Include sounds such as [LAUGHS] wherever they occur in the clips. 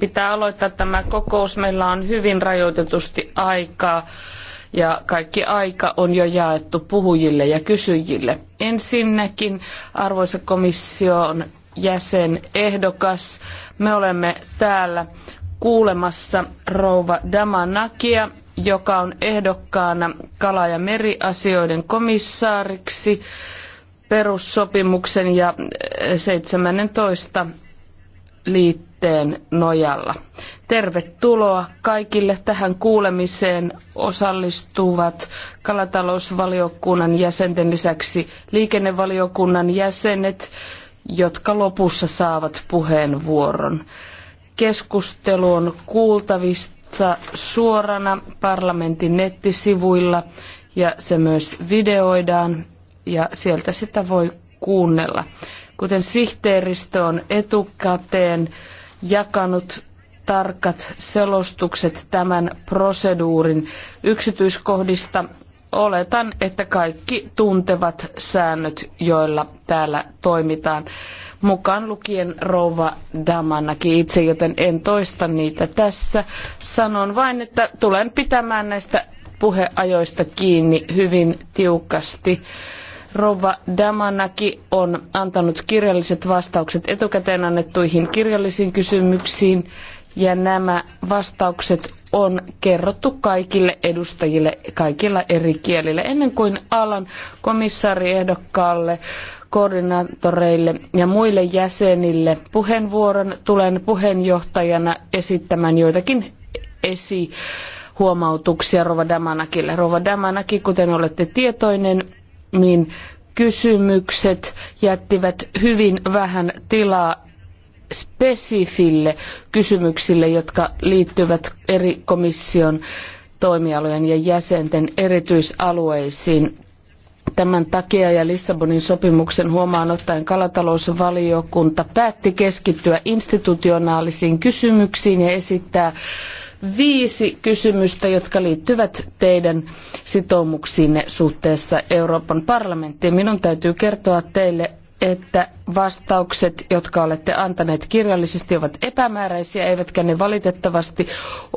pitää aloittaa tämä kokous. Meillä on hyvin rajoitetusti aikaa ja kaikki aika on jo jaettu puhujille ja kysyjille. Ensinnäkin, arvoisa komission jäsen ehdokas, me olemme täällä kuulemassa rouva Damanakia, joka on ehdokkaana kala- ja meriasioiden komissaariksi perussopimuksen ja 17 liittyen yhteen nojalla. Tervetuloa kaikille tähän kuulemiseen osallistuvat kalatalousvaliokunnan jäsenten lisäksi liikennevaliokunnan jäsenet, jotka lopussa saavat puheenvuoron. Keskustelu on kuultavissa suorana parlamentin nettisivuilla ja se myös videoidaan ja sieltä sitä voi kuunnella. Kuten sihteeristö on etukäteen jakanut tarkat selostukset tämän proseduurin yksityiskohdista. Oletan, että kaikki tuntevat säännöt, joilla täällä toimitaan, mukaan lukien rouva Damanaki itse, joten en toista niitä tässä. Sanon vain, että tulen pitämään näistä puheajoista kiinni hyvin tiukasti. Rouva Damanaki on antanut kirjalliset vastaukset etukäteen annettuihin kirjallisiin kysymyksiin ja nämä vastaukset on kerrottu kaikille edustajille kaikilla eri kielillä. Ennen kuin alan komissaariehdokkaalle, koordinaattoreille ja muille jäsenille puheenvuoron, tulen puheenjohtajana esittämään joitakin esihuomautuksia Rova Damanakille. Rova Damanaki, kuten olette tietoinen, niin kysymykset jättivät hyvin vähän tilaa spesifille kysymyksille, jotka liittyvät eri komission toimialojen ja jäsenten erityisalueisiin. Tämän takia ja Lissabonin sopimuksen huomaan ottaen kalatalousvaliokunta päätti keskittyä institutionaalisiin kysymyksiin ja esittää viisi kysymystä, jotka liittyvät teidän sitoumuksiinne suhteessa Euroopan parlamenttiin. Minun täytyy kertoa teille, että vastaukset, jotka olette antaneet kirjallisesti, ovat epämääräisiä, eivätkä ne valitettavasti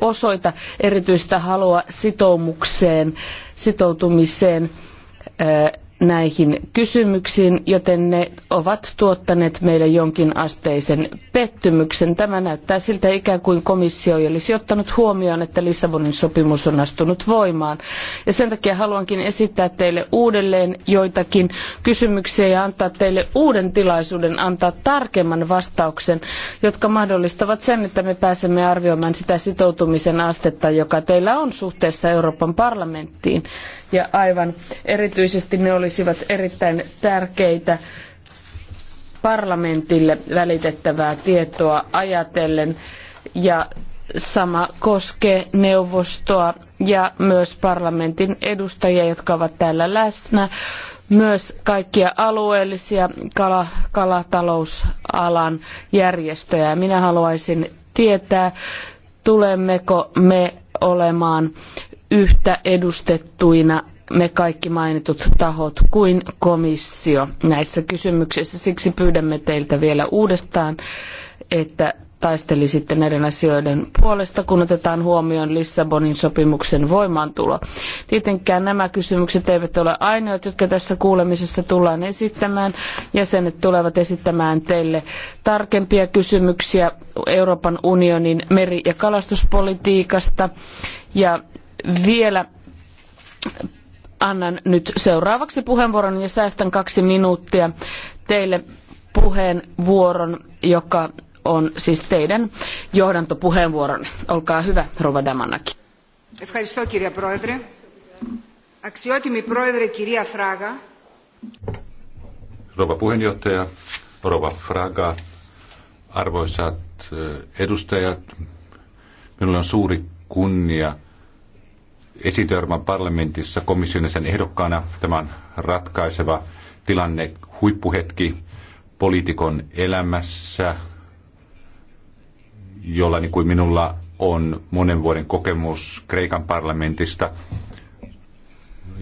osoita erityistä halua sitoumukseen, sitoutumiseen näihin kysymyksiin, joten ne ovat tuottaneet meille jonkin asteisen pettymyksen. Tämä näyttää siltä ikään kuin komissio ei olisi ottanut huomioon, että Lissabonin sopimus on astunut voimaan. Ja sen takia haluankin esittää teille uudelleen joitakin kysymyksiä ja antaa teille uuden tilaisuuden antaa tarkemman vastauksen, jotka mahdollistavat sen, että me pääsemme arvioimaan sitä sitoutumisen astetta, joka teillä on suhteessa Euroopan parlamenttiin ja aivan erityisesti ne olisivat erittäin tärkeitä parlamentille välitettävää tietoa ajatellen ja sama koskee neuvostoa ja myös parlamentin edustajia, jotka ovat täällä läsnä, myös kaikkia alueellisia kala, kalatalousalan järjestöjä. Minä haluaisin tietää, tulemmeko me olemaan yhtä edustettuina me kaikki mainitut tahot kuin komissio näissä kysymyksissä. Siksi pyydämme teiltä vielä uudestaan, että taistelisitte näiden asioiden puolesta, kun otetaan huomioon Lissabonin sopimuksen voimaantulo. Tietenkään nämä kysymykset eivät ole ainoat, jotka tässä kuulemisessa tullaan esittämään. Jäsenet tulevat esittämään teille tarkempia kysymyksiä Euroopan unionin meri- ja kalastuspolitiikasta ja vielä annan nyt seuraavaksi puheenvuoron ja säästän kaksi minuuttia teille puheenvuoron, joka on siis teidän johdantopuheenvuoronne. Olkaa hyvä, Rova Damanaki. Ευχαριστώ Rouva puheenjohtaja, Rova Fraga, arvoisat edustajat, minulla on suuri kunnia – esiintyä Euroopan parlamentissa komission sen ehdokkaana. Tämä on ratkaiseva tilanne, huippuhetki poliitikon elämässä, jolla niin kuin minulla on monen vuoden kokemus Kreikan parlamentista.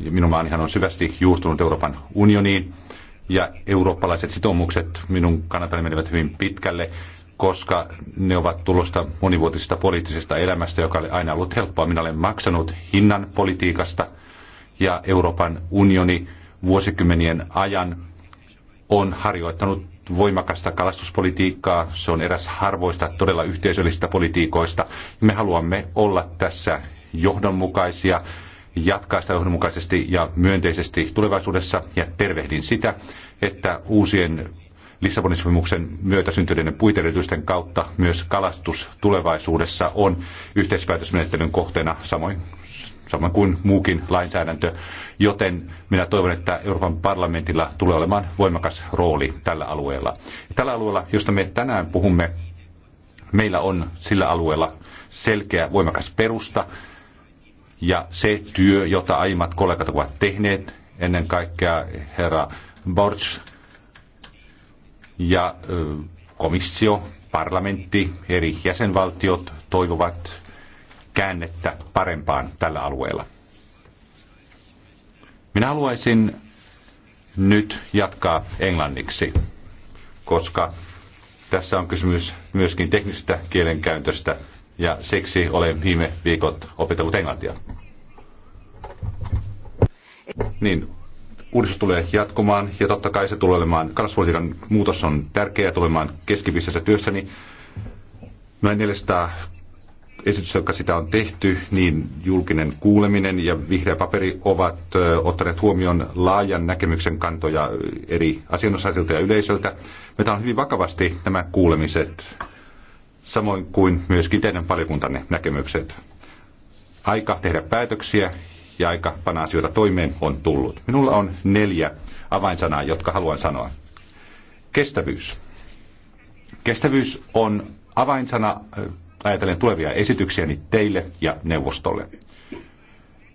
Minun maanihan on syvästi juurtunut Euroopan unioniin ja eurooppalaiset sitoumukset minun kannatani menevät hyvin pitkälle koska ne ovat tulosta monivuotisesta poliittisesta elämästä, joka oli aina ollut helppoa. Minä olen maksanut hinnan politiikasta ja Euroopan unioni vuosikymmenien ajan on harjoittanut voimakasta kalastuspolitiikkaa. Se on eräs harvoista todella yhteisöllisistä politiikoista. Me haluamme olla tässä johdonmukaisia, jatkaa sitä johdonmukaisesti ja myönteisesti tulevaisuudessa. Ja tervehdin sitä, että uusien Lissabonin sopimuksen myötä syntyneiden puiteritysten kautta myös kalastus tulevaisuudessa on yhteispäätösmenettelyn kohteena, samoin, samoin kuin muukin lainsäädäntö, joten minä toivon, että Euroopan parlamentilla tulee olemaan voimakas rooli tällä alueella. Tällä alueella, josta me tänään puhumme, meillä on sillä alueella selkeä, voimakas perusta, ja se työ, jota aiemmat kollegat ovat tehneet, ennen kaikkea herra Borch ja komissio, parlamentti, eri jäsenvaltiot toivovat käännettä parempaan tällä alueella. Minä haluaisin nyt jatkaa englanniksi, koska tässä on kysymys myöskin teknisestä kielenkäytöstä ja siksi olen viime viikot opetellut englantia. Niin, Uudistus tulee jatkumaan ja totta kai se tulee olemaan, kalastuspolitiikan muutos on tärkeää tulemaan keskipisteessä työssäni. Noin 400 esitystä, jotka sitä on tehty, niin julkinen kuuleminen ja vihreä paperi ovat ottaneet huomioon laajan näkemyksen kantoja eri asianosaisilta ja yleisöltä. Me on hyvin vakavasti nämä kuulemiset, samoin kuin myöskin teidän valiokuntanne näkemykset. Aika tehdä päätöksiä ja aika panna asioita toimeen on tullut. Minulla on neljä avainsanaa, jotka haluan sanoa. Kestävyys. Kestävyys on avainsana äh, ajatellen tulevia esityksiäni teille ja neuvostolle.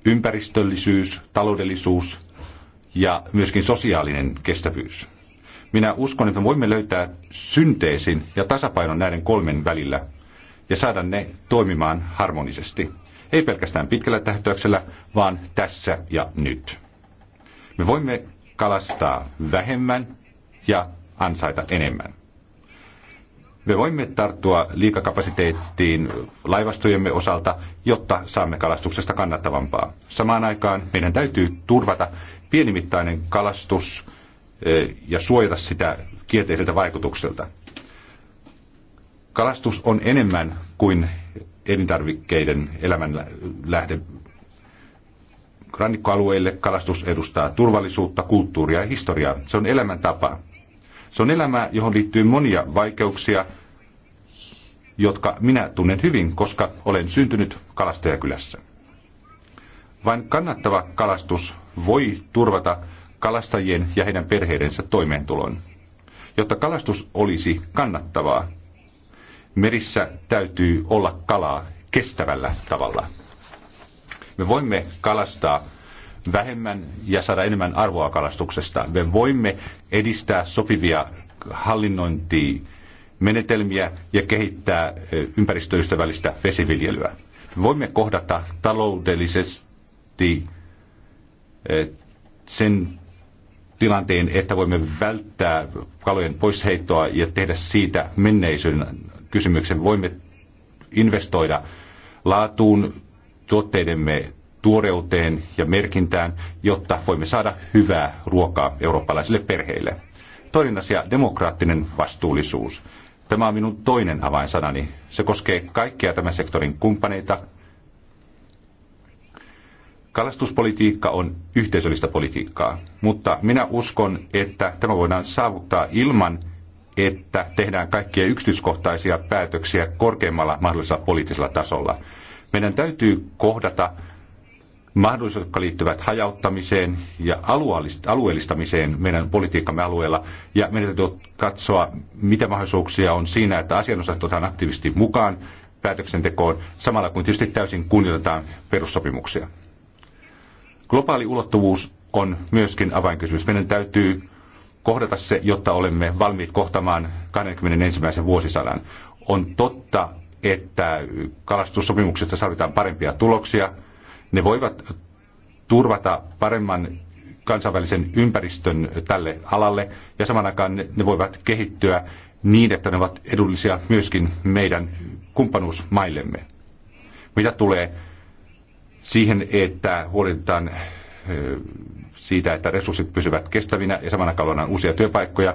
Ympäristöllisyys, taloudellisuus ja myöskin sosiaalinen kestävyys. Minä uskon, että voimme löytää synteesin ja tasapainon näiden kolmen välillä ja saada ne toimimaan harmonisesti ei pelkästään pitkällä tähtäyksellä, vaan tässä ja nyt. Me voimme kalastaa vähemmän ja ansaita enemmän. Me voimme tarttua liikakapasiteettiin laivastojemme osalta, jotta saamme kalastuksesta kannattavampaa. Samaan aikaan meidän täytyy turvata pienimittainen kalastus e, ja suojata sitä kielteisiltä vaikutuksilta. Kalastus on enemmän kuin elintarvikkeiden elämän lähde rannikkoalueille. Kalastus edustaa turvallisuutta, kulttuuria ja historiaa. Se on elämäntapa. Se on elämää, johon liittyy monia vaikeuksia, jotka minä tunnen hyvin, koska olen syntynyt kalastajakylässä. Vain kannattava kalastus voi turvata kalastajien ja heidän perheidensä toimeentulon. Jotta kalastus olisi kannattavaa, Merissä täytyy olla kalaa kestävällä tavalla. Me voimme kalastaa vähemmän ja saada enemmän arvoa kalastuksesta. Me voimme edistää sopivia hallinnointimenetelmiä menetelmiä ja kehittää ympäristöystävällistä vesiviljelyä. Voimme kohdata taloudellisesti sen tilanteen, että voimme välttää kalojen poisheittoa ja tehdä siitä menneisyyden kysymyksen. Voimme investoida laatuun, tuotteidemme tuoreuteen ja merkintään, jotta voimme saada hyvää ruokaa eurooppalaisille perheille. Toinen asia, demokraattinen vastuullisuus. Tämä on minun toinen avainsanani. Se koskee kaikkia tämän sektorin kumppaneita. Kalastuspolitiikka on yhteisöllistä politiikkaa, mutta minä uskon, että tämä voidaan saavuttaa ilman, että tehdään kaikkia yksityiskohtaisia päätöksiä korkeimmalla mahdollisella poliittisella tasolla. Meidän täytyy kohdata mahdollisuudet, jotka liittyvät hajauttamiseen ja alueellistamiseen meidän politiikkamme alueella. Ja meidän täytyy katsoa, mitä mahdollisuuksia on siinä, että asianosat otetaan aktiivisesti mukaan päätöksentekoon, samalla kun tietysti täysin kunnioitetaan perussopimuksia. Globaali ulottuvuus on myöskin avainkysymys. Meidän täytyy kohdata se, jotta olemme valmiit kohtamaan 21. vuosisadan. On totta, että kalastussopimuksesta saavutetaan parempia tuloksia. Ne voivat turvata paremman kansainvälisen ympäristön tälle alalle ja saman aikaan ne voivat kehittyä niin, että ne ovat edullisia myöskin meidän kumppanuusmaillemme. Mitä tulee siihen, että huolehditaan siitä, että resurssit pysyvät kestävinä ja samana kaudella uusia työpaikkoja,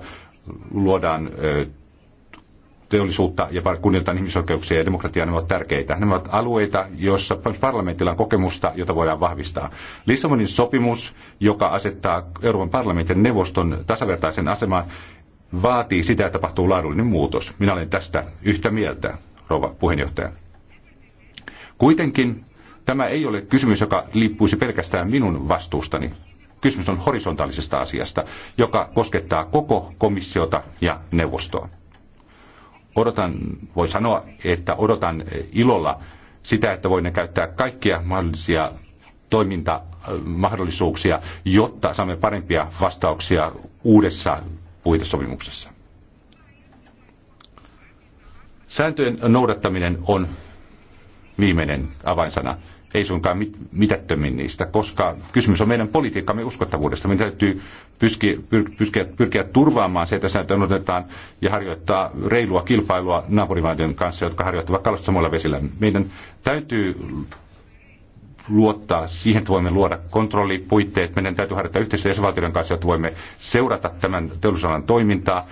luodaan teollisuutta ja kunnioitetaan ihmisoikeuksia ja demokratiaa, ne ovat tärkeitä. Ne ovat alueita, joissa parlamentilla on kokemusta, jota voidaan vahvistaa. Lissabonin sopimus, joka asettaa Euroopan parlamentin neuvoston tasavertaisen asemaan, vaatii sitä, että tapahtuu laadullinen muutos. Minä olen tästä yhtä mieltä, rouva puheenjohtaja. Kuitenkin Tämä ei ole kysymys, joka liippuisi pelkästään minun vastuustani. Kysymys on horisontaalisesta asiasta, joka koskettaa koko komissiota ja neuvostoa. Odotan, voi sanoa, että odotan ilolla sitä, että voimme käyttää kaikkia mahdollisia toimintamahdollisuuksia, jotta saamme parempia vastauksia uudessa puitesopimuksessa. Sääntöjen noudattaminen on viimeinen avainsana ei suinkaan mit, mitättömin niistä, koska kysymys on meidän politiikkamme uskottavuudesta. Meidän täytyy pyski, pyr, pyskiä, pyrkiä turvaamaan se, että sääntöön otetaan ja harjoittaa reilua kilpailua naapurimaiden kanssa, jotka harjoittavat kalastusta samoilla vesillä. Meidän täytyy luottaa siihen, että voimme luoda kontrollipuitteet. Meidän täytyy harjoittaa yhteistyötä jäsenvaltioiden kanssa, jotta voimme seurata tämän teollisuusalan toimintaa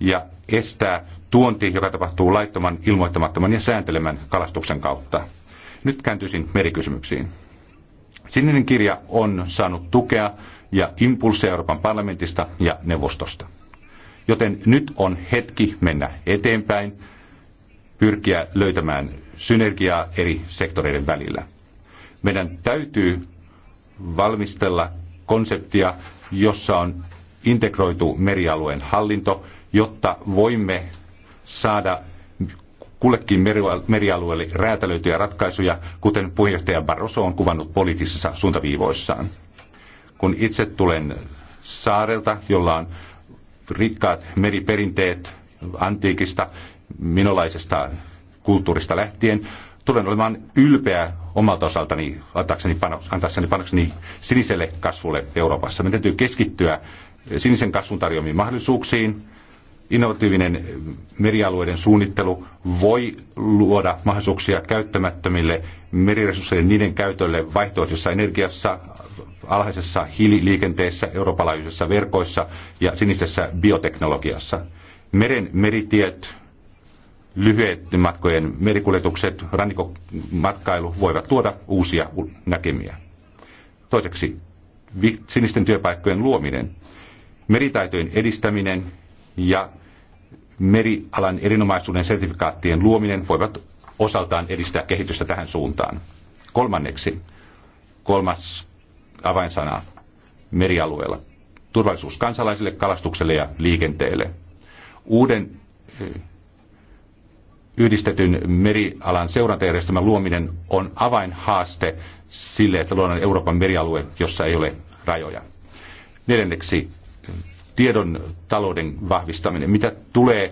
ja estää tuonti, joka tapahtuu laittoman, ilmoittamattoman ja sääntelemän kalastuksen kautta. Nyt kääntyisin merikysymyksiin. Sininen kirja on saanut tukea ja impulseja Euroopan parlamentista ja neuvostosta. Joten nyt on hetki mennä eteenpäin, pyrkiä löytämään synergiaa eri sektoreiden välillä. Meidän täytyy valmistella konseptia, jossa on integroitu merialueen hallinto, jotta voimme saada kullekin merialueelle räätälöityjä ratkaisuja, kuten puheenjohtaja Barroso on kuvannut poliittisissa suuntaviivoissaan. Kun itse tulen saarelta, jolla on rikkaat meriperinteet antiikista, minolaisesta kulttuurista lähtien, tulen olemaan ylpeä omalta osaltani antaakseni, panos, antaakseni panokseni siniselle kasvulle Euroopassa. Meidän täytyy keskittyä sinisen kasvun tarjoamiin mahdollisuuksiin, innovatiivinen merialueiden suunnittelu voi luoda mahdollisuuksia käyttämättömille meriresursseille niiden käytölle vaihtoehtoisessa energiassa, alhaisessa hiililiikenteessä, eurooppalaisissa verkoissa ja sinisessä bioteknologiassa. Meren meritiet, lyhyet matkojen merikuljetukset, rannikomatkailu voivat tuoda uusia näkemiä. Toiseksi sinisten työpaikkojen luominen, meritaitojen edistäminen ja merialan erinomaisuuden sertifikaattien luominen voivat osaltaan edistää kehitystä tähän suuntaan. Kolmanneksi, kolmas avainsana merialueella. Turvallisuus kansalaisille, kalastukselle ja liikenteelle. Uuden eh, yhdistetyn merialan seurantajärjestelmän luominen on avainhaaste sille, että luodaan Euroopan merialue, jossa ei ole rajoja. Neljänneksi tiedon talouden vahvistaminen. Mitä tulee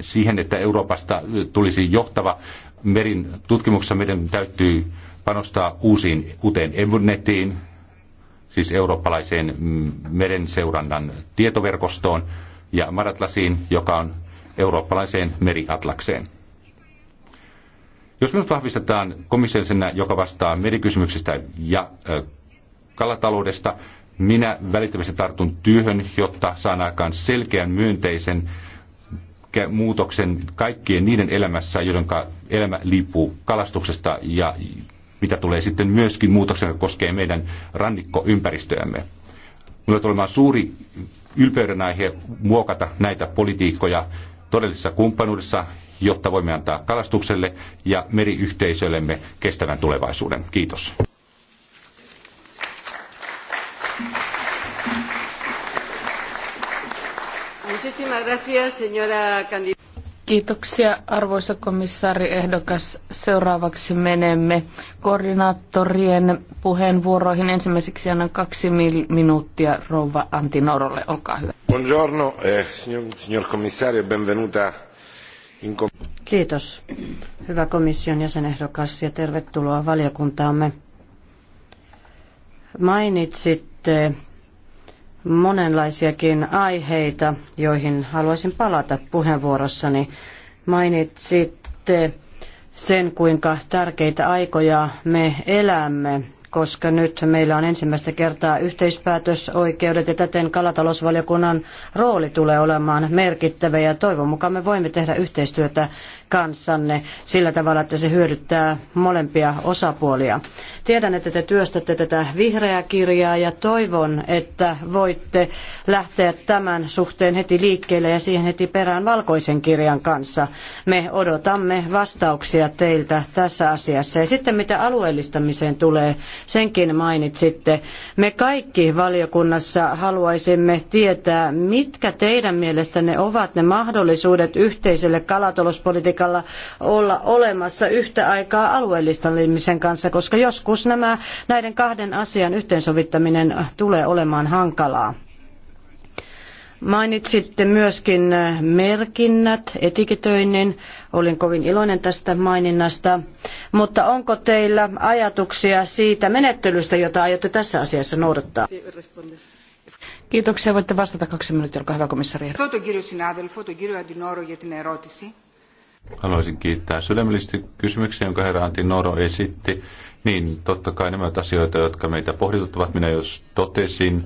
siihen, että Euroopasta tulisi johtava merin tutkimuksessa, meidän täytyy panostaa uusiin, uuteen Evnetiin, siis eurooppalaiseen mm, merenseurannan tietoverkostoon, ja Maratlasiin, joka on eurooppalaiseen meriatlakseen. Jos minut vahvistetaan komissiollisena, joka vastaa merikysymyksistä ja kalataloudesta, minä välittömästi tartun työhön, jotta saan aikaan selkeän myönteisen muutoksen kaikkien niiden elämässä, joiden elämä liippuu kalastuksesta ja mitä tulee sitten myöskin muutoksen, joka koskee meidän rannikkoympäristöämme. Minulla tulee olemaan suuri ylpeyden aihe muokata näitä politiikkoja todellisessa kumppanuudessa, jotta voimme antaa kalastukselle ja meriyhteisöllemme kestävän tulevaisuuden. Kiitos. Muchísimas gracias, señora candidata. Kiitoksia arvoisa komissaari ehdokas. Seuraavaksi menemme koordinaattorien puheenvuoroihin. Ensimmäiseksi annan kaksi minuuttia rouva Antti Norolle. Olkaa hyvä. Buongiorno, eh, signor, signor commissario, benvenuta. In Kiitos, hyvä komission jäsenehdokas ja tervetuloa valiokuntaamme. Mainitsitte monenlaisiakin aiheita, joihin haluaisin palata puheenvuorossani. Mainitsitte sen, kuinka tärkeitä aikoja me elämme, koska nyt meillä on ensimmäistä kertaa yhteispäätösoikeudet ja täten kalatalousvaliokunnan rooli tulee olemaan merkittävä ja toivon mukaan me voimme tehdä yhteistyötä kanssanne sillä tavalla, että se hyödyttää molempia osapuolia. Tiedän, että te työstätte tätä vihreää kirjaa ja toivon, että voitte lähteä tämän suhteen heti liikkeelle ja siihen heti perään valkoisen kirjan kanssa. Me odotamme vastauksia teiltä tässä asiassa. Ja sitten mitä alueellistamiseen tulee, senkin mainitsitte. Me kaikki valiokunnassa haluaisimme tietää, mitkä teidän mielestänne ovat ne mahdollisuudet yhteiselle kalatalouspolitiikan paikalla olla olemassa yhtä aikaa alueellistamisen kanssa, koska joskus nämä, näiden kahden asian yhteensovittaminen tulee olemaan hankalaa. Mainitsitte myöskin merkinnät, etiketöinnin. Olin kovin iloinen tästä maininnasta. Mutta onko teillä ajatuksia siitä menettelystä, jota aiotte tässä asiassa noudattaa? Kiitoksia. Voitte vastata kaksi minuuttia. Olkaa hyvä, komissaari. Haluaisin kiittää sydämellisesti kysymyksiä, jonka herra Antti Noro esitti. Niin, totta kai nämä ovat asioita, jotka meitä pohdituttavat. Minä jos totesin,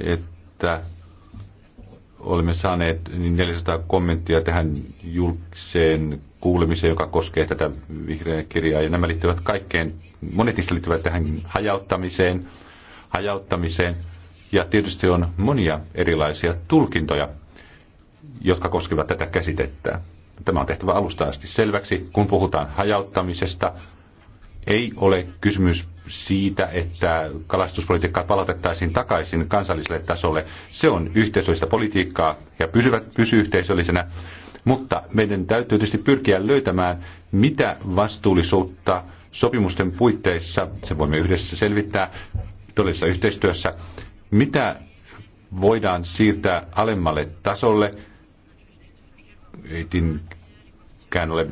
että olemme saaneet 400 niin kommenttia tähän julkiseen kuulemiseen, joka koskee tätä vihreää kirjaa. Ja nämä liittyvät kaikkeen, monet niistä liittyvät tähän hajauttamiseen, hajauttamiseen. Ja tietysti on monia erilaisia tulkintoja, jotka koskevat tätä käsitettä tämä on tehtävä alusta asti selväksi, kun puhutaan hajauttamisesta, ei ole kysymys siitä, että kalastuspolitiikkaa palautettaisiin takaisin kansalliselle tasolle. Se on yhteisöllistä politiikkaa ja pysyvät, pysyy yhteisöllisenä, mutta meidän täytyy tietysti pyrkiä löytämään, mitä vastuullisuutta sopimusten puitteissa, se voimme yhdessä selvittää todellisessa yhteistyössä, mitä voidaan siirtää alemmalle tasolle, mitenkään ole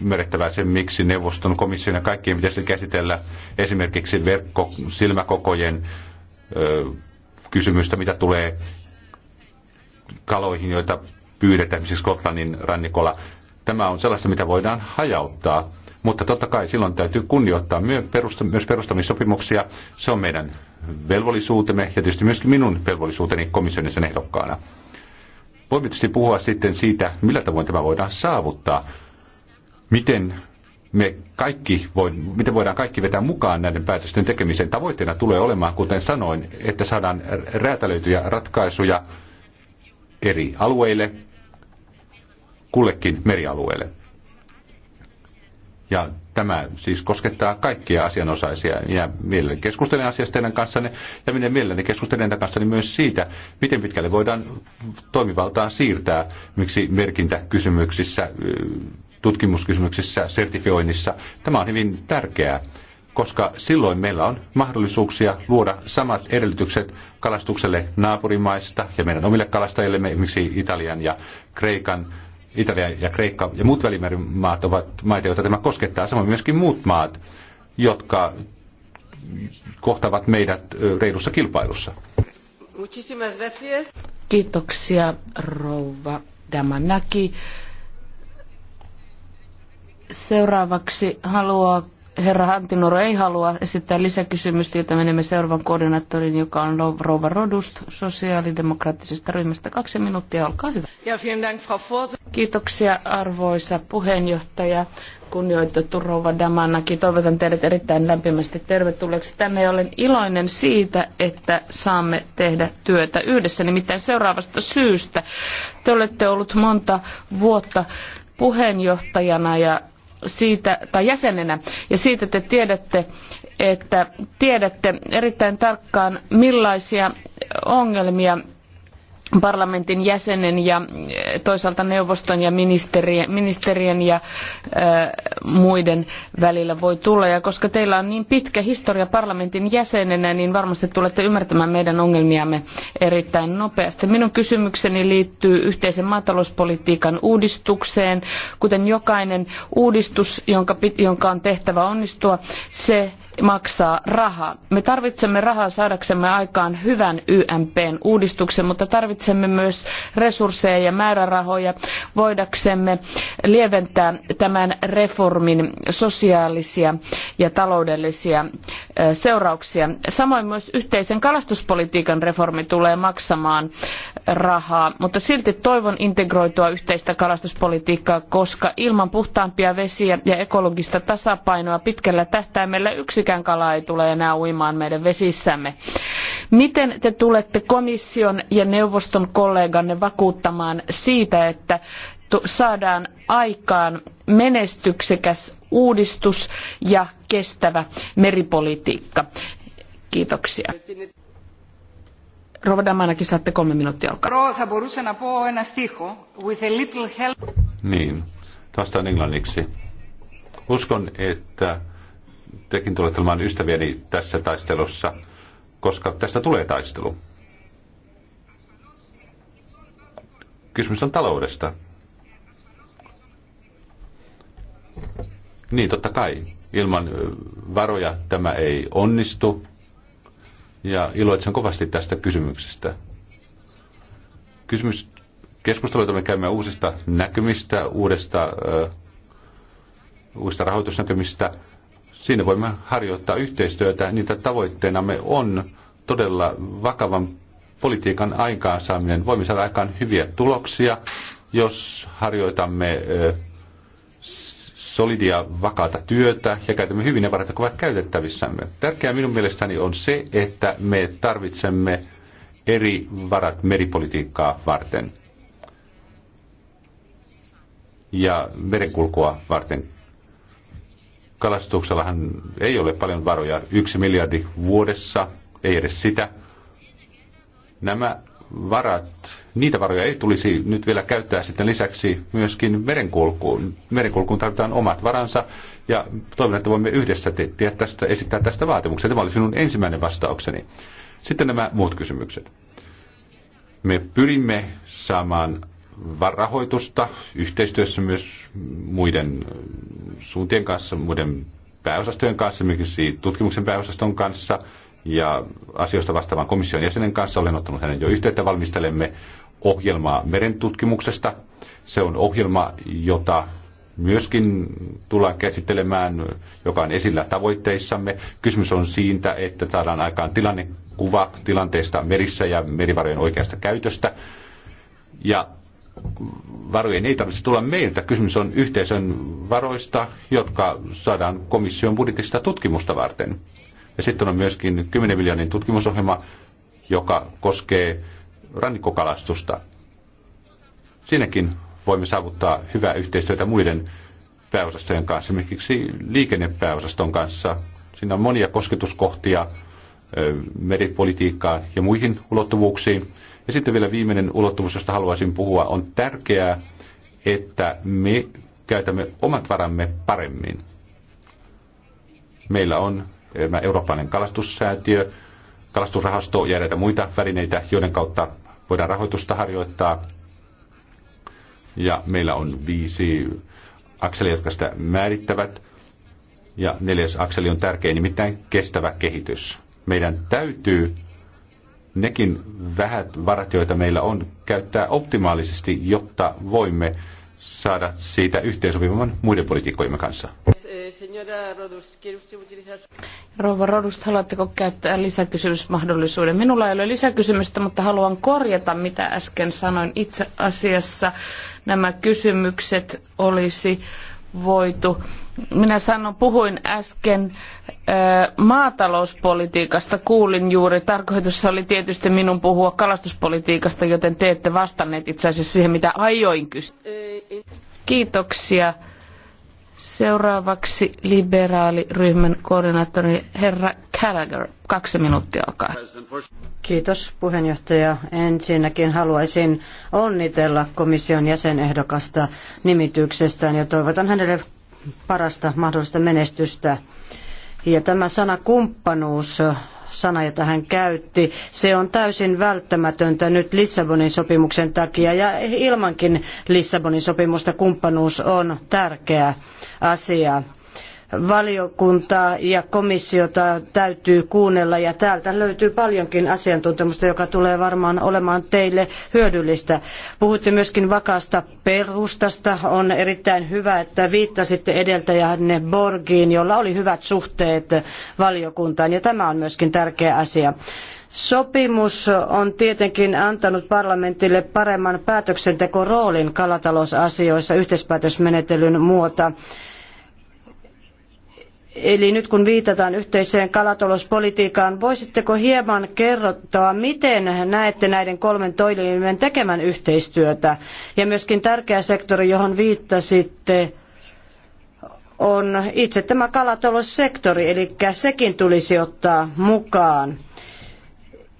ymmärrettävää sen, miksi neuvoston, komission ja kaikkien pitäisi käsitellä esimerkiksi verkko, silmäkokojen ö, kysymystä, mitä tulee kaloihin, joita pyydetään esimerkiksi Skotlannin rannikolla. Tämä on sellaista, mitä voidaan hajauttaa, mutta totta kai silloin täytyy kunnioittaa myös perustamissopimuksia. Se on meidän velvollisuutemme ja tietysti myöskin minun velvollisuuteni komissionissa ehdokkaana. Voimme tietysti puhua sitten siitä, millä tavoin tämä voidaan saavuttaa. Miten me kaikki voi, miten voidaan kaikki vetää mukaan näiden päätösten tekemiseen. Tavoitteena tulee olemaan, kuten sanoin, että saadaan räätälöityjä ratkaisuja eri alueille, kullekin merialueelle. Ja Tämä siis koskettaa kaikkia asianosaisia ja mielelläni keskustelen asiasta teidän kanssanne ja minä mielelläni keskustelen teidän kanssanne myös siitä, miten pitkälle voidaan toimivaltaa siirtää, miksi merkintäkysymyksissä, tutkimuskysymyksissä, sertifioinnissa. Tämä on hyvin tärkeää, koska silloin meillä on mahdollisuuksia luoda samat edellytykset kalastukselle naapurimaista ja meidän omille kalastajillemme, esimerkiksi Italian ja Kreikan Italia ja Kreikka ja muut välimeren maat ovat maita, joita tämä koskettaa, samoin myöskin muut maat, jotka kohtavat meidät reilussa kilpailussa. Kiitoksia rouva Damanaki. Seuraavaksi haluaa herra Hantinoro ei halua esittää lisäkysymystä, jota menemme seuraavan koordinaattorin, joka on Rouva Rodust sosiaalidemokraattisesta ryhmästä. Kaksi minuuttia, olkaa hyvä. Kiitoksia arvoisa puheenjohtaja. Kunnioitettu Rouva Damanaki, toivotan teidät erittäin lämpimästi tervetulleeksi tänne ja olen iloinen siitä, että saamme tehdä työtä yhdessä, nimittäin seuraavasta syystä. Te olette ollut monta vuotta puheenjohtajana ja siitä, tai jäsenenä, ja siitä te tiedätte, että tiedätte erittäin tarkkaan, millaisia ongelmia parlamentin jäsenen ja eh, toisaalta neuvoston ja ministerien, ja eh, muiden välillä voi tulla. Ja koska teillä on niin pitkä historia parlamentin jäsenenä, niin varmasti tulette ymmärtämään meidän ongelmiamme erittäin nopeasti. Minun kysymykseni liittyy yhteisen maatalouspolitiikan uudistukseen. Kuten jokainen uudistus, jonka, jonka on tehtävä onnistua, se maksaa rahaa. Me tarvitsemme rahaa saadaksemme aikaan hyvän YMPn uudistuksen, mutta tarvitsemme myös resursseja ja määrärahoja voidaksemme lieventää tämän reformin sosiaalisia ja taloudellisia seurauksia. Samoin myös yhteisen kalastuspolitiikan reformi tulee maksamaan rahaa, mutta silti toivon integroitua yhteistä kalastuspolitiikkaa, koska ilman puhtaampia vesiä ja ekologista tasapainoa pitkällä tähtäimellä yksi yksikään kala ei tule enää uimaan meidän vesissämme. Miten te tulette komission ja neuvoston kolleganne vakuuttamaan siitä, että saadaan aikaan menestyksekäs uudistus ja kestävä meripolitiikka? Kiitoksia. Rova Damanakin saatte kolme minuuttia alkaa. Θα μπορούσα να with a little help. Niin, vastaan englanniksi. Uskon, että tekin tulette olemaan ystäviäni tässä taistelussa, koska tästä tulee taistelu. Kysymys on taloudesta. Niin, totta kai. Ilman varoja tämä ei onnistu. Ja iloitsen kovasti tästä kysymyksestä. Kysymys, keskusteluita me käymme uusista näkymistä, uudesta, uh, uudesta rahoitusnäkymistä – Siinä voimme harjoittaa yhteistyötä. Niitä tavoitteenamme on todella vakavan politiikan aikaansaaminen. Voimme saada aikaan hyviä tuloksia, jos harjoitamme solidia, vakaata työtä ja käytämme hyvin ne varat, jotka ovat käytettävissämme. Tärkeää minun mielestäni on se, että me tarvitsemme eri varat meripolitiikkaa varten ja merenkulkua varten kalastuksellahan ei ole paljon varoja, yksi miljardi vuodessa, ei edes sitä. Nämä varat, niitä varoja ei tulisi nyt vielä käyttää sitten lisäksi myöskin merenkulkuun. Merenkulkuun tarvitaan omat varansa ja toivon, että voimme yhdessä tehdä tästä, esittää tästä vaatimuksia. Tämä oli sinun ensimmäinen vastaukseni. Sitten nämä muut kysymykset. Me pyrimme saamaan rahoitusta yhteistyössä myös muiden äh, suuntien kanssa, muiden pääosastojen kanssa, esimerkiksi tutkimuksen pääosaston kanssa ja asioista vastaavan komission jäsenen kanssa. Olen ottanut hänen jo yhteyttä. Valmistelemme ohjelmaa merentutkimuksesta. Se on ohjelma, jota myöskin tullaan käsittelemään, joka on esillä tavoitteissamme. Kysymys on siitä, että saadaan aikaan tilannekuva tilanteesta merissä ja merivarojen oikeasta käytöstä. Ja varojen ei tarvitse tulla meiltä. Kysymys on yhteisön varoista, jotka saadaan komission budjetista tutkimusta varten. Ja sitten on myöskin 10 miljoonin tutkimusohjelma, joka koskee rannikkokalastusta. Siinäkin voimme saavuttaa hyvää yhteistyötä muiden pääosastojen kanssa, esimerkiksi liikennepääosaston kanssa. Siinä on monia kosketuskohtia meripolitiikkaan ja muihin ulottuvuuksiin. Ja sitten vielä viimeinen ulottuvuus, josta haluaisin puhua, on tärkeää, että me käytämme omat varamme paremmin. Meillä on eh, eurooppalainen kalastussäätiö, kalastusrahasto ja näitä muita välineitä, joiden kautta voidaan rahoitusta harjoittaa. Ja meillä on viisi akselia, jotka sitä määrittävät. Ja neljäs akseli on tärkeä, nimittäin kestävä kehitys. Meidän täytyy nekin vähät varat, joita meillä on, käyttää optimaalisesti, jotta voimme saada siitä yhteensopivamman muiden politiikkojemme kanssa. Rouva Rodust, haluatteko käyttää lisäkysymysmahdollisuuden? Minulla ei ole lisäkysymystä, mutta haluan korjata, mitä äsken sanoin. Itse asiassa nämä kysymykset olisi voitu. Minä sanon, puhuin äsken maatalouspolitiikasta, kuulin juuri. Tarkoitus oli tietysti minun puhua kalastuspolitiikasta, joten te ette vastanneet itse asiassa siihen, mitä aioin kysyä. Kiitoksia. Seuraavaksi liberaaliryhmän koordinaattori herra Gallagher. Kaksi minuuttia alkaa. Kiitos puheenjohtaja. Ensinnäkin haluaisin onnitella komission jäsenehdokasta nimityksestään ja toivotan hänelle parasta mahdollista menestystä. Ja tämä sana kumppanuus sana, jota hän käytti, se on täysin välttämätöntä nyt Lissabonin sopimuksen takia ja ilmankin Lissabonin sopimusta kumppanuus on tärkeä asia valiokuntaa ja komissiota täytyy kuunnella ja täältä löytyy paljonkin asiantuntemusta, joka tulee varmaan olemaan teille hyödyllistä. Puhuitte myöskin vakaasta perustasta. On erittäin hyvä, että viittasitte edeltäjänne Borgiin, jolla oli hyvät suhteet valiokuntaan ja tämä on myöskin tärkeä asia. Sopimus on tietenkin antanut parlamentille paremman päätöksentekoroolin kalatalousasioissa yhteispäätösmenettelyn muotoa Eli nyt kun viitataan yhteiseen kalatalouspolitiikkaan, voisitteko hieman kertoa, miten näette näiden kolmen toimielimen tekemän yhteistyötä? Ja myöskin tärkeä sektori, johon viittasitte, on itse tämä kalataloussektori, eli sekin tulisi ottaa mukaan.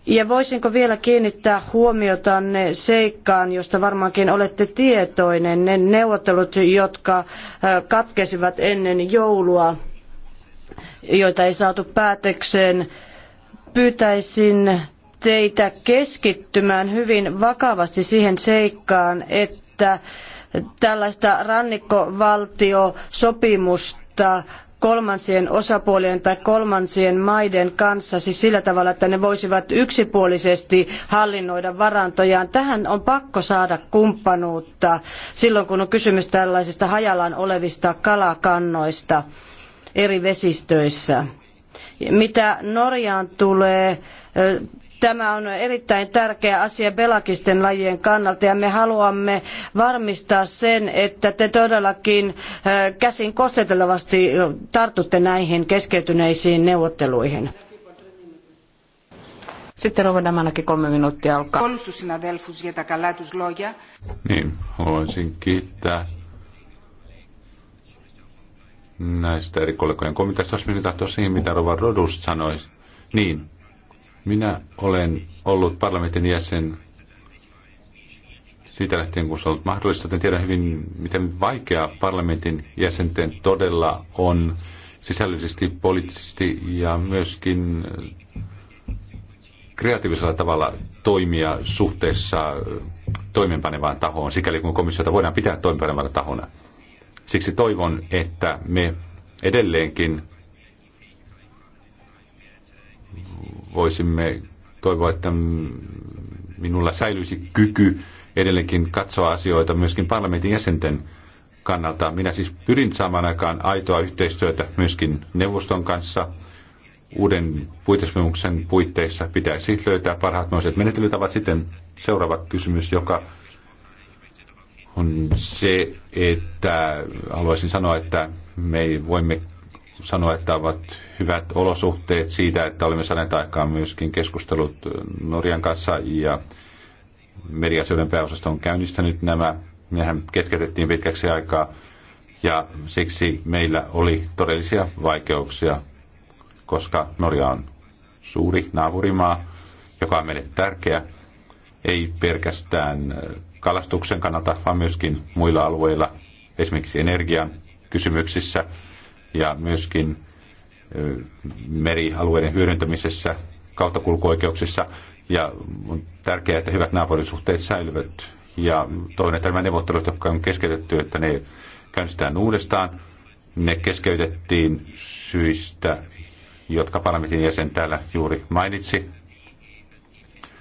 Ja voisinko vielä kiinnittää huomiotanne seikkaan, josta varmaankin olette tietoinen, ne neuvottelut, jotka katkesivat ennen joulua joita ei saatu päätökseen. Pyytäisin teitä keskittymään hyvin vakavasti siihen seikkaan, että tällaista rannikkovaltiosopimusta kolmansien osapuolien tai kolmansien maiden kanssa siis sillä tavalla, että ne voisivat yksipuolisesti hallinnoida varantojaan. Tähän on pakko saada kumppanuutta silloin, kun on kysymys tällaisista hajallaan olevista kalakannoista eri vesistöissä. Mitä Norjaan tulee, Tämä on erittäin tärkeä asia pelagisten lajien kannalta ja me haluamme varmistaa sen, että te todellakin käsin kosteltavasti tartutte näihin keskeytyneisiin neuvotteluihin. Sitten Rova ainakin kolme minuuttia alkaa. Niin, haluaisin kiittää näistä eri kollegojen komiteasta. Olisi minä tahtoa siihen, mitä Rova Rodus sanoi. Niin, minä olen ollut parlamentin jäsen siitä lähtien, kun se on ollut mahdollista, En tiedä hyvin, miten vaikeaa parlamentin jäsenten todella on sisällöllisesti, poliittisesti ja myöskin kreatiivisella tavalla toimia suhteessa toimenpanevaan tahoon, sikäli kun komissiota voidaan pitää toimenpanevana tahona. Siksi toivon, että me edelleenkin voisimme toivoa, että minulla säilyisi kyky edelleenkin katsoa asioita myöskin parlamentin jäsenten kannalta. Minä siis pyrin saamaan aikaan aitoa yhteistyötä myöskin neuvoston kanssa. Uuden puitesopimuksen puitteissa pitäisi löytää parhaat mahdolliset menettelytavat. Sitten seuraava kysymys, joka on se, että haluaisin sanoa, että me voimme sanoa, että ovat hyvät olosuhteet siitä, että olemme saaneet aikaan myöskin keskustelut Norjan kanssa ja mediasioiden pääosasto on käynnistänyt nämä. Nehän ketketettiin pitkäksi aikaa ja siksi meillä oli todellisia vaikeuksia, koska Norja on suuri naapurimaa, joka on meille tärkeä, ei pelkästään kalastuksen kannalta, vaan myöskin muilla alueilla, esimerkiksi energian kysymyksissä ja myöskin merialueiden hyödyntämisessä, kauttakulkuoikeuksissa. Ja on tärkeää, että hyvät naapurisuhteet säilyvät. Ja toinen, että nämä neuvottelut, jotka on keskeytetty, että ne käynnistetään uudestaan. Ne keskeytettiin syistä, jotka parlamentin jäsen täällä juuri mainitsi.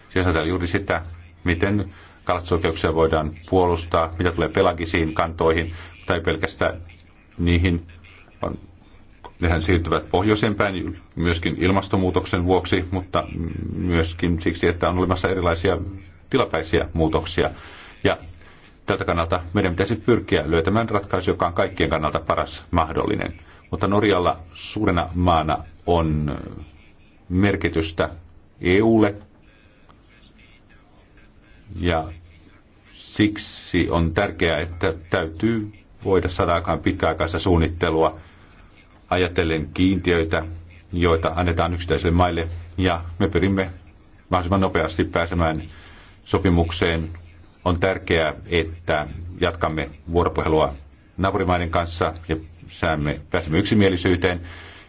Siis täällä juuri sitä, miten kalastusoikeuksia voidaan puolustaa, mitä tulee pelagisiin kantoihin tai pelkästään niihin. On, nehän siirtyvät pohjoiseen päin myöskin ilmastonmuutoksen vuoksi, mutta myöskin siksi, että on olemassa erilaisia tilapäisiä muutoksia. Ja tältä kannalta meidän pitäisi pyrkiä löytämään ratkaisu, joka on kaikkien kannalta paras mahdollinen. Mutta Norjalla suurena maana on merkitystä EUlle ja Siksi on tärkeää, että täytyy voida saada aikaan pitkäaikaista suunnittelua ajatellen kiintiöitä, joita annetaan yksittäisille maille. Ja me pyrimme mahdollisimman nopeasti pääsemään sopimukseen. On tärkeää, että jatkamme vuoropuhelua naapurimaiden kanssa ja saamme, pääsemme yksimielisyyteen.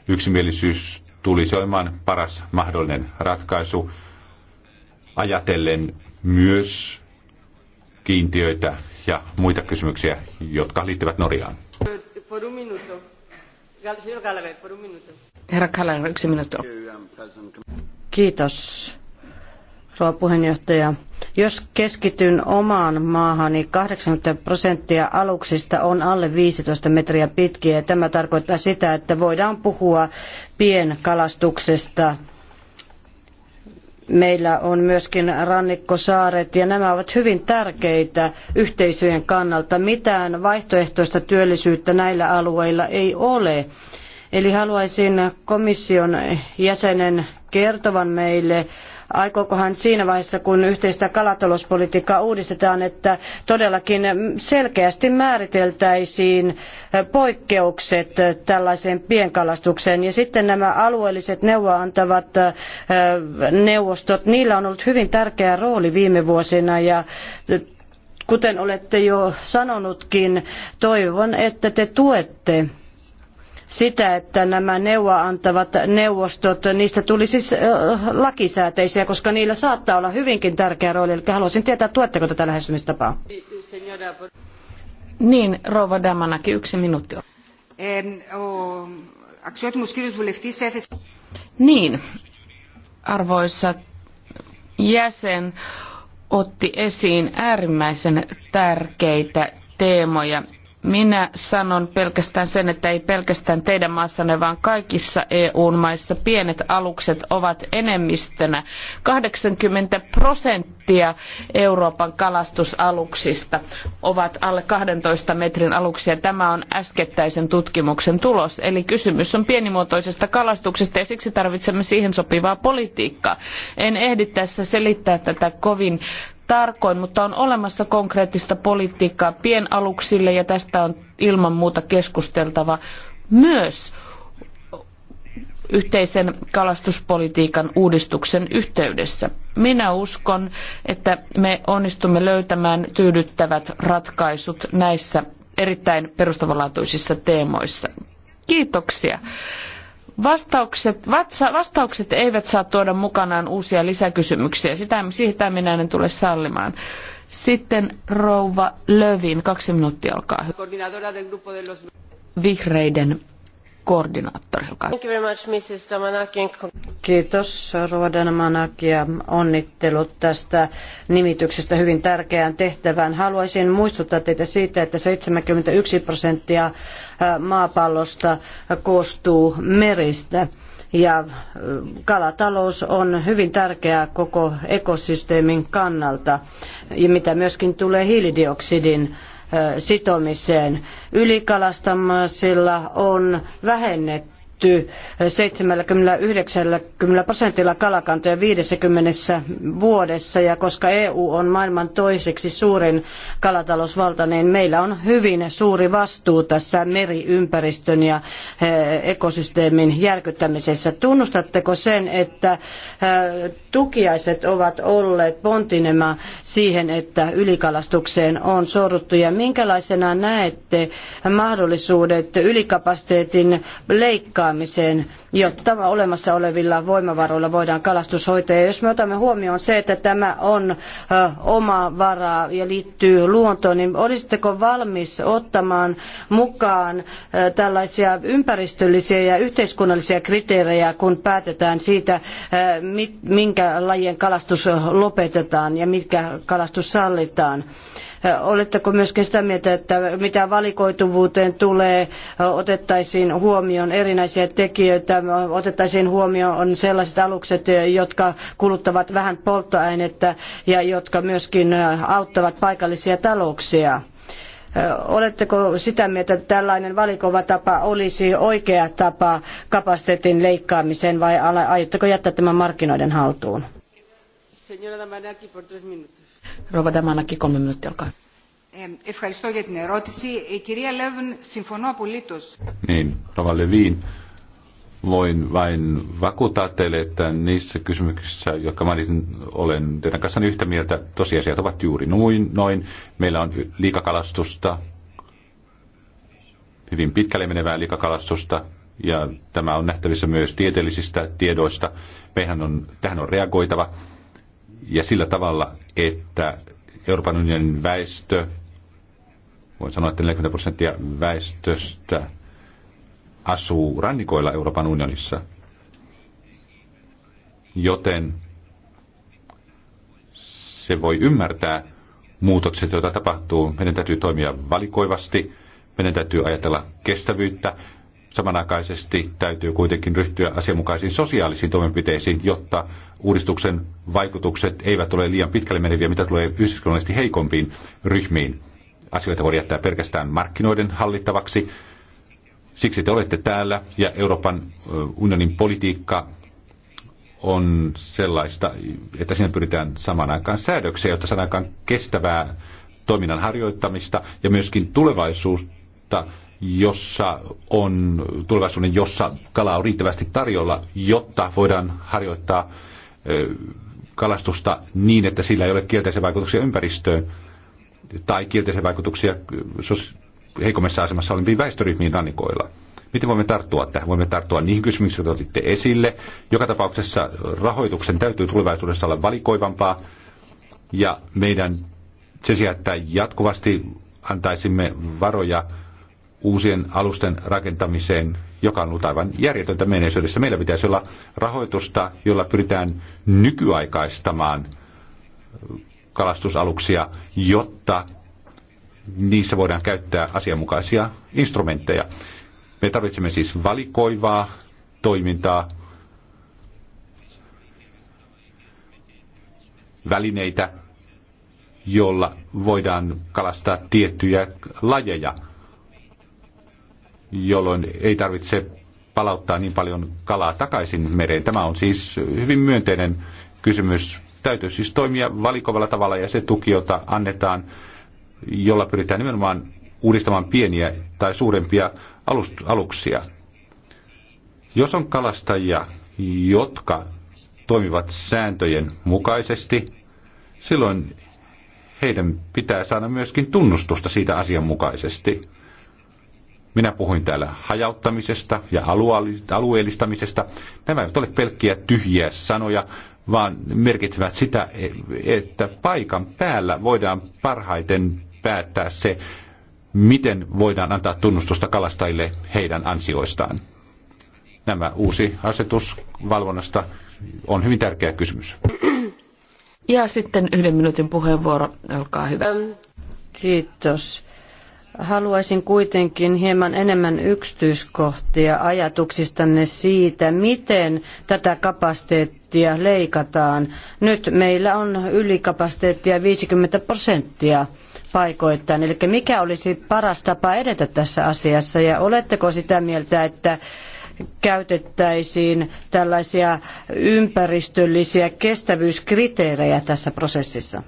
Yksimielisyys tulisi olemaan paras mahdollinen ratkaisu ajatellen myös kiintiöitä ja muita kysymyksiä, jotka liittyvät Norjaan. Herra Kaller, yksi minuutti. Kiitos, rouva puheenjohtaja. Jos keskityn omaan maahani, niin 80 prosenttia aluksista on alle 15 metriä pitkiä. Ja tämä tarkoittaa sitä, että voidaan puhua pienkalastuksesta Meillä on myöskin rannikkosaaret ja nämä ovat hyvin tärkeitä yhteisöjen kannalta. Mitään vaihtoehtoista työllisyyttä näillä alueilla ei ole. Eli haluaisin komission jäsenen kertovan meille Aikookohan siinä vaiheessa, kun yhteistä kalatalouspolitiikkaa uudistetaan, että todellakin selkeästi määriteltäisiin poikkeukset tällaiseen pienkalastukseen. Ja sitten nämä alueelliset neuvoa antavat neuvostot, niillä on ollut hyvin tärkeä rooli viime vuosina ja kuten olette jo sanonutkin, toivon, että te tuette sitä, että nämä neuvoa antavat neuvostot, niistä tuli siis lakisääteisiä, koska niillä saattaa olla hyvinkin tärkeä rooli. Eli haluaisin tietää, tuetteko tätä lähestymistapaa? Niin, rouva Damanaki, yksi minuutti. Niin, arvoisa jäsen otti esiin äärimmäisen tärkeitä teemoja minä sanon pelkästään sen, että ei pelkästään teidän maassanne, vaan kaikissa EU-maissa pienet alukset ovat enemmistönä. 80 prosenttia Euroopan kalastusaluksista ovat alle 12 metrin aluksia. Tämä on äskettäisen tutkimuksen tulos. Eli kysymys on pienimuotoisesta kalastuksesta ja siksi tarvitsemme siihen sopivaa politiikkaa. En ehdi tässä selittää tätä kovin tarkoin, mutta on olemassa konkreettista politiikkaa pienaluksille ja tästä on ilman muuta keskusteltava myös yhteisen kalastuspolitiikan uudistuksen yhteydessä. Minä uskon, että me onnistumme löytämään tyydyttävät ratkaisut näissä erittäin perustavanlaatuisissa teemoissa. Kiitoksia. Vastaukset, vatsa, vastaukset eivät saa tuoda mukanaan uusia lisäkysymyksiä. Sitä, sitä minä en tule sallimaan. Sitten rouva Lövin, kaksi minuuttia, olkaa hyvä. Vihreiden koordinaattori. Thank you very much, Mrs. Kiitos Rova Damanaki ja onnittelut tästä nimityksestä hyvin tärkeään tehtävään. Haluaisin muistuttaa teitä siitä, että 71 prosenttia maapallosta koostuu meristä. Ja kalatalous on hyvin tärkeää koko ekosysteemin kannalta, ja mitä myöskin tulee hiilidioksidin sitomiseen. Ylikalastamasilla on vähennetty vähennetty 70-90 prosentilla kalakantoja 50 vuodessa ja koska EU on maailman toiseksi suurin kalatalousvalta, niin meillä on hyvin suuri vastuu tässä meriympäristön ja eh, ekosysteemin järkyttämisessä. Tunnustatteko sen, että eh, tukiaiset ovat olleet pontinema siihen, että ylikalastukseen on sorruttu ja minkälaisena näette mahdollisuudet ylikapasiteetin leikkaamiseen korjaamiseen, jotta olemassa olevilla voimavaroilla voidaan kalastus hoitaa. Ja jos me otamme huomioon se, että tämä on oma vara ja liittyy luontoon, niin olisitteko valmis ottamaan mukaan tällaisia ympäristöllisiä ja yhteiskunnallisia kriteerejä, kun päätetään siitä, minkä lajien kalastus lopetetaan ja mitkä kalastus sallitaan? Oletteko myös sitä mieltä, että mitä valikoituvuuteen tulee, otettaisiin huomioon erinäisiä tekijöitä, otettaisiin huomioon sellaiset alukset, jotka kuluttavat vähän polttoainetta ja jotka myöskin auttavat paikallisia talouksia? Oletteko sitä mieltä, että tällainen valikova tapa olisi oikea tapa kapasiteetin leikkaamiseen vai aiotteko jättää tämän markkinoiden haltuun? Señora Damanaki, por tres minutos. Rova Damanaki, kolme minuuttia, olkaa Ευχαριστώ για την ερώτηση. Η κυρία Λέβεν, συμφωνώ niin, voin vain vakuuttaa teille, että niissä kysymyksissä, jotka mä olen teidän kanssanne yhtä mieltä, tosiasiat ovat juuri noin. noin. Meillä on liikakalastusta, hyvin pitkälle menevää liikakalastusta, ja tämä on nähtävissä myös tieteellisistä tiedoista. Meidän on, tähän on reagoitava ja sillä tavalla, että Euroopan unionin väestö, voin sanoa, että 40 prosenttia väestöstä asuu rannikoilla Euroopan unionissa. Joten se voi ymmärtää muutokset, joita tapahtuu. Meidän täytyy toimia valikoivasti, meidän täytyy ajatella kestävyyttä, Samanaikaisesti täytyy kuitenkin ryhtyä asianmukaisiin sosiaalisiin toimenpiteisiin, jotta uudistuksen vaikutukset eivät ole liian pitkälle meneviä, mitä tulee yhteiskunnallisesti heikompiin ryhmiin. Asioita voi jättää pelkästään markkinoiden hallittavaksi. Siksi te olette täällä ja Euroopan unionin politiikka on sellaista, että siinä pyritään samaan aikaan säädöksiä, jotta saadaan aikaan kestävää toiminnan harjoittamista ja myöskin tulevaisuutta jossa on tulevaisuuden, jossa kalaa on riittävästi tarjolla, jotta voidaan harjoittaa kalastusta niin, että sillä ei ole kielteisiä vaikutuksia ympäristöön tai kielteisiä vaikutuksia heikommassa asemassa oleviin väestöryhmiin rannikoilla. Miten voimme tarttua tähän? Voimme tarttua niihin kysymyksiin, joita otitte esille. Joka tapauksessa rahoituksen täytyy tulevaisuudessa olla valikoivampaa ja meidän se sijaan, että jatkuvasti antaisimme varoja uusien alusten rakentamiseen, joka on ollut aivan järjetöntä menneisyydessä. Meillä pitäisi olla rahoitusta, jolla pyritään nykyaikaistamaan kalastusaluksia, jotta niissä voidaan käyttää asianmukaisia instrumentteja. Me tarvitsemme siis valikoivaa toimintaa, välineitä, jolla voidaan kalastaa tiettyjä lajeja – jolloin ei tarvitse palauttaa niin paljon kalaa takaisin mereen. Tämä on siis hyvin myönteinen kysymys. Täytyy siis toimia valikovalla tavalla ja se tuki, jota annetaan, jolla pyritään nimenomaan uudistamaan pieniä tai suurempia aluksia. Jos on kalastajia, jotka toimivat sääntöjen mukaisesti, silloin heidän pitää saada myöskin tunnustusta siitä asianmukaisesti. Minä puhuin täällä hajauttamisesta ja alueellistamisesta. Nämä eivät ole pelkkiä tyhjiä sanoja, vaan merkitsevät sitä, että paikan päällä voidaan parhaiten päättää se, miten voidaan antaa tunnustusta kalastajille heidän ansioistaan. Nämä uusi asetus valvonnasta on hyvin tärkeä kysymys. Ja sitten yhden minuutin puheenvuoro, olkaa hyvä. Kiitos. Haluaisin kuitenkin hieman enemmän yksityiskohtia ajatuksistanne siitä, miten tätä kapasiteettia leikataan. Nyt meillä on ylikapasiteettia 50 prosenttia paikoittain. Eli mikä olisi paras tapa edetä tässä asiassa ja oletteko sitä mieltä, että käytettäisiin tällaisia ympäristöllisiä kestävyyskriteerejä tässä prosessissa?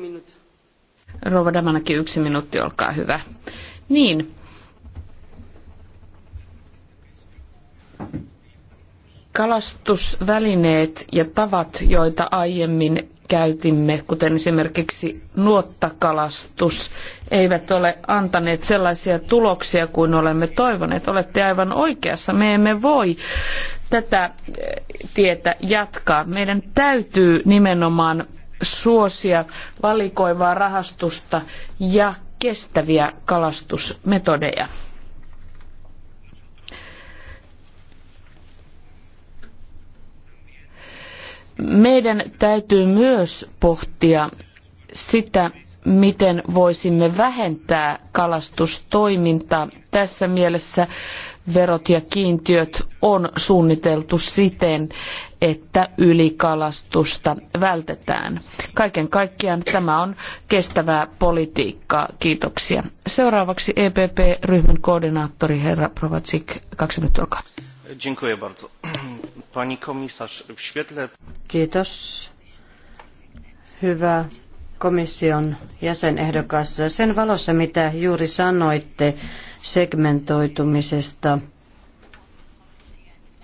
minuutti. Rouva Damanaki, yksi minuutti, olkaa hyvä. Niin. Kalastusvälineet ja tavat, joita aiemmin käytimme, kuten esimerkiksi nuottakalastus, eivät ole antaneet sellaisia tuloksia kuin olemme toivoneet. Olette aivan oikeassa. Me emme voi tätä tietä jatkaa. Meidän täytyy nimenomaan suosia valikoivaa rahastusta ja kestäviä kalastusmetodeja. Meidän täytyy myös pohtia sitä, miten voisimme vähentää kalastustoimintaa. Tässä mielessä verot ja kiintiöt on suunniteltu siten, että ylikalastusta vältetään. Kaiken kaikkiaan tämä on kestävää politiikkaa. Kiitoksia. Seuraavaksi EPP-ryhmän koordinaattori herra Provacik, kaksi minuuttia olkaa. Kiitos. Hyvä komission jäsenehdokas. Sen valossa, mitä juuri sanoitte segmentoitumisesta –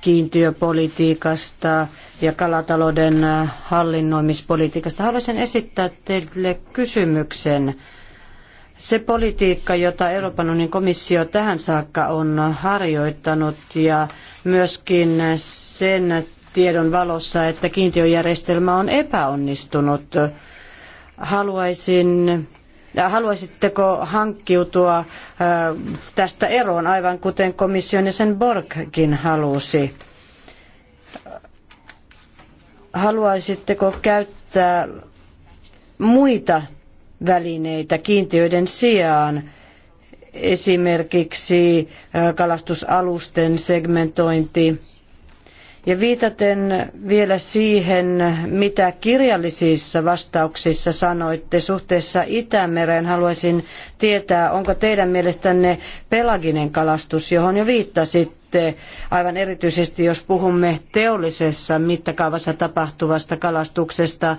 kiintiöpolitiikasta ja kalatalouden äh, hallinnoimispolitiikasta. Haluaisin esittää teille kysymyksen. Se politiikka, jota Euroopan unionin komissio tähän saakka on harjoittanut ja myöskin sen tiedon valossa, että kiintiöjärjestelmä on epäonnistunut, haluaisin Haluaisitteko hankkiutua tästä eroon, aivan kuten komission sen Borgkin halusi? Haluaisitteko käyttää muita välineitä kiintiöiden sijaan, esimerkiksi kalastusalusten segmentointi, ja viitaten vielä siihen, mitä kirjallisissa vastauksissa sanoitte suhteessa Itämereen, haluaisin tietää, onko teidän mielestänne pelaginen kalastus, johon jo viittasitte, aivan erityisesti jos puhumme teollisessa mittakaavassa tapahtuvasta kalastuksesta,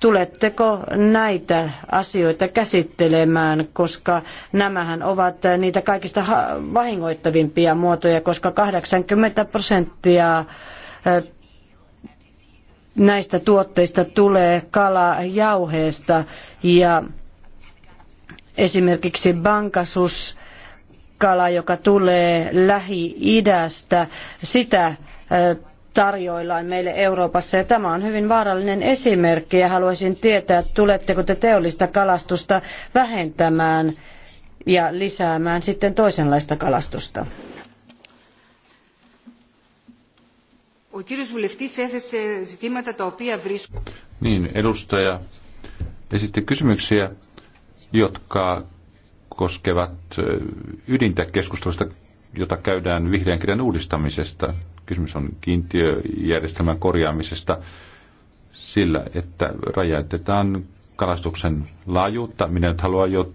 Tuletteko näitä asioita käsittelemään, koska nämähän ovat niitä kaikista vahingoittavimpia muotoja, koska 80 prosenttia näistä tuotteista tulee kalajauheesta ja esimerkiksi bankasus kala, joka tulee Lähi-idästä, sitä tarjoillaan meille Euroopassa. Ja tämä on hyvin vaarallinen esimerkki ja haluaisin tietää, tuletteko te teollista kalastusta vähentämään ja lisäämään sitten toisenlaista kalastusta. Niin, edustaja esitti kysymyksiä, jotka koskevat ydintä keskustelusta, jota käydään vihreän kirjan uudistamisesta kysymys on kiintiöjärjestelmän korjaamisesta sillä, että rajoitetaan kalastuksen laajuutta. Minä nyt haluan jo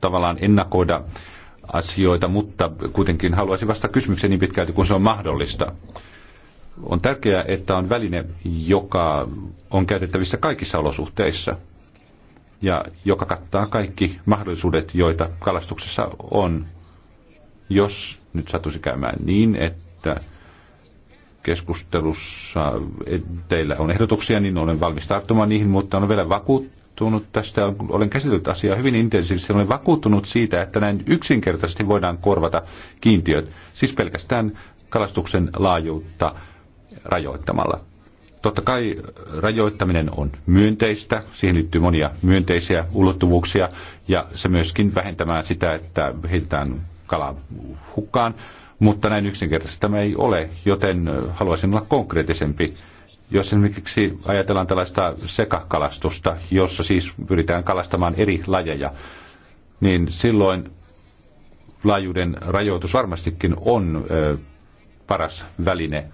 tavallaan ennakoida asioita, mutta kuitenkin haluaisin vastata kysymykseen niin pitkälti kuin se on mahdollista. On tärkeää, että on väline, joka on käytettävissä kaikissa olosuhteissa ja joka kattaa kaikki mahdollisuudet, joita kalastuksessa on. Jos nyt sattuisi käymään niin, että keskustelussa teillä on ehdotuksia, niin olen valmis tarttumaan niihin, mutta olen vielä vakuuttunut tästä, olen käsitellyt asiaa hyvin intensiivisesti, olen vakuuttunut siitä, että näin yksinkertaisesti voidaan korvata kiintiöt, siis pelkästään kalastuksen laajuutta rajoittamalla. Totta kai rajoittaminen on myönteistä, siihen liittyy monia myönteisiä ulottuvuuksia ja se myöskin vähentämään sitä, että heiltään kalaa hukkaan, mutta näin yksinkertaisesti tämä ei ole, joten haluaisin olla konkreettisempi. Jos esimerkiksi ajatellaan tällaista sekakalastusta, jossa siis pyritään kalastamaan eri lajeja, niin silloin laajuuden rajoitus varmastikin on ö, paras väline.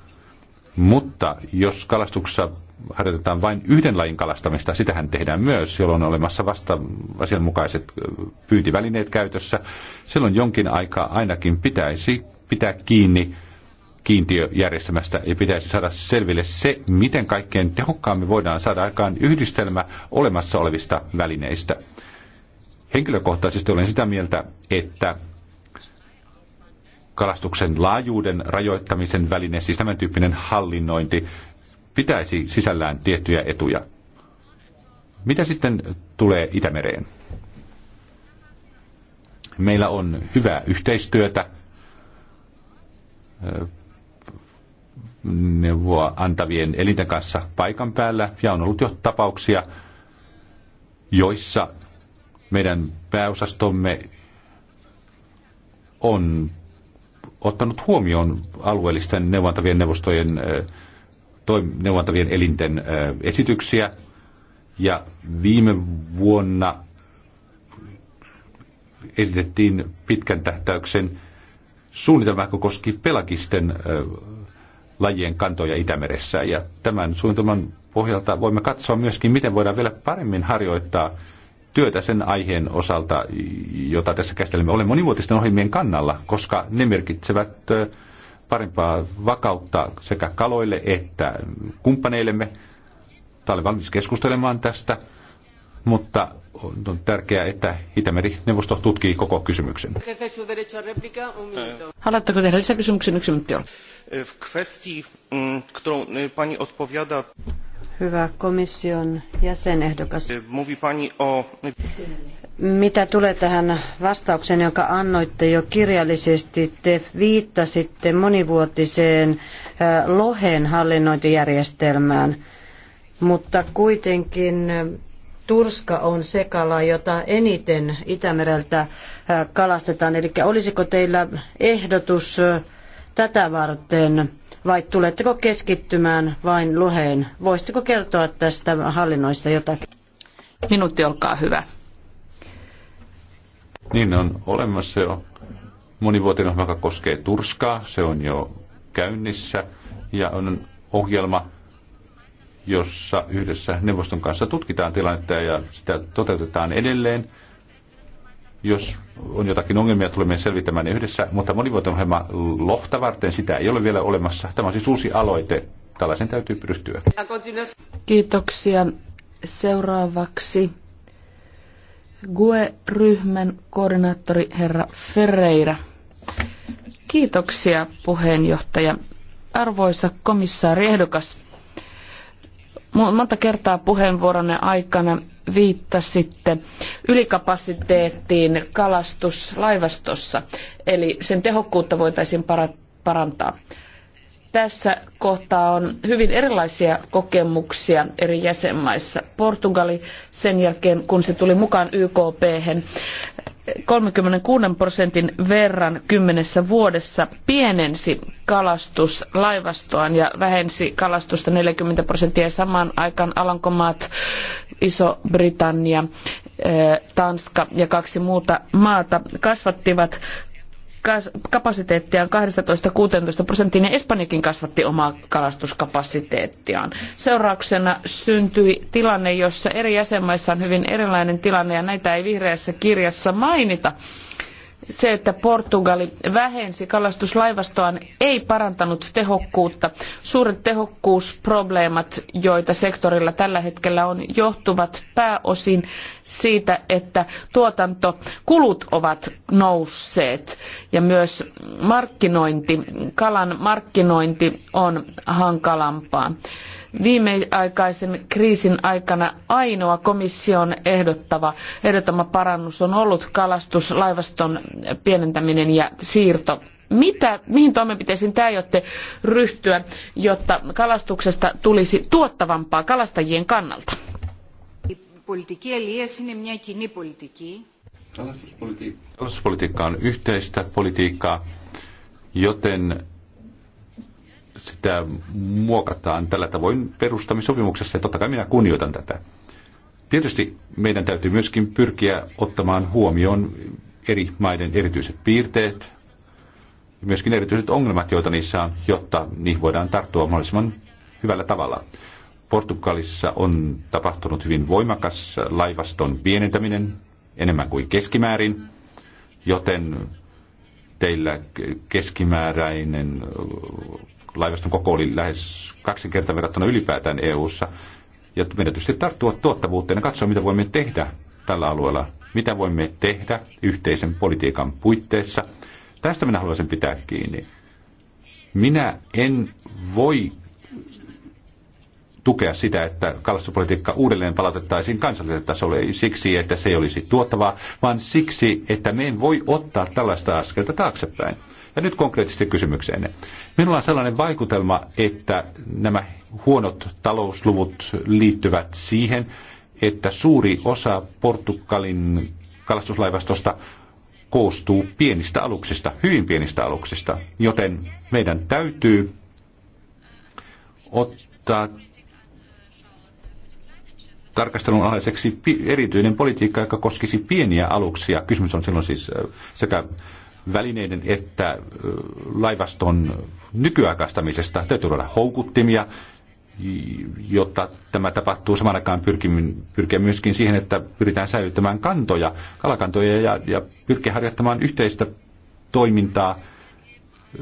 Mutta jos kalastuksessa harjoitetaan vain yhden lajin kalastamista, sitähän tehdään myös, jolloin on olemassa vasta asianmukaiset pyyntivälineet käytössä. Silloin jonkin aikaa ainakin pitäisi pitää kiinni kiintiöjärjestelmästä ja pitäisi saada selville se, miten kaikkein tehokkaammin voidaan saada aikaan yhdistelmä olemassa olevista välineistä. Henkilökohtaisesti olen sitä mieltä, että kalastuksen laajuuden rajoittamisen väline, siis tämän tyyppinen hallinnointi, pitäisi sisällään tiettyjä etuja. Mitä sitten tulee Itämereen? Meillä on hyvää yhteistyötä, neuvoa antavien elinten kanssa paikan päällä, ja on ollut jo tapauksia, joissa meidän pääosastomme on ottanut huomioon alueellisten neuvontavien neuvostojen neuvontavien elinten esityksiä. Ja viime vuonna esitettiin pitkän tähtäyksen suunnitelma, joka koski pelakisten lajien kantoja Itämeressä. Ja tämän suunnitelman pohjalta voimme katsoa myöskin, miten voidaan vielä paremmin harjoittaa työtä sen aiheen osalta, jota tässä käsittelemme. Olen monivuotisten ohjelmien kannalla, koska ne merkitsevät parempaa vakautta sekä kaloille että kumppaneillemme. Tämä oli valmis keskustelemaan tästä, mutta on tärkeää, että Itämeri-neuvosto tutkii koko kysymyksen. Haluatteko tehdä lisäkysymyksen? Yksi minuutti mm, pani Hyvä komission jäsenehdokas. Mówi pani o... Mitä tulee tähän vastaukseen, jonka annoitte jo kirjallisesti, te viittasitte monivuotiseen lohen hallinnointijärjestelmään, mutta kuitenkin turska on se kala, jota eniten Itämereltä kalastetaan. Eli olisiko teillä ehdotus tätä varten vai tuletteko keskittymään vain loheen? Voisitteko kertoa tästä hallinnoista jotakin? Minuutti, olkaa hyvä. Niin on olemassa jo monivuotinen ohjelma, joka koskee Turskaa. Se on jo käynnissä ja on ohjelma, jossa yhdessä neuvoston kanssa tutkitaan tilannetta ja sitä toteutetaan edelleen. Jos on jotakin ongelmia, tulemme selvittämään ne yhdessä, mutta monivuotinen ohjelma lohta varten sitä ei ole vielä olemassa. Tämä on siis uusi aloite. Tällaisen täytyy ryhtyä. Kiitoksia. Seuraavaksi GUE-ryhmän koordinaattori herra Ferreira. Kiitoksia puheenjohtaja. Arvoisa komissaari ehdokas, monta kertaa puheenvuoronne aikana viittasitte ylikapasiteettiin kalastuslaivastossa, eli sen tehokkuutta voitaisiin parantaa tässä kohtaa on hyvin erilaisia kokemuksia eri jäsenmaissa. Portugali sen jälkeen, kun se tuli mukaan YKP, 36 prosentin verran kymmenessä vuodessa pienensi kalastuslaivastoaan ja vähensi kalastusta 40 prosenttia. Samaan aikaan Alankomaat, Iso-Britannia, eh, Tanska ja kaksi muuta maata kasvattivat kapasiteettiaan 12-16 prosenttiin ja Espanjakin kasvatti omaa kalastuskapasiteettiaan. Seurauksena syntyi tilanne, jossa eri jäsenmaissa on hyvin erilainen tilanne ja näitä ei vihreässä kirjassa mainita se, että Portugali vähensi kalastuslaivastoaan, ei parantanut tehokkuutta. Suuret tehokkuusprobleemat, joita sektorilla tällä hetkellä on, johtuvat pääosin siitä, että tuotantokulut ovat nousseet ja myös markkinointi, kalan markkinointi on hankalampaa viimeaikaisen kriisin aikana ainoa komission ehdottava, ehdottama parannus on ollut kalastuslaivaston pienentäminen ja siirto mitä, mihin toimenpiteisiin te aiotte ryhtyä, jotta kalastuksesta tulisi tuottavampaa kalastajien kannalta? Kalastuspolitiikka on yhteistä politiikkaa, joten sitä muokataan tällä tavoin perustamisopimuksessa, ja totta kai minä kunnioitan tätä. Tietysti meidän täytyy myöskin pyrkiä ottamaan huomioon eri maiden erityiset piirteet, myöskin erityiset ongelmat, joita niissä on, jotta niihin voidaan tarttua mahdollisimman hyvällä tavalla. Portugalissa on tapahtunut hyvin voimakas laivaston pienentäminen, enemmän kuin keskimäärin, joten teillä keskimääräinen laivaston koko oli lähes kaksi kertaa verrattuna ylipäätään EU-ssa. Ja meidän tietysti tarttua tuottavuuteen ja katsoa, mitä voimme tehdä tällä alueella, mitä voimme tehdä yhteisen politiikan puitteissa. Tästä minä haluaisin pitää kiinni. Minä en voi tukea sitä, että kalastuspolitiikka uudelleen palautettaisiin kansalliselle tasolle siksi, että se ei olisi tuottavaa, vaan siksi, että me ei voi ottaa tällaista askelta taaksepäin. Ja nyt konkreettisesti kysymykseenne. Minulla on sellainen vaikutelma, että nämä huonot talousluvut liittyvät siihen, että suuri osa Portugalin kalastuslaivastosta koostuu pienistä aluksista, hyvin pienistä aluksista, joten meidän täytyy ottaa tarkastelun alaiseksi erityinen politiikka, joka koskisi pieniä aluksia. Kysymys on silloin siis äh, sekä välineiden että laivaston nykyaikaistamisesta. Täytyy olla houkuttimia, jotta tämä tapahtuu saman aikaan pyrkiä myöskin siihen, että pyritään säilyttämään kantoja, kalakantoja ja, ja pyrkiä harjoittamaan yhteistä toimintaa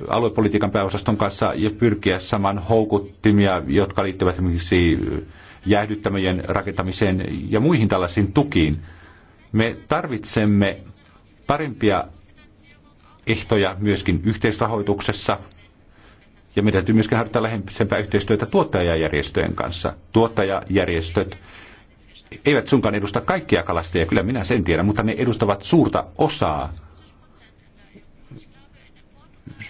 aluepolitiikan pääosaston kanssa ja pyrkiä saman houkuttimia, jotka liittyvät esimerkiksi jäähdyttämöjen rakentamiseen ja muihin tällaisiin tukiin. Me tarvitsemme parempia ehtoja myöskin yhteisrahoituksessa. Ja meidän täytyy myöskin harjoittaa lähempää yhteistyötä tuottajajärjestöjen kanssa. Tuottajajärjestöt eivät sunkaan edusta kaikkia kalastajia, kyllä minä sen tiedän, mutta ne edustavat suurta osaa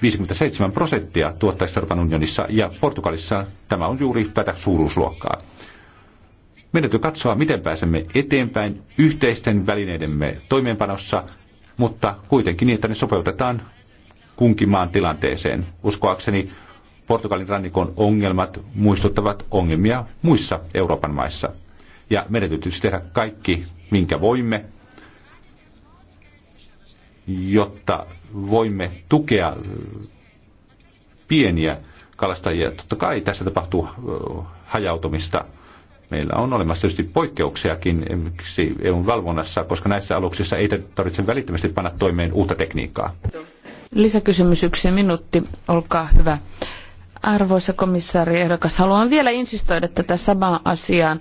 57 prosenttia tuottajista Euroopan unionissa ja Portugalissa tämä on juuri tätä suuruusluokkaa. Meidän täytyy katsoa, miten pääsemme eteenpäin yhteisten välineidemme toimeenpanossa mutta kuitenkin niin, että ne sopeutetaan kunkin maan tilanteeseen. Uskoakseni Portugalin rannikon ongelmat muistuttavat ongelmia muissa Euroopan maissa. Ja meidän täytyy siis tehdä kaikki, minkä voimme, jotta voimme tukea äh, pieniä kalastajia. Totta kai tässä tapahtuu äh, hajautumista Meillä on olemassa tietysti poikkeuksiakin esimerkiksi EUn valvonnassa, koska näissä aluksissa ei tarvitse välittömästi panna toimeen uutta tekniikkaa. Lisäkysymys yksi minuutti, olkaa hyvä. Arvoisa komissaari ehdokas, haluan vielä insistoida tätä samaa asiaan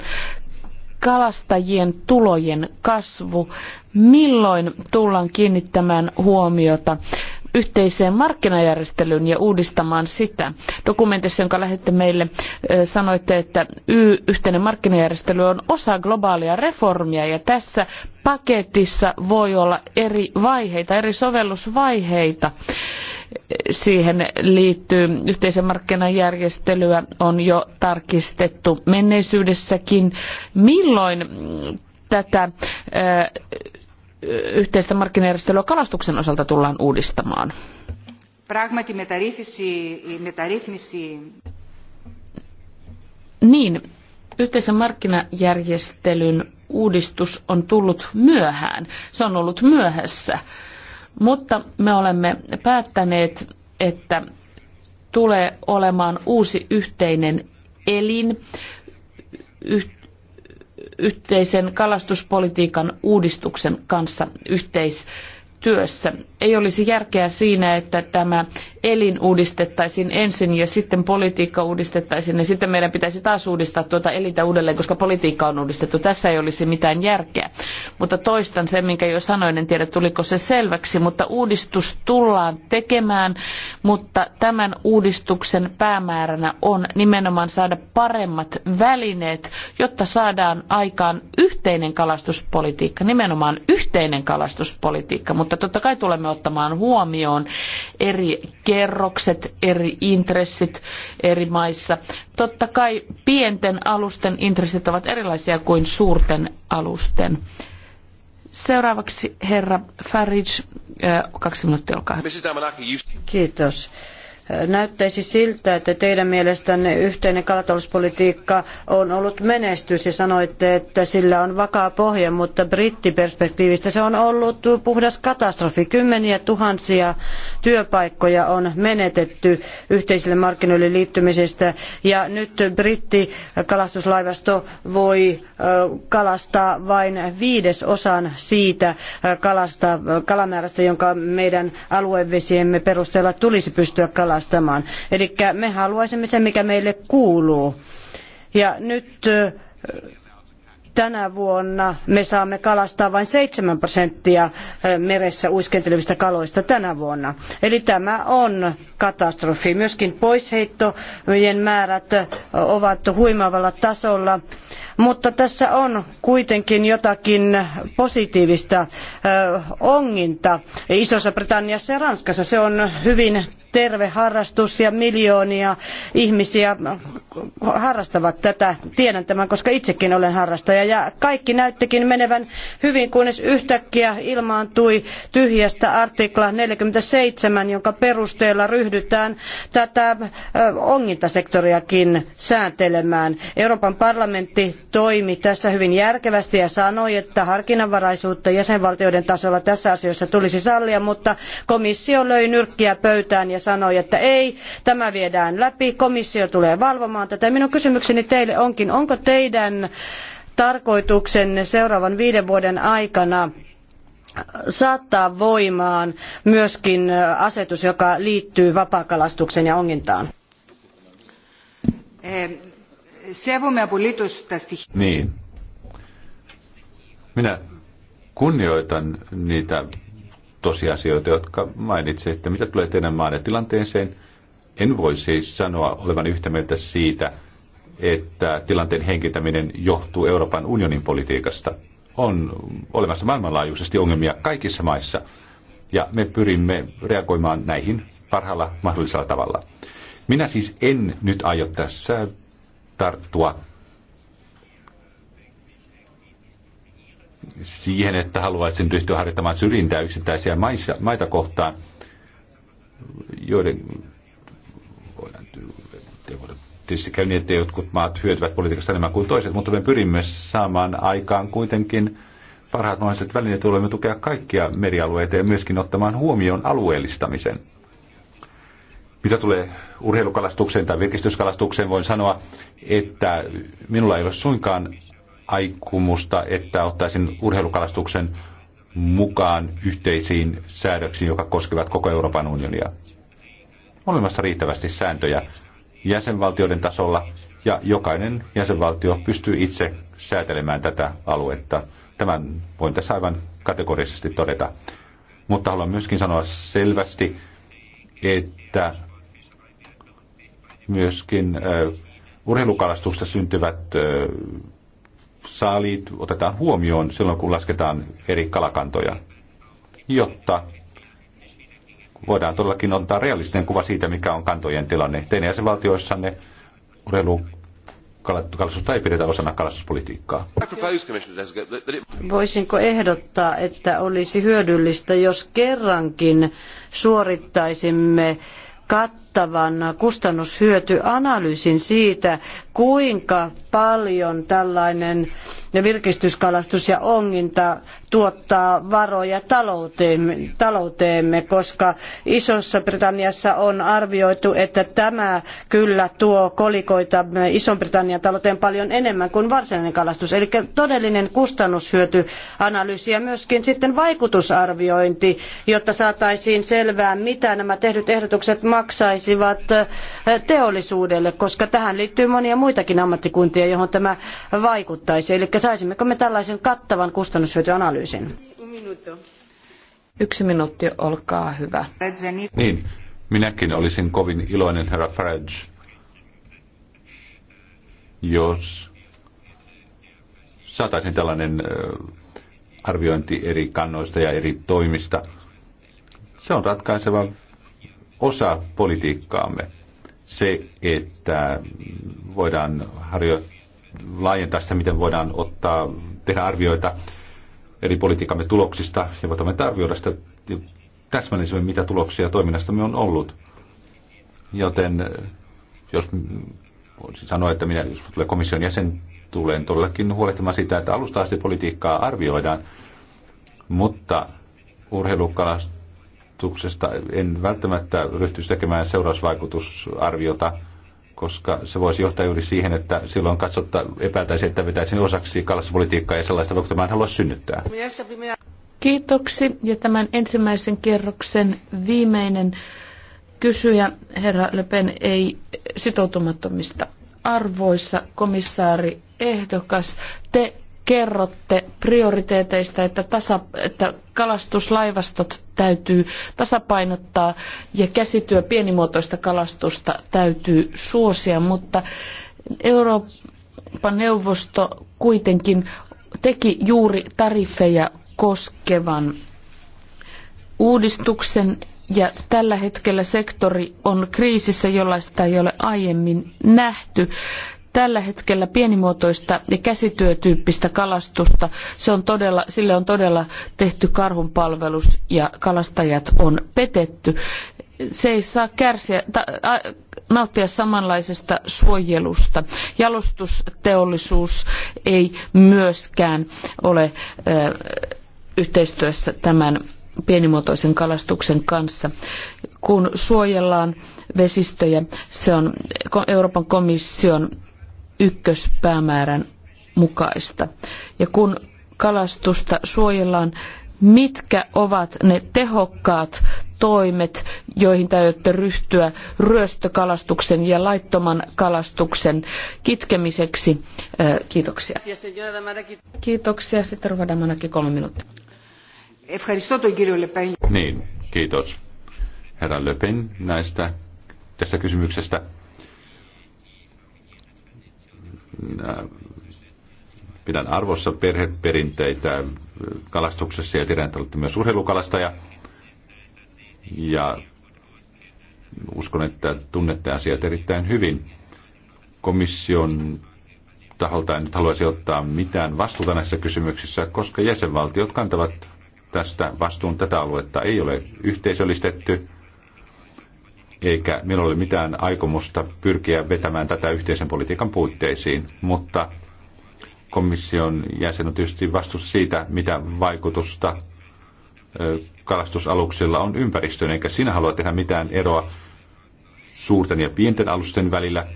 kalastajien tulojen kasvu. Milloin tullaan kiinnittämään huomiota yhteiseen markkinajärjestelyyn ja uudistamaan sitä. Dokumentissa, jonka lähette meille, sanoitte, että yhteinen markkinajärjestely on osa globaalia reformia ja tässä paketissa voi olla eri vaiheita, eri sovellusvaiheita siihen liittyy. Yhteisen markkinajärjestelyä on jo tarkistettu menneisyydessäkin. Milloin tätä yhteistä markkinajärjestelyä kalastuksen osalta tullaan uudistamaan. Niin, yhteisen markkinajärjestelyn uudistus on tullut myöhään. Se on ollut myöhässä. Mutta me olemme päättäneet, että tulee olemaan uusi yhteinen elin, yhteinen yhteisen kalastuspolitiikan uudistuksen kanssa yhteistyössä ei olisi järkeä siinä, että tämä elin uudistettaisiin ensin ja sitten politiikka uudistettaisiin ja niin sitten meidän pitäisi taas uudistaa tuota elintä uudelleen, koska politiikka on uudistettu. Tässä ei olisi mitään järkeä. Mutta toistan sen, minkä jo sanoin, en tiedä tuliko se selväksi, mutta uudistus tullaan tekemään, mutta tämän uudistuksen päämääränä on nimenomaan saada paremmat välineet, jotta saadaan aikaan yhteinen kalastuspolitiikka, nimenomaan yhteinen kalastuspolitiikka, mutta totta kai tulemme ottamaan huomioon eri kerrokset, eri intressit eri maissa. Totta kai pienten alusten intressit ovat erilaisia kuin suurten alusten. Seuraavaksi herra Farage, kaksi minuuttia, olkaa hyvä. Kiitos näyttäisi siltä, että teidän mielestänne yhteinen kalatalouspolitiikka on ollut menestys ja sanoitte, että sillä on vakaa pohja, mutta brittiperspektiivistä se on ollut puhdas katastrofi. Kymmeniä tuhansia työpaikkoja on menetetty yhteisille markkinoille liittymisestä ja nyt brittikalastuslaivasto voi kalastaa vain viidesosan siitä kalasta, kalamäärästä, jonka meidän aluevesiemme perusteella tulisi pystyä kalastamaan kalastamaan. Eli me haluaisimme sen, mikä meille kuuluu. Ja nyt tänä vuonna me saamme kalastaa vain 7 prosenttia meressä uiskentelevistä kaloista tänä vuonna. Eli tämä on katastrofi. Myöskin poisheittojen määrät ovat huimaavalla tasolla, mutta tässä on kuitenkin jotakin positiivista onginta. Isossa Britanniassa ja Ranskassa se on hyvin terve harrastus ja miljoonia ihmisiä harrastavat tätä. Tiedän tämän, koska itsekin olen harrastaja ja kaikki näyttikin menevän hyvin, kunnes yhtäkkiä ilmaantui tyhjästä artikla 47, jonka perusteella ryhdyttiin ryhdytään tätä ongintasektoriakin sääntelemään. Euroopan parlamentti toimi tässä hyvin järkevästi ja sanoi, että harkinnanvaraisuutta jäsenvaltioiden tasolla tässä asiassa tulisi sallia, mutta komissio löi nyrkkiä pöytään ja sanoi, että ei, tämä viedään läpi, komissio tulee valvomaan tätä. Minun kysymykseni teille onkin, onko teidän tarkoituksenne seuraavan viiden vuoden aikana saattaa voimaan myöskin asetus, joka liittyy vapaakalastukseen ja ongintaan? Niin. Minä kunnioitan niitä tosiasioita, jotka mainitsitte. Mitä tulee teidän maanne tilanteeseen? En voi siis sanoa olevan yhtä mieltä siitä, että tilanteen heikentäminen johtuu Euroopan unionin politiikasta on olemassa maailmanlaajuisesti ongelmia kaikissa maissa, ja me pyrimme reagoimaan näihin parhaalla mahdollisella tavalla. Minä siis en nyt aio tässä tarttua siihen, että haluaisin ryhtyä harjoittamaan syrjintää yksittäisiä maissa, maita kohtaan, joiden voidaan tietysti käy niin, että jotkut maat hyötyvät politiikasta enemmän kuin toiset, mutta me pyrimme saamaan aikaan kuitenkin parhaat mahdolliset välineet, me tukea kaikkia merialueita ja myöskin ottamaan huomioon alueellistamisen. Mitä tulee urheilukalastukseen tai virkistyskalastukseen, voin sanoa, että minulla ei ole suinkaan aikumusta, että ottaisin urheilukalastuksen mukaan yhteisiin säädöksiin, jotka koskevat koko Euroopan unionia. Olemassa riittävästi sääntöjä jäsenvaltioiden tasolla ja jokainen jäsenvaltio pystyy itse säätelemään tätä aluetta. Tämän voin tässä aivan kategorisesti todeta. Mutta haluan myöskin sanoa selvästi, että myöskin äh, urheilukalastuksesta syntyvät äh, saaliit otetaan huomioon silloin, kun lasketaan eri kalakantoja, jotta voidaan todellakin ottaa realistinen kuva siitä, mikä on kantojen tilanne. Teidän jäsenvaltioissanne urheilu kalastusta ei pidetä osana kalastuspolitiikkaa. Voisinko ehdottaa, että olisi hyödyllistä, jos kerrankin suorittaisimme kat kattavan kustannushyötyanalyysin siitä, kuinka paljon tällainen virkistyskalastus ja onginta tuottaa varoja talouteemme, talouteemme koska Isossa Britanniassa on arvioitu, että tämä kyllä tuo kolikoita Iso-Britannian talouteen paljon enemmän kuin varsinainen kalastus. Eli todellinen kustannushyötyanalyysi ja myöskin sitten vaikutusarviointi, jotta saataisiin selvää, mitä nämä tehdyt ehdotukset maksaisivat antaisivat eh, teollisuudelle, koska tähän liittyy monia muitakin ammattikuntia, johon tämä vaikuttaisi. Eli saisimmeko me tällaisen kattavan kustannushyötyanalyysin? Yksi minuutti, olkaa hyvä. Niin, minäkin olisin kovin iloinen, herra Farage, jos saataisiin tällainen eh, arviointi eri kannoista ja eri toimista. Se on ratkaiseva osa politiikkaamme. Se, että voidaan harjo- laajentaa sitä, miten voidaan ottaa, tehdä arvioita eri politiikkamme tuloksista ja voidaan arvioida sitä täsmällisemmin, mitä tuloksia toiminnastamme on ollut. Joten eh, jos voisin sanoa, että minä, jos tulee komission jäsen, tulen todellakin huolehtimaan sitä, että alusta asti politiikkaa arvioidaan, mutta urheilukalastus vaikutuksesta en välttämättä ryhtyisi tekemään seurausvaikutusarviota, koska se voisi johtaa juuri siihen, että silloin katsotta epätäisiin, että vetäisin osaksi kalastuspolitiikkaa ja sellaista vaikutelmaa en halua synnyttää. Kiitoksi. Ja tämän ensimmäisen kerroksen viimeinen kysyjä, herra Le Pen, ei sitoutumattomista arvoissa, komissaari ehdokas. Te kerrotte prioriteeteista, että, tasa, että kalastuslaivastot täytyy tasapainottaa ja käsityö pienimuotoista kalastusta täytyy suosia, mutta Euroopan neuvosto kuitenkin teki juuri tariffeja koskevan uudistuksen ja tällä hetkellä sektori on kriisissä, jollaista ei ole aiemmin nähty. Tällä hetkellä pienimuotoista ja käsityötyyppistä kalastusta, se on todella, sille on todella tehty karhunpalvelus ja kalastajat on petetty. Se ei saa kärsiä, ta, a, nauttia samanlaisesta suojelusta. Jalostusteollisuus ei myöskään ole ö, yhteistyössä tämän pienimuotoisen kalastuksen kanssa. Kun suojellaan vesistöjä, se on Euroopan komission ykköspäämäärän mukaista. Ja kun kalastusta suojellaan, mitkä ovat ne tehokkaat toimet, joihin täytyy ryhtyä ryöstökalastuksen ja laittoman kalastuksen kitkemiseksi. Kiitoksia. Kiitoksia. Sitten ruvetaan ainakin kolme minuuttia. Niin, kiitos herra Löpin näistä tästä kysymyksestä pidän arvossa perheperinteitä kalastuksessa ja tiedän, että olette myös urheilukalastaja. Ja uskon, että tunnette asiat erittäin hyvin. Komission taholta en nyt haluaisi ottaa mitään vastuuta näissä kysymyksissä, koska jäsenvaltiot kantavat tästä vastuun. Tätä aluetta ei ole yhteisöllistetty eikä minulla ole mitään aikomusta pyrkiä vetämään tätä yhteisen politiikan puitteisiin, mutta komission jäsen on tietysti vastuussa siitä, mitä vaikutusta kalastusaluksilla on ympäristöön, eikä sinä halua tehdä mitään eroa suurten ja pienten alusten välillä.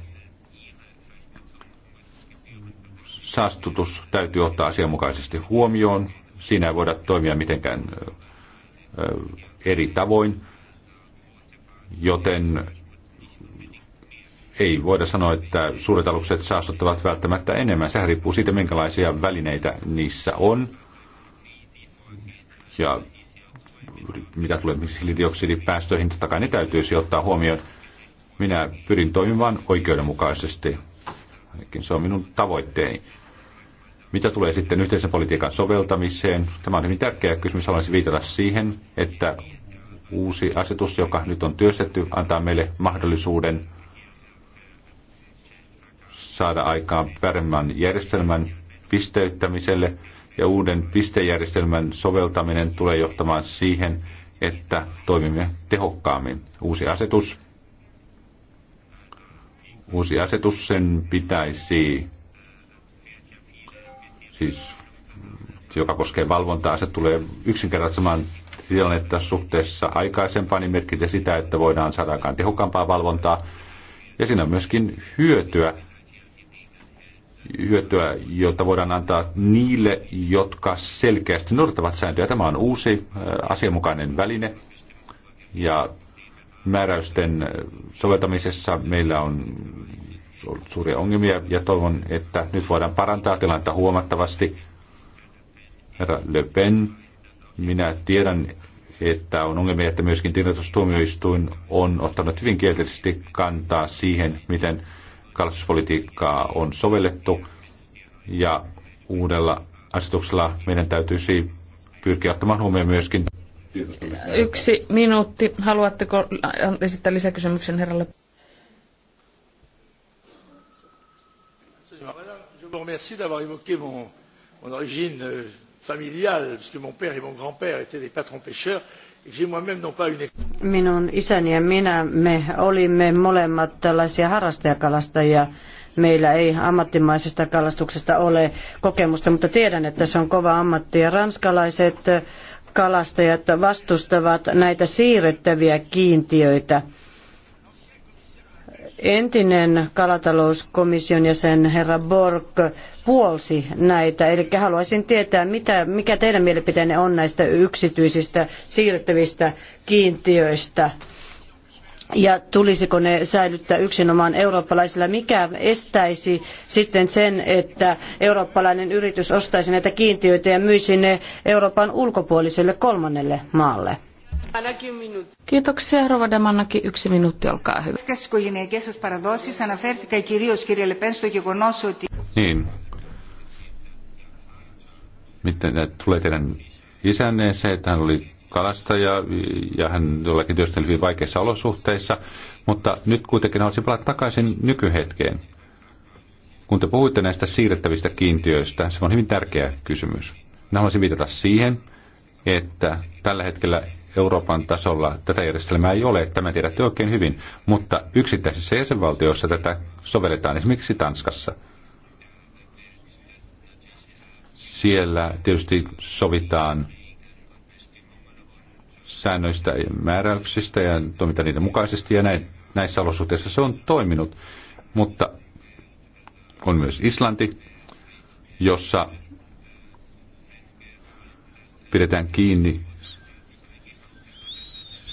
Saastutus täytyy ottaa asianmukaisesti huomioon. Siinä ei voida toimia mitenkään eri tavoin joten ei voida sanoa, että suuret alukset saastuttavat välttämättä enemmän. Sehän riippuu siitä, minkälaisia välineitä niissä on. Ja mitä tulee hiilidioksidipäästöihin, totta kai ne täytyisi ottaa huomioon. Minä pyrin toimimaan oikeudenmukaisesti. Ainakin se on minun tavoitteeni. Mitä tulee sitten yhteisen politiikan soveltamiseen? Tämä on hyvin tärkeä kysymys. Haluaisin viitata siihen, että Uusi asetus, joka nyt on työstetty, antaa meille mahdollisuuden saada aikaan paremman järjestelmän pisteyttämiselle ja uuden pistejärjestelmän soveltaminen tulee johtamaan siihen, että toimimme tehokkaammin. Uusi asetus, uusi asetus sen pitäisi, siis joka koskee valvontaa, se tulee yksinkertaisemaan tilannetta suhteessa aikaisempaan, niin merkitsee sitä, että voidaan saada aikaan tehokkaampaa valvontaa. Ja siinä on myöskin hyötyä, hyötyä, jota voidaan antaa niille, jotka selkeästi noudattavat sääntöjä. Tämä on uusi äh, asianmukainen väline ja määräysten äh, soveltamisessa meillä on suuria ongelmia ja toivon, että nyt voidaan parantaa tilannetta huomattavasti. Herra Le Pen minä tiedän, että on ongelmia, että myöskin tiedotustuomioistuin on ottanut hyvin kielteisesti kantaa siihen, miten kalastuspolitiikkaa on sovellettu. Ja uudella asetuksella meidän täytyisi pyrkiä ottamaan huomioon myöskin. Yksi minuutti. Haluatteko esittää lisäkysymyksen herralle? Je vous remercie d'avoir évoqué mon, mon origine euh, familiale, puisque mon père et mon grand-père étaient des patrons pêcheurs. Minun isäni ja minä, me olimme molemmat tällaisia harrastajakalastajia. Meillä ei ammattimaisesta kalastuksesta ole kokemusta, mutta tiedän, että se on kova ammatti. Ja ranskalaiset kalastajat vastustavat näitä siirrettäviä kiintiöitä – entinen kalatalouskomission jäsen herra Borg puolsi näitä. Eli haluaisin tietää, mitä, mikä teidän mielipiteenne on näistä yksityisistä siirrettävistä kiintiöistä. Ja tulisiko ne säilyttää yksinomaan eurooppalaisilla? Mikä estäisi sitten sen, että eurooppalainen yritys ostaisi näitä kiintiöitä ja myisi ne Euroopan ulkopuoliselle kolmannelle maalle? Kiitoksia, Rova Damannaki. Yksi minuutti, olkaa hyvä. Niin. Miten tulee teidän isänne se, että hän oli kalastaja ja hän jollakin työskenteli hyvin vaikeissa olosuhteissa, mutta nyt kuitenkin haluaisin palata takaisin nykyhetkeen. Kun te puhuitte näistä siirrettävistä kiintiöistä, se on hyvin tärkeä kysymys. Minä haluaisin viitata siihen, että tällä hetkellä Euroopan tasolla tätä järjestelmää ei ole, tämä tiedätte oikein hyvin, mutta yksittäisissä jäsenvaltioissa tätä sovelletaan, esimerkiksi Tanskassa. Siellä tietysti sovitaan säännöistä ja määräyksistä ja toimita niiden mukaisesti ja näin, näissä olosuhteissa se on toiminut. Mutta on myös Islanti, jossa pidetään kiinni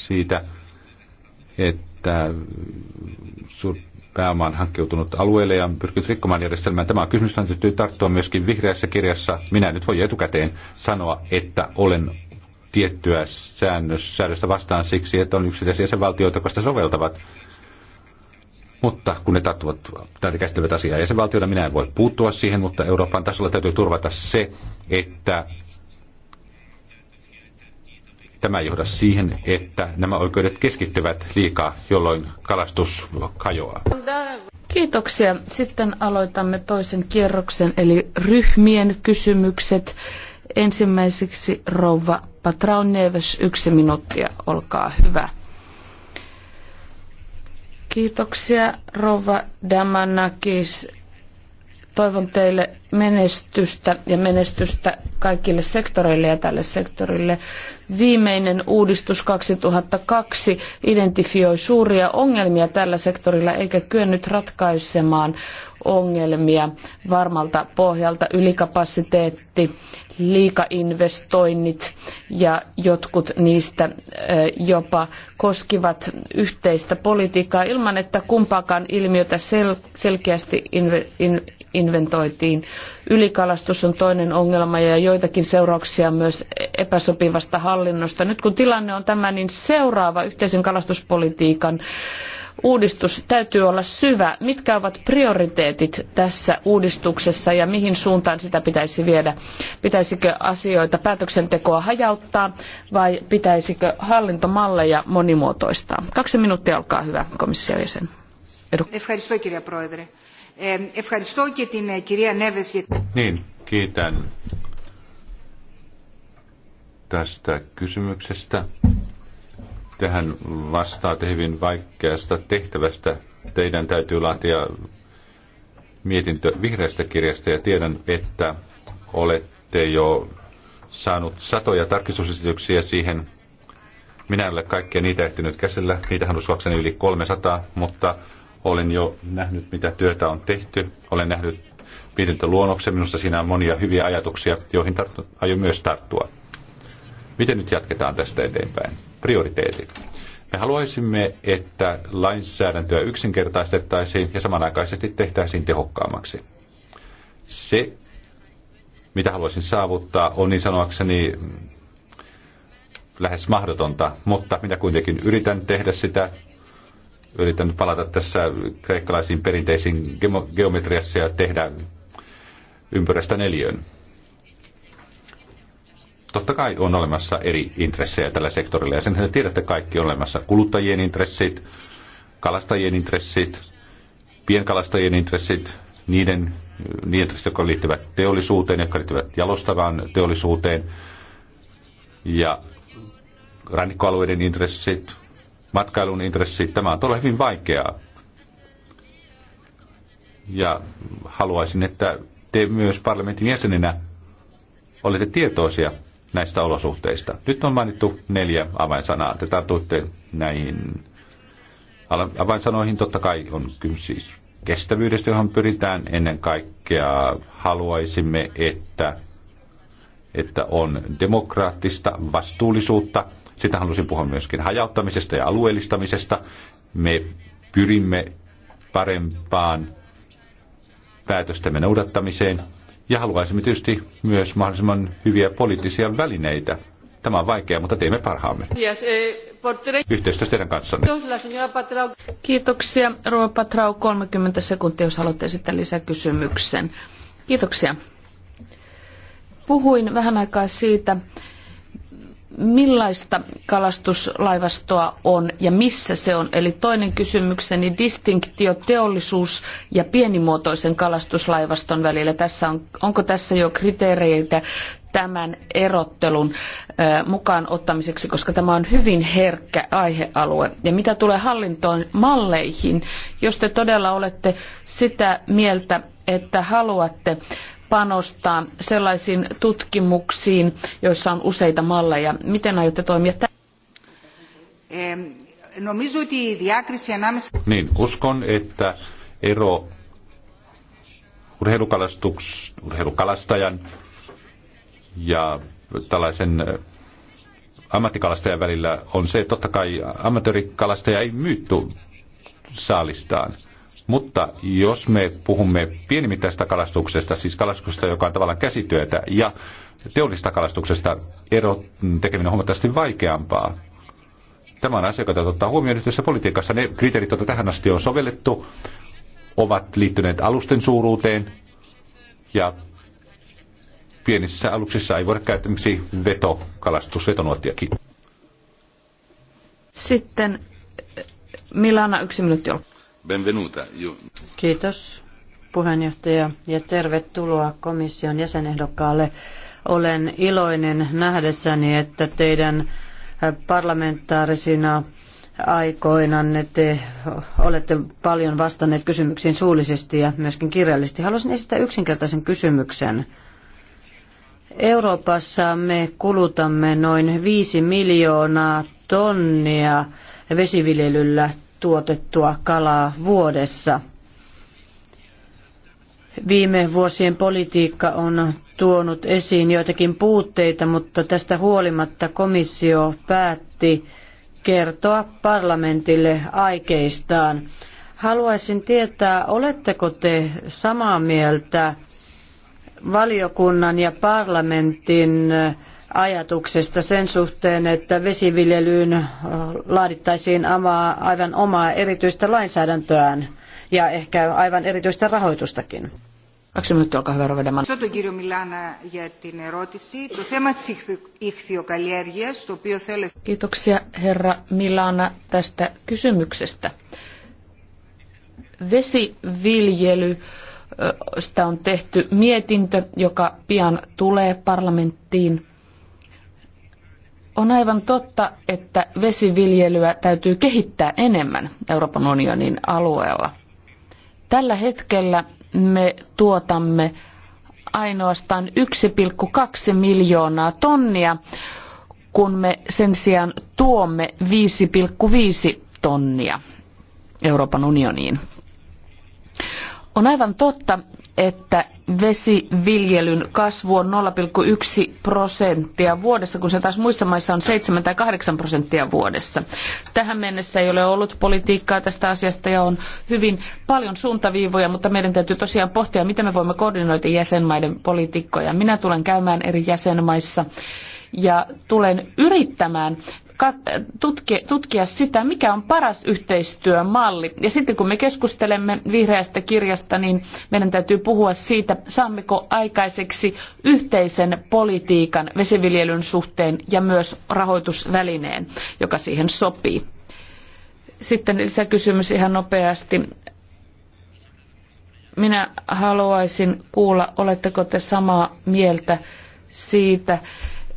siitä, että pääoma on hankkeutunut alueelle ja pyrkinyt rikkomaan järjestelmää. Tämä on kysymys, on täytyy tarttua myöskin vihreässä kirjassa. Minä nyt voi etukäteen sanoa, että olen tiettyä säännös, säädöstä vastaan siksi, että on yksittäisiä jäsenvaltioita, jotka sitä soveltavat. Mutta kun ne tarttuvat tätä käsittävät asiaa jäsenvaltioita, minä en voi puuttua siihen, mutta Euroopan tasolla täytyy turvata se, että tämä ei johda siihen, että nämä oikeudet keskittyvät liikaa, jolloin kalastus kajoaa. Kiitoksia. Sitten aloitamme toisen kierroksen, eli ryhmien kysymykset. Ensimmäiseksi rouva Patraun Neves, yksi minuuttia, olkaa hyvä. Kiitoksia rouva Damanakis Toivon teille menestystä ja menestystä kaikille sektoreille ja tälle sektorille. Viimeinen uudistus 2002 identifioi suuria ongelmia tällä sektorilla eikä kyennyt ratkaisemaan ongelmia varmalta pohjalta. Ylikapasiteetti, liikainvestoinnit ja jotkut niistä jopa koskivat yhteistä politiikkaa ilman, että kumpaakaan ilmiötä selkeästi Inventoitiin. Ylikalastus on toinen ongelma ja joitakin seurauksia myös epäsopivasta hallinnosta. Nyt kun tilanne on tämä, niin seuraava yhteisen kalastuspolitiikan uudistus täytyy olla syvä. Mitkä ovat prioriteetit tässä uudistuksessa ja mihin suuntaan sitä pitäisi viedä? Pitäisikö asioita, päätöksentekoa hajauttaa vai pitäisikö hallintomalleja monimuotoistaa? Kaksi minuuttia, olkaa hyvä komission jäsen. Edu. Ευχαριστώ και την κυρία Νέβες. Niin, kiitän tästä kysymyksestä. Tähän vastaatte hyvin vaikeasta tehtävästä. Teidän täytyy laatia mietintö vihreästä kirjasta ja tiedän, että olette jo saanut satoja tarkistusesityksiä siihen. Minä en ole kaikkia niitä ehtinyt käsillä. Niitähän uskoakseni yli 300, mutta olen jo nähnyt, mitä työtä on tehty. Olen nähnyt luonnoksen. Minusta siinä on monia hyviä ajatuksia, joihin tarttu, aion myös tarttua. Miten nyt jatketaan tästä eteenpäin? Prioriteetit. Me haluaisimme, että lainsäädäntöä yksinkertaistettaisiin ja samanaikaisesti tehtäisiin tehokkaammaksi. Se, mitä haluaisin saavuttaa, on niin sanoakseni lähes mahdotonta, mutta minä kuitenkin yritän tehdä sitä yrittänyt palata tässä kreikkalaisiin perinteisiin geometriassa ja tehdä ympyrästä neljön. Totta kai on olemassa eri intressejä tällä sektorilla ja sen te tiedätte kaikki on olemassa kuluttajien intressit, kalastajien intressit, pienkalastajien intressit, niiden, niiden intressit, jotka liittyvät teollisuuteen, jotka liittyvät jalostavaan teollisuuteen ja rannikkoalueiden intressit, matkailun intressi. Tämä on todella hyvin vaikeaa. Ja haluaisin, että te myös parlamentin jäsenenä olette tietoisia näistä olosuhteista. Nyt on mainittu neljä avainsanaa. Te tartuitte näihin avainsanoihin. Totta kai on kyllä siis kestävyydestä, johon pyritään ennen kaikkea. Haluaisimme, että, että on demokraattista vastuullisuutta – sitä halusin puhua myöskin hajauttamisesta ja alueellistamisesta. Me pyrimme parempaan päätöstämme noudattamiseen ja haluaisimme tietysti myös mahdollisimman hyviä poliittisia välineitä. Tämä on vaikeaa, mutta teemme parhaamme. Eh, Yhteistyössä teidän kanssanne. Kiitoksia, Rova Patrau. 30 sekuntia, jos haluatte esittää lisäkysymyksen. Kiitoksia. Puhuin vähän aikaa siitä, millaista kalastuslaivastoa on ja missä se on? Eli toinen kysymykseni, distinktio teollisuus ja pienimuotoisen kalastuslaivaston välillä. Tässä on, onko tässä jo kriteereitä tämän erottelun mukaan ottamiseksi, koska tämä on hyvin herkkä aihealue. Ja mitä tulee hallintoon malleihin, jos te todella olette sitä mieltä, että haluatte panostaa sellaisiin tutkimuksiin, joissa on useita malleja. Miten aiotte toimia? Niin, uskon, että ero urheilukalastajan ja tällaisen eh, ammattikalastajan välillä on se, että totta kai amatöörikalastaja ei myyttu saalistaan. Mutta jos me puhumme pienimittaisesta kalastuksesta, siis kalastuksesta, joka on tavallaan käsityötä, ja teollisesta kalastuksesta, ero mm, tekeminen on huomattavasti vaikeampaa. Tämä on asia, jota ottaa huomioon yhteisessä politiikassa. Ne kriteerit, joita tähän asti on sovellettu, ovat liittyneet alusten suuruuteen ja pienissä aluksissa ei voida käyttää miksi vetokalastus, vetonuottiakin. Sitten Milana yksi minuutti olkaa. Benvenuta. Kiitos puheenjohtaja ja tervetuloa komission jäsenehdokkaalle. Olen iloinen nähdessäni, että teidän parlamentaarisina aikoinanne te olette paljon vastanneet kysymyksiin suullisesti ja myöskin kirjallisesti. Haluaisin esittää yksinkertaisen kysymyksen. Euroopassa me kulutamme noin viisi miljoonaa tonnia vesiviljelyllä tuotettua kalaa vuodessa. Viime vuosien politiikka on tuonut esiin joitakin puutteita, mutta tästä huolimatta komissio päätti kertoa parlamentille aikeistaan. Haluaisin tietää, oletteko te samaa mieltä valiokunnan ja parlamentin ajatuksesta sen suhteen, että vesiviljelyyn laadittaisiin aivan omaa erityistä lainsäädäntöään ja ehkä aivan erityistä rahoitustakin. Kaksi minuuttia, olkaa hyvä, Roveda Mann. Στον κύριο Μιλάνα για την ερώτηση. Το θέμα της ηχθειοκαλλιέργειας, το Kiitoksia herra Milana tästä kysymyksestä. Vesiviljely, sitä on tehty mietintö, joka pian tulee parlamenttiin. On aivan totta, että vesiviljelyä täytyy kehittää enemmän Euroopan unionin alueella. Tällä hetkellä me tuotamme ainoastaan 1,2 miljoonaa tonnia, kun me sen sijaan tuomme 5,5 tonnia Euroopan unioniin. On aivan totta, että vesiviljelyn kasvu on 0,1 prosenttia vuodessa, kun se taas muissa maissa on 7 tai 8 prosenttia vuodessa. Tähän mennessä ei ole ollut politiikkaa tästä asiasta ja on hyvin paljon suuntaviivoja, mutta meidän täytyy tosiaan pohtia, miten me voimme koordinoida jäsenmaiden politiikkoja. Minä tulen käymään eri jäsenmaissa ja tulen yrittämään tutkia sitä, mikä on paras yhteistyömalli. Ja sitten kun me keskustelemme vihreästä kirjasta, niin meidän täytyy puhua siitä, saammeko aikaiseksi yhteisen politiikan vesiviljelyn suhteen ja myös rahoitusvälineen, joka siihen sopii. Sitten lisäkysymys ihan nopeasti. Minä haluaisin kuulla, oletteko te samaa mieltä siitä,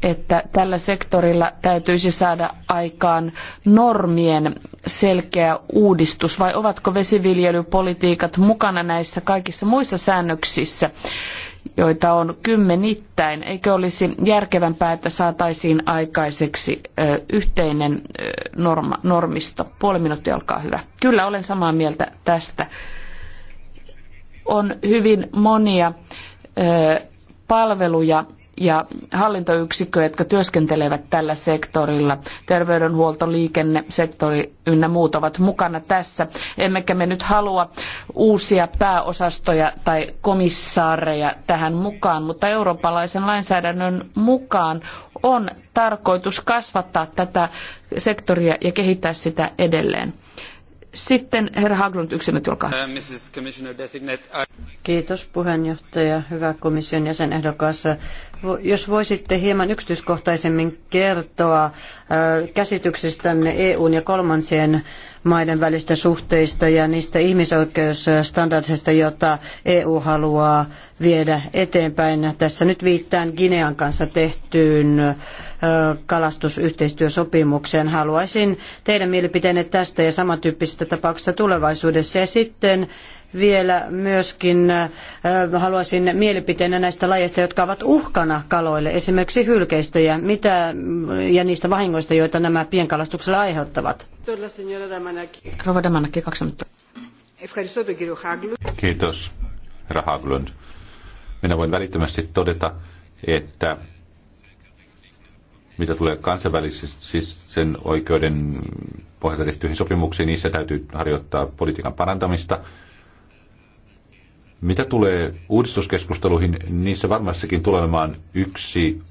että tällä sektorilla täytyisi saada aikaan normien selkeä uudistus, vai ovatko vesiviljelypolitiikat mukana näissä kaikissa muissa säännöksissä, joita on kymmenittäin? Eikö olisi järkevämpää, että saataisiin aikaiseksi yhteinen norma, normisto? Puoli minuuttia, olkaa hyvä. Kyllä, olen samaa mieltä tästä. On hyvin monia palveluja, ja hallintoyksikkö, jotka työskentelevät tällä sektorilla. Terveydenhuolto, liikenne, sektori ynnä muut ovat mukana tässä. Emmekä me nyt halua uusia pääosastoja tai komissaareja tähän mukaan, mutta eurooppalaisen lainsäädännön mukaan on tarkoitus kasvattaa tätä sektoria ja kehittää sitä edelleen. Sitten herra Haglund, yksi minuutti, olkaa uh, Kiitos puheenjohtaja, hyvä komission jäsenehdokas. Jos voisitte hieman yksityiskohtaisemmin kertoa uh, käsityksistänne EUn ja kolmansien maiden välistä suhteista ja niistä ihmisoikeusstandardseista, joita EU haluaa viedä eteenpäin. Tässä nyt viittaan Ginean kanssa tehtyyn kalastusyhteistyösopimukseen. Haluaisin teidän mielipiteenne tästä ja samantyyppisistä tapauksista tulevaisuudessa. Ja sitten vielä myöskin haluaisin mielipiteenä näistä lajeista, jotka ovat uhkana kaloille, esimerkiksi hylkeistä ja, mitä, ja niistä vahingoista, joita nämä pienkalastuksella aiheuttavat. Rova Damanaki, kaksi minuuttia. Kiitos, herra Minä voin välittömästi todeta, että mitä tulee kansainvälisesti siis sen oikeuden pohjalta tehtyihin sopimuksiin, niissä täytyy harjoittaa politiikan parantamista. Mitä tulee uudistuskeskusteluihin, niissä varmastikin tulee olemaan yksi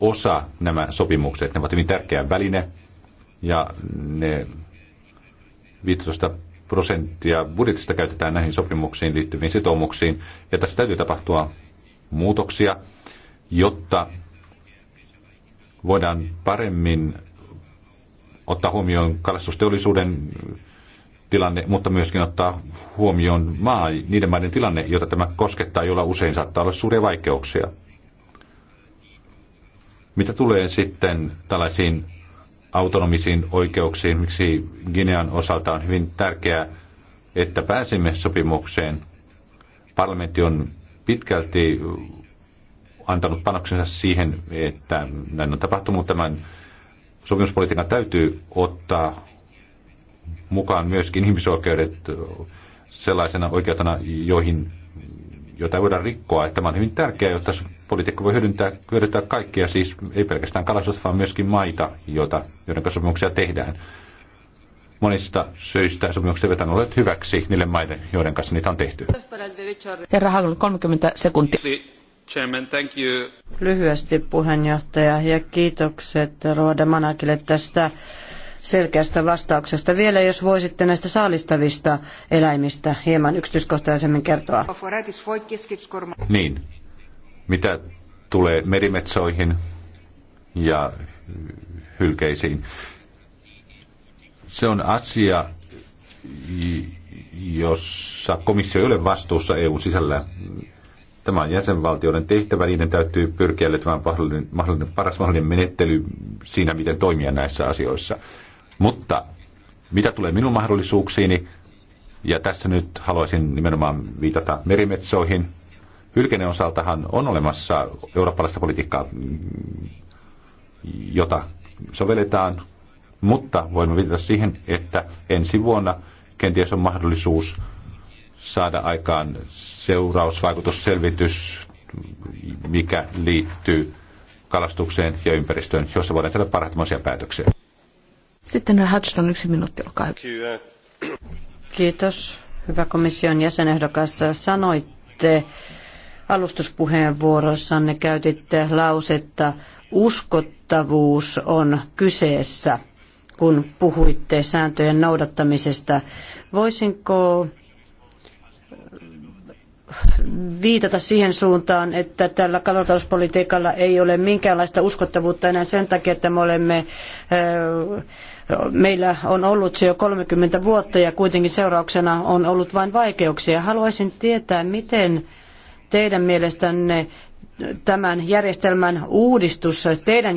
osa nämä sopimukset. Ne ovat hyvin tärkeä väline ja ne 15 prosenttia budjetista käytetään näihin sopimuksiin liittyviin sitoumuksiin. Ja tässä täytyy tapahtua muutoksia, jotta voidaan paremmin ottaa huomioon kalastusteollisuuden tilanne, mutta myöskin ottaa huomioon maa, niiden maiden tilanne, jota tämä koskettaa, jolla usein saattaa olla suuria vaikeuksia. Mitä tulee sitten tällaisiin autonomisiin oikeuksiin, miksi Ginean osalta on hyvin tärkeää, että pääsimme sopimukseen. Parlamentti on pitkälti antanut panoksensa siihen, että näin on tapahtunut. Tämän sopimuspolitiikan täytyy ottaa mukaan myöskin ihmisoikeudet sellaisena oikeutena, joihin, jota ei voida rikkoa. Tämä on hyvin tärkeää, jotta poliitikko voi hyödyntää, hyödyntää kaikkia, siis ei pelkästään kalastusta, vaan myöskin maita, joita, joiden kanssa sopimuksia tehdään. Monista syistä sopimukset eivät ole hyväksi niille maille, joiden kanssa niitä on tehty. Herra Haglund, 30 sekuntia. Chairman, thank you. Lyhyesti puheenjohtaja ja kiitokset Ruoda Manakille tästä selkeästä vastauksesta. Vielä jos voisitte näistä saalistavista eläimistä hieman yksityiskohtaisemmin kertoa. Niin. Mitä tulee merimetsoihin ja hylkeisiin? Se on asia, jossa komissio ei ole vastuussa EU sisällä Tämä on jäsenvaltioiden tehtävä, niiden täytyy pyrkiä löytämään mahdollinen, mahdollinen, paras mahdollinen menettely siinä, miten toimia näissä asioissa. Mutta mitä tulee minun mahdollisuuksiini, ja tässä nyt haluaisin nimenomaan viitata merimetsoihin. Hylkenen osaltahan on olemassa eurooppalaista politiikkaa, jota sovelletaan, mutta voimme viitata siihen, että ensi vuonna kenties on mahdollisuus saada aikaan seurausvaikutusselvitys, mikä liittyy kalastukseen ja ympäristöön, jossa voidaan tehdä parhaita päätöksiä. Sitten Hatchton yksi minuutti, olkaa hyvä. Kiitos, hyvä komission jäsenehdokas. Sanoitte alustuspuheenvuorossanne käytitte lausetta uskottavuus on kyseessä, kun puhuitte sääntöjen noudattamisesta. Voisinko viitata siihen suuntaan, että tällä kalatalouspolitiikalla ei ole minkäänlaista uskottavuutta enää sen takia, että me olemme, eh, meillä on ollut se jo 30 vuotta ja kuitenkin seurauksena on ollut vain vaikeuksia. Haluaisin tietää, miten teidän mielestänne tämän järjestelmän uudistus teidän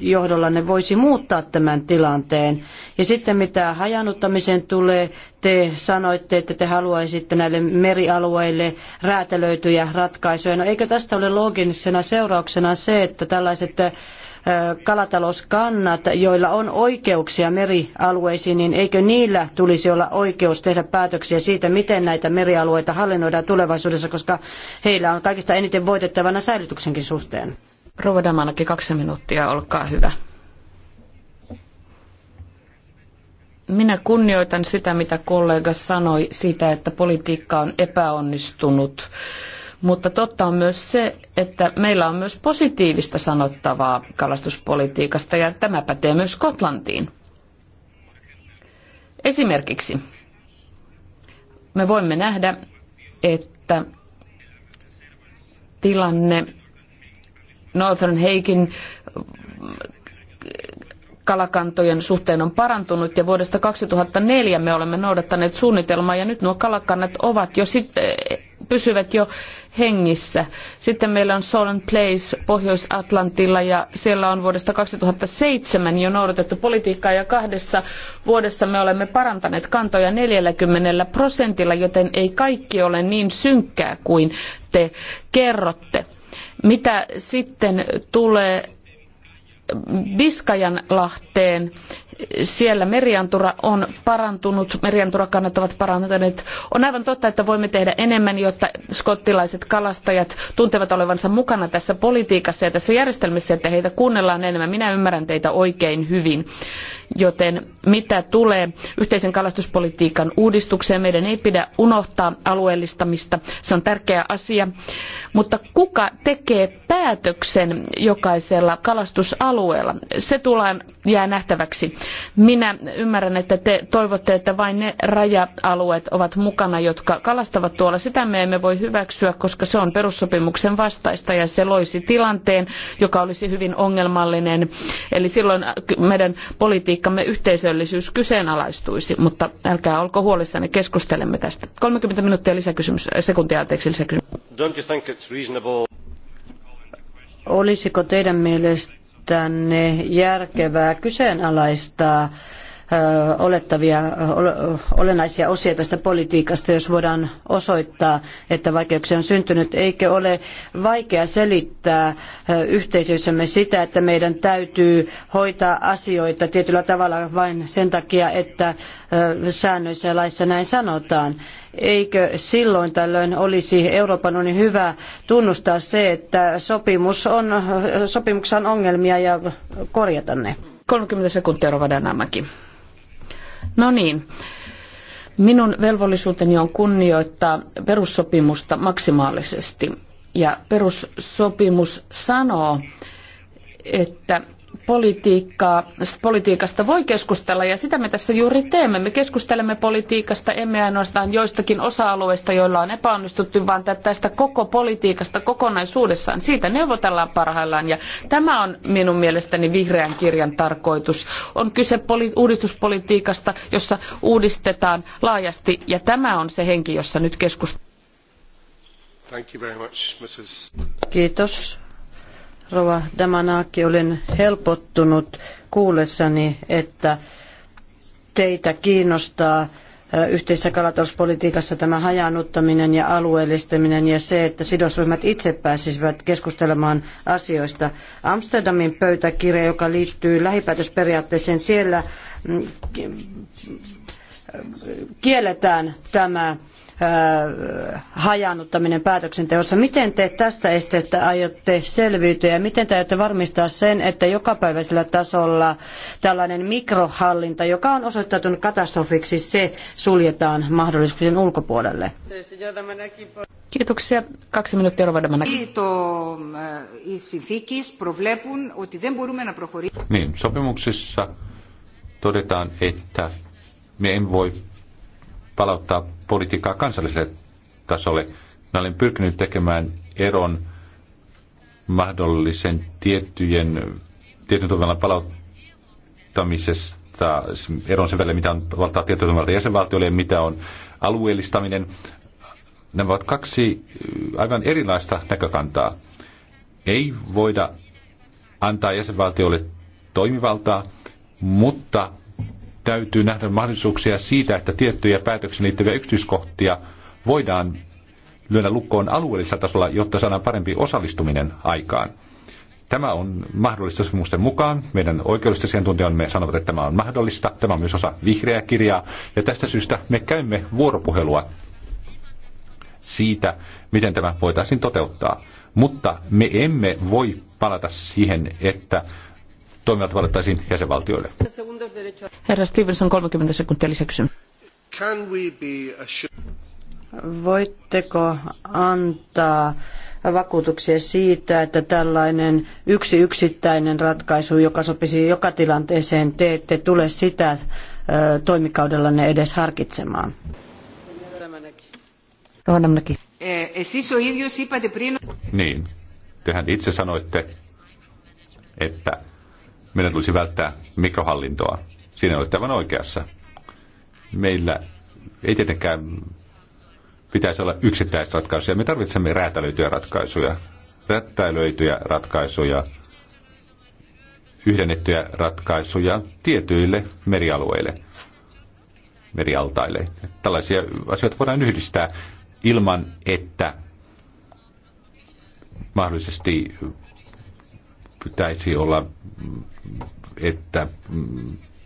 johdollanne voisi muuttaa tämän tilanteen? Ja sitten mitä hajanuttamiseen tulee, te sanoitte, että te haluaisitte näille merialueille räätälöityjä ratkaisuja. No eikö tästä ole loogisena seurauksena se, että tällaiset kalatalouskannat, joilla on oikeuksia merialueisiin, niin eikö niillä tulisi olla oikeus tehdä päätöksiä siitä, miten näitä merialueita hallinnoidaan tulevaisuudessa, koska heillä on kaikista eniten voitettavana säilytyksenkin suhteen? Rouva Damanaki, kaksi minuuttia, olkaa hyvä. Minä kunnioitan sitä, mitä kollega sanoi siitä, että politiikka on epäonnistunut mutta totta on myös se, että meillä on myös positiivista sanottavaa kalastuspolitiikasta ja tämä pätee myös Skotlantiin. Esimerkiksi me voimme nähdä, että tilanne Northern Heikin äh, kalakantojen suhteen on parantunut ja vuodesta 2004 me olemme noudattaneet suunnitelmaa ja nyt nuo kalakannat ovat jo sit, äh, pysyvät jo hengissä. Sitten meillä on Solent Place Pohjois-Atlantilla ja siellä on vuodesta 2007 jo noudatettu politiikkaa ja kahdessa vuodessa me olemme parantaneet kantoja 40 prosentilla, joten ei kaikki ole niin synkkää kuin te kerrotte. Mitä sitten tulee Biskajanlahteen, siellä meriantura on parantunut, merianturakannat ovat parantuneet. On aivan totta, että voimme tehdä enemmän, jotta skottilaiset kalastajat tuntevat olevansa mukana tässä politiikassa ja tässä järjestelmässä, että heitä kuunnellaan enemmän. Minä ymmärrän teitä oikein hyvin. Joten mitä tulee yhteisen kalastuspolitiikan uudistukseen, meidän ei pidä unohtaa alueellistamista. Se on tärkeä asia. Mutta kuka tekee päätöksen jokaisella kalastusalueella? Se tullaan jää nähtäväksi. Minä ymmärrän, että te toivotte, että vain ne raja-alueet ovat mukana, jotka kalastavat tuolla. Sitä me emme voi hyväksyä, koska se on perussopimuksen vastaista ja se loisi tilanteen, joka olisi hyvin ongelmallinen. Eli silloin meidän politiikka politiikkamme yhteisöllisyys kyseenalaistuisi, mutta älkää olko huolissanne, keskustelemme tästä. 30 minuuttia lisäkysymys, äh, sekuntia anteeksi lisäkysymys. Olisiko teidän mielestänne järkevää kyseenalaistaa olettavia, olennaisia osia tästä politiikasta, jos voidaan osoittaa, että vaikeuksia on syntynyt. Eikö ole vaikea selittää yhteisöissämme sitä, että meidän täytyy hoitaa asioita tietyllä tavalla vain sen takia, että säännöissä ja laissa näin sanotaan. Eikö silloin tällöin olisi Euroopan unionin hyvä tunnustaa se, että sopimus on, sopimuksessa on ongelmia ja korjata ne? 30 sekuntia No niin. Minun velvollisuuteni on kunnioittaa perussopimusta maksimaalisesti. Ja perussopimus sanoo, että politiikkaa, politiikasta voi keskustella ja sitä me tässä juuri teemme. Me keskustelemme politiikasta emme ainoastaan joistakin osa-alueista, joilla on epäonnistuttu, vaan tästä koko politiikasta kokonaisuudessaan. Siitä neuvotellaan parhaillaan ja tämä on minun mielestäni vihreän kirjan tarkoitus. On kyse uudistuspolitiikasta, jossa uudistetaan laajasti ja tämä on se henki, jossa nyt keskustellaan. Kiitos Rova Damanaki, olen helpottunut kuullessani, että teitä kiinnostaa yhteisessä kalatalouspolitiikassa tämä hajaannuttaminen ja alueellistaminen ja se, että sidosryhmät itse pääsisivät keskustelemaan asioista. Amsterdamin pöytäkirja, joka liittyy lähipäätösperiaatteeseen, siellä mm, kielletään tämä hajannuttaminen päätöksenteossa. Miten te tästä esteestä aiotte selviytyä ja miten te aiotte varmistaa sen, että jokapäiväisellä tasolla tällainen mikrohallinta, joka on osoittautunut katastrofiksi, se suljetaan mahdollisuuksien ulkopuolelle? Kiitoksia. Kaksi minuuttia Rova äh, Niin, sopimuksissa todetaan, että me emme voi palauttaa politiikkaa kansalliselle tasolle. Mä olen pyrkinyt tekemään eron mahdollisen tiettyjen, tietyn toimialan palauttamisesta, eron sen välillä, mitä on valtaa tietyn toimialan jäsenvaltioille ja mitä on alueellistaminen. Nämä ovat kaksi äh, aivan erilaista näkökantaa. Ei voida antaa jäsenvaltioille toimivaltaa, mutta täytyy nähdä mahdollisuuksia siitä, että tiettyjä päätöksiin liittyviä yksityiskohtia voidaan lyödä lukkoon alueellisella tasolla, jotta saadaan parempi osallistuminen aikaan. Tämä on mahdollista sopimusten mukaan. Meidän oikeudellisesti sanovat, että tämä on mahdollista. Tämä on myös osa vihreää kirjaa. Ja tästä syystä me käymme vuoropuhelua siitä, miten tämä voitaisiin toteuttaa. Mutta me emme voi palata siihen, että toimivat valittaisiin jäsenvaltioille. Herra Stevenson, 30 sekuntia lisäkysyn. Voitteko antaa vakuutuksia siitä, että tällainen yksi yksittäinen ratkaisu, joka sopisi joka tilanteeseen, te ette tule sitä toimikaudellanne edes harkitsemaan? Eh, niin, tehän itse sanoitte, että meidän tulisi välttää mikrohallintoa. Siinä olette aivan oikeassa. Meillä ei tietenkään pitäisi olla yksittäistä ratkaisuja. Me tarvitsemme räätälöityjä ratkaisuja, räätälöityjä ratkaisuja, yhdennettyjä ratkaisuja tietyille merialueille, merialtaille. Tällaisia asioita voidaan yhdistää ilman, että mahdollisesti pitäisi olla, että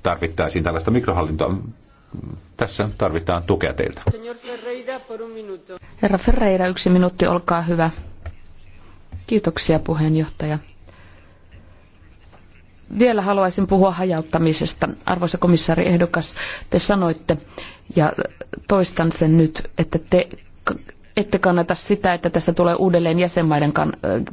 tarvittaisiin tällaista mikrohallintoa. Tässä tarvitaan tukea teiltä. Herra Ferreira, yksi minuutti, olkaa hyvä. Kiitoksia puheenjohtaja. Vielä haluaisin puhua hajauttamisesta. Arvoisa komissaari ehdokas, te sanoitte, ja toistan sen nyt, että te ette kannata sitä, että tästä tulee uudelleen jäsenmaiden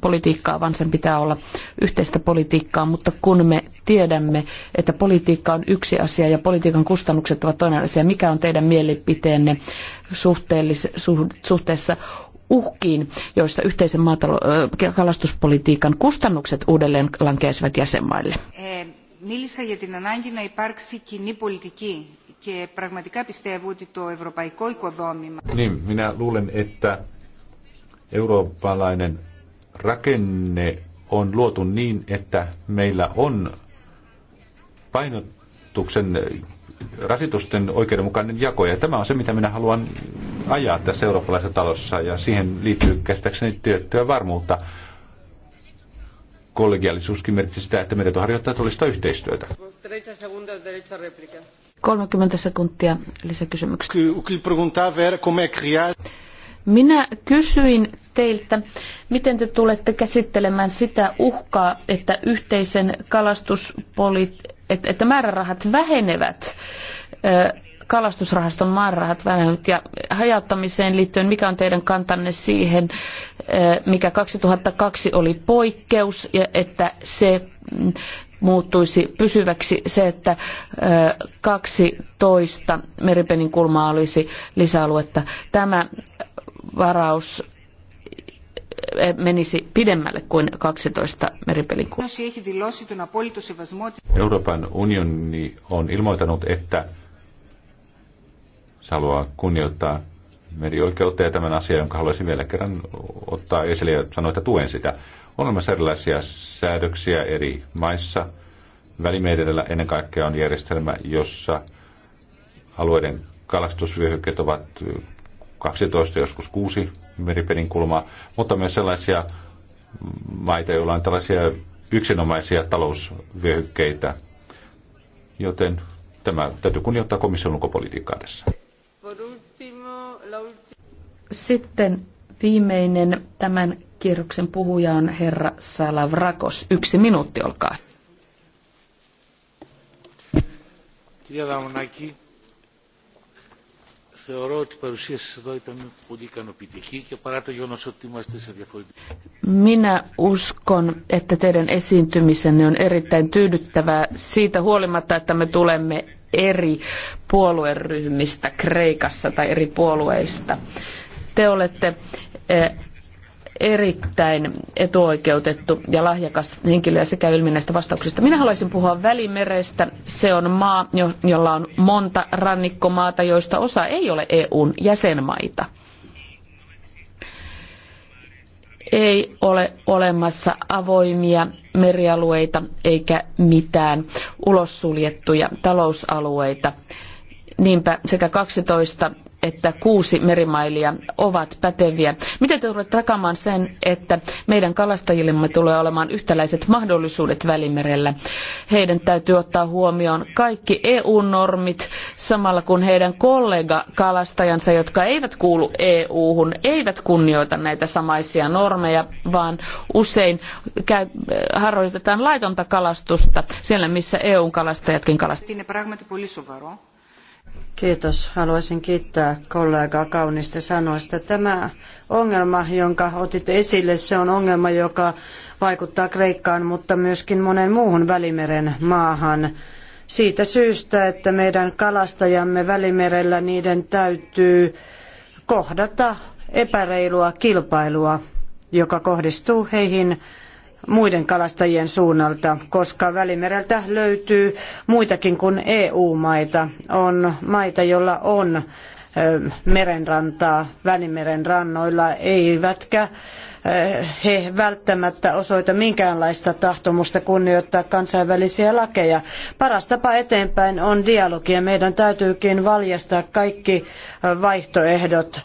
politiikkaa, vaan sen pitää olla yhteistä politiikkaa, mutta kun me tiedämme, että politiikka on yksi asia ja politiikan kustannukset ovat toinen asia, mikä on teidän mielipiteenne suhteessa uhkiin, joissa yhteisen maatalo- kalastuspolitiikan kustannukset uudelleen lankeisivat jäsenmaille? Μίλησα για την ανάγκη να Και πραγματικά πιστεύω ότι το ευρωπαϊκό οικοδόμημα... Niin, minä luulen, että eurooppalainen rakenne on luotu niin, että meillä on painotuksen rasitusten oikeudenmukainen jako. Ja tämä on se, mitä minä haluan ajaa tässä eurooppalaisessa talossa, ja siihen liittyy käsittääkseni tiettyä varmuutta. Kollegiaalisuuskin merkitsee sitä, että meidän harjoittaa todellista yhteistyötä. 30 sekuntia lisäkysymyksiä. Minä kysyin teiltä, miten te tulette käsittelemään sitä uhkaa, että yhteisen kalastuspolit, että, että määrärahat vähenevät, kalastusrahaston määrärahat vähenevät ja hajauttamiseen liittyen, mikä on teidän kantanne siihen, mikä 2002 oli poikkeus ja että se mm, muuttuisi pysyväksi se, että 12 meripenin kulmaa olisi lisäaluetta. Tämä varaus menisi pidemmälle kuin 12 meripelin Euroopan unioni on ilmoittanut, että se haluaa kunnioittaa merioikeutta ja tämän asian, jonka haluaisin vielä kerran ottaa esille ja sanoa, että tuen sitä. On olemassa erilaisia säädöksiä eri maissa. Välimerellä ennen kaikkea on järjestelmä, jossa alueiden kalastusvyöhykkeet ovat 12, joskus 6 meripelin kulmaa, mutta myös sellaisia maita, joilla on tällaisia yksinomaisia talousvyöhykkeitä. Joten tämä täytyy kunnioittaa komission ulkopolitiikkaa tässä. Sitten viimeinen tämän kierroksen puhuja on herra Salavrakos. Yksi minuutti, olkaa. Minä uskon, että teidän esiintymisenne on erittäin tyydyttävää siitä huolimatta, että me tulemme eri puolueryhmistä Kreikassa tai eri puolueista. Te olette eh, erittäin etuoikeutettu ja lahjakas henkilö ja se käy ilmi näistä vastauksista. Minä haluaisin puhua Välimerestä. Se on maa, jolla on monta rannikkomaata, joista osa ei ole EUn jäsenmaita. Ei ole olemassa avoimia merialueita eikä mitään ulossuljettuja talousalueita. Niinpä sekä 12 että kuusi merimailia ovat päteviä. Miten te tulette takaamaan sen, että meidän kalastajillemme tulee olemaan yhtäläiset mahdollisuudet Välimerellä? Heidän täytyy ottaa huomioon kaikki EU-normit samalla kun heidän kollega-kalastajansa, jotka eivät kuulu EU-hun, eivät kunnioita näitä samaisia normeja, vaan usein käy, harjoitetaan laitonta kalastusta siellä, missä EU-kalastajatkin kalastavat. Kiitos. Haluaisin kiittää kollegaa kaunista sanoista. Tämä ongelma, jonka otit esille, se on ongelma, joka vaikuttaa Kreikkaan, mutta myöskin monen muuhun Välimeren maahan. Siitä syystä, että meidän kalastajamme Välimerellä niiden täytyy kohdata epäreilua kilpailua, joka kohdistuu heihin muiden kalastajien suunnalta, koska Välimereltä löytyy muitakin kuin EU-maita. On maita, joilla on merenrantaa Välimeren rannoilla, eivätkä he välttämättä osoita minkäänlaista tahtomusta kunnioittaa kansainvälisiä lakeja. Paras tapa eteenpäin on dialogi ja meidän täytyykin valjastaa kaikki vaihtoehdot.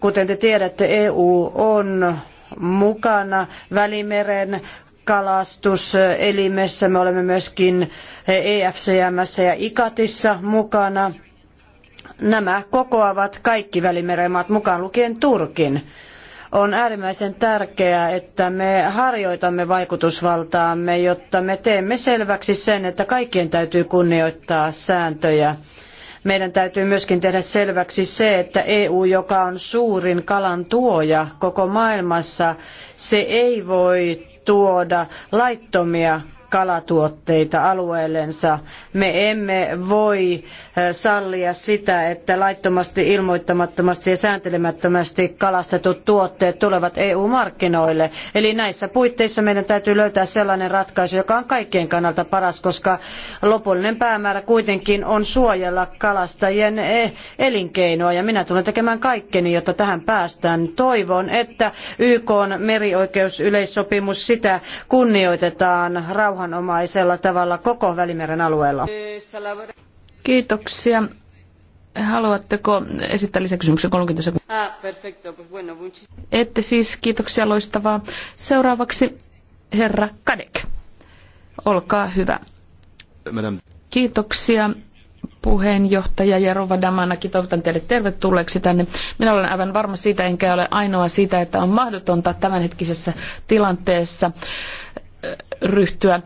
Kuten te tiedätte, EU on mukana Välimeren kalastuselimessä. Me olemme myöskin EFCMssä ja ICATissa mukana. Nämä kokoavat kaikki Välimeren maat mukaan lukien Turkin on äärimmäisen tärkeää, että me harjoitamme vaikutusvaltaamme, jotta me teemme selväksi sen, että kaikkien täytyy kunnioittaa sääntöjä. Meidän täytyy myöskin tehdä selväksi se, että EU, joka on suurin kalan tuoja koko maailmassa, se ei voi tuoda laittomia kalatuotteita alueellensa. Me emme voi sallia sitä, että laittomasti, ilmoittamattomasti ja sääntelemättömästi kalastetut tuotteet tulevat EU-markkinoille. Eli näissä puitteissa meidän täytyy löytää sellainen ratkaisu, joka on kaikkien kannalta paras, koska lopullinen päämäärä kuitenkin on suojella kalastajien e, elinkeinoa. Ja minä tulen tekemään kaikkeni, jotta tähän päästään. Toivon, että YK on merioikeusyleissopimus sitä kunnioitetaan rauhan rauhanomaisella tavalla koko Välimeren alueella. Kiitoksia. Haluatteko esittää lisäkysymyksen 30 sekuntia? Ah, Ette siis, kiitoksia, loistavaa. Seuraavaksi herra Kadek. Olkaa hyvä. Kiitoksia puheenjohtaja Jarova Damanaki, toivotan teille tervetulleeksi tänne. Minä olen aivan varma siitä, enkä ole ainoa siitä, että on mahdotonta tämänhetkisessä tilanteessa ryhtyä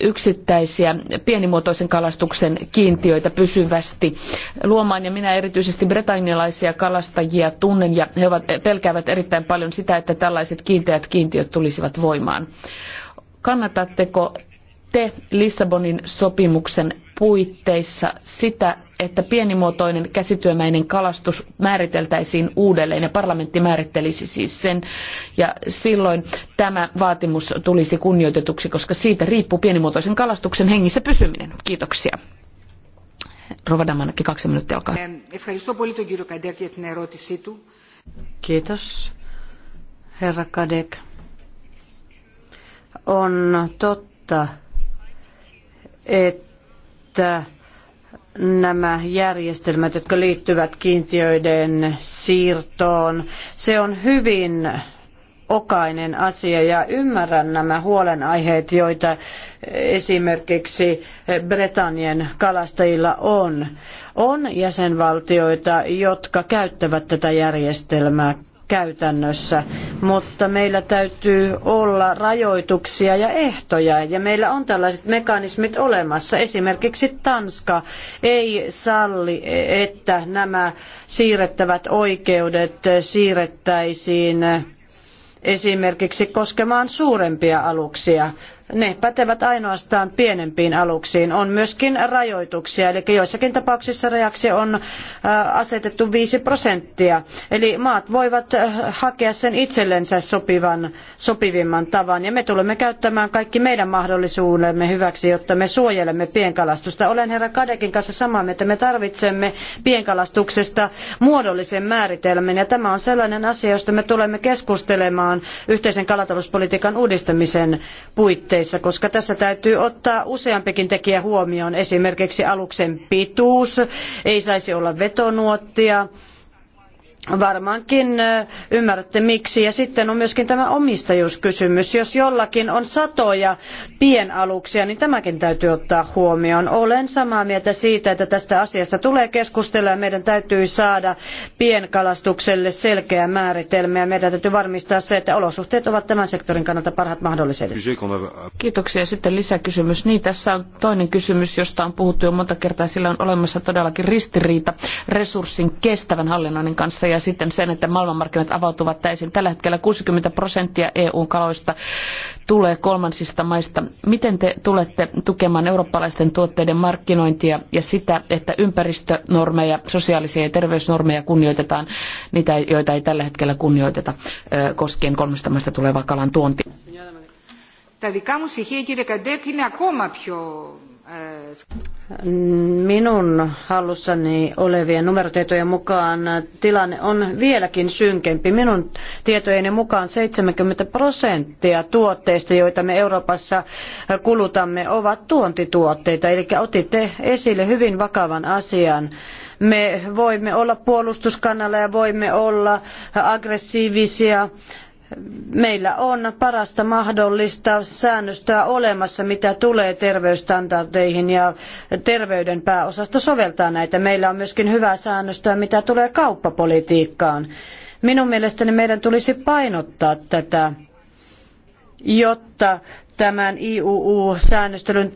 yksittäisiä pienimuotoisen kalastuksen kiintiöitä pysyvästi luomaan. Ja minä erityisesti britannialaisia kalastajia tunnen ja he ovat, pelkäävät erittäin paljon sitä, että tällaiset kiinteät kiintiöt tulisivat voimaan. Kannatatteko te Lissabonin sopimuksen puitteissa sitä, että pienimuotoinen käsityömäinen kalastus määriteltäisiin uudelleen ja parlamentti määrittelisi siis sen. Ja silloin tämä vaatimus tulisi kunnioitetuksi, koska siitä riippuu pienimuotoisen kalastuksen hengissä pysyminen. Kiitoksia. Rova kaksi minuuttia alkaa. Kiitos, herra Kadek. On totta, että nämä järjestelmät, jotka liittyvät kiintiöiden siirtoon, se on hyvin okainen asia ja ymmärrän nämä huolenaiheet, joita esimerkiksi Bretanien kalastajilla on. On jäsenvaltioita, jotka käyttävät tätä järjestelmää käytännössä, mutta meillä täytyy olla rajoituksia ja ehtoja, ja meillä on tällaiset mekanismit olemassa. Esimerkiksi Tanska ei salli, että nämä siirrettävät oikeudet siirrettäisiin esimerkiksi koskemaan suurempia aluksia ne pätevät ainoastaan pienempiin aluksiin. On myöskin rajoituksia, eli joissakin tapauksissa rajaksi on äh, asetettu viisi prosenttia. Eli maat voivat äh, hakea sen itsellensä sopivan, sopivimman tavan, ja me tulemme käyttämään kaikki meidän mahdollisuudemme hyväksi, jotta me suojelemme pienkalastusta. Olen herra Kadekin kanssa samaa mieltä, että me tarvitsemme pienkalastuksesta muodollisen määritelmän, ja tämä on sellainen asia, josta me tulemme keskustelemaan yhteisen kalatalouspolitiikan uudistamisen puitteissa puitteissa, koska tässä täytyy ottaa useampikin tekijä huomioon. Esimerkiksi aluksen pituus, ei saisi olla vetonuottia, Varmaankin ymmärrätte miksi. Ja sitten on myöskin tämä omistajuuskysymys. Jos jollakin on satoja pienaluksia, niin tämäkin täytyy ottaa huomioon. Olen samaa mieltä siitä, että tästä asiasta tulee keskustella ja meidän täytyy saada pienkalastukselle selkeä määritelmä ja meidän täytyy varmistaa se, että olosuhteet ovat tämän sektorin kannalta parhaat mahdolliset. Kiitoksia. Sitten lisäkysymys. Niin, tässä on toinen kysymys, josta on puhuttu jo monta kertaa. Sillä on olemassa todellakin ristiriita resurssin kestävän hallinnoinnin kanssa ja sitten sen, että maailmanmarkkinat avautuvat täysin. Tällä hetkellä 60 prosenttia EUn kaloista tulee kolmansista maista. Miten te tulette tukemaan eurooppalaisten tuotteiden markkinointia ja sitä, että ympäristönormeja, sosiaalisia ja terveysnormeja kunnioitetaan, niitä, joita ei tällä hetkellä kunnioiteta koskien kolmesta maista tulevaa kalan tuontia? Τα δικά μου στοιχεία, κύριε Καντέκ, είναι ακόμα πιο Minun hallussani olevien numerotietojen mukaan tilanne on vieläkin synkempi. Minun tietojeni mukaan 70 prosenttia tuotteista, joita me Euroopassa kulutamme, ovat tuontituotteita. Eli otitte esille hyvin vakavan asian me voimme olla puolustuskannalla ja voimme olla aggressiivisia meillä on parasta mahdollista säännöstöä olemassa, mitä tulee terveysstandardeihin ja terveyden pääosasto soveltaa näitä. Meillä on myöskin hyvää säännöstöä, mitä tulee kauppapolitiikkaan. Minun mielestäni meidän tulisi painottaa tätä jotta tämän IUU-säännöstelyn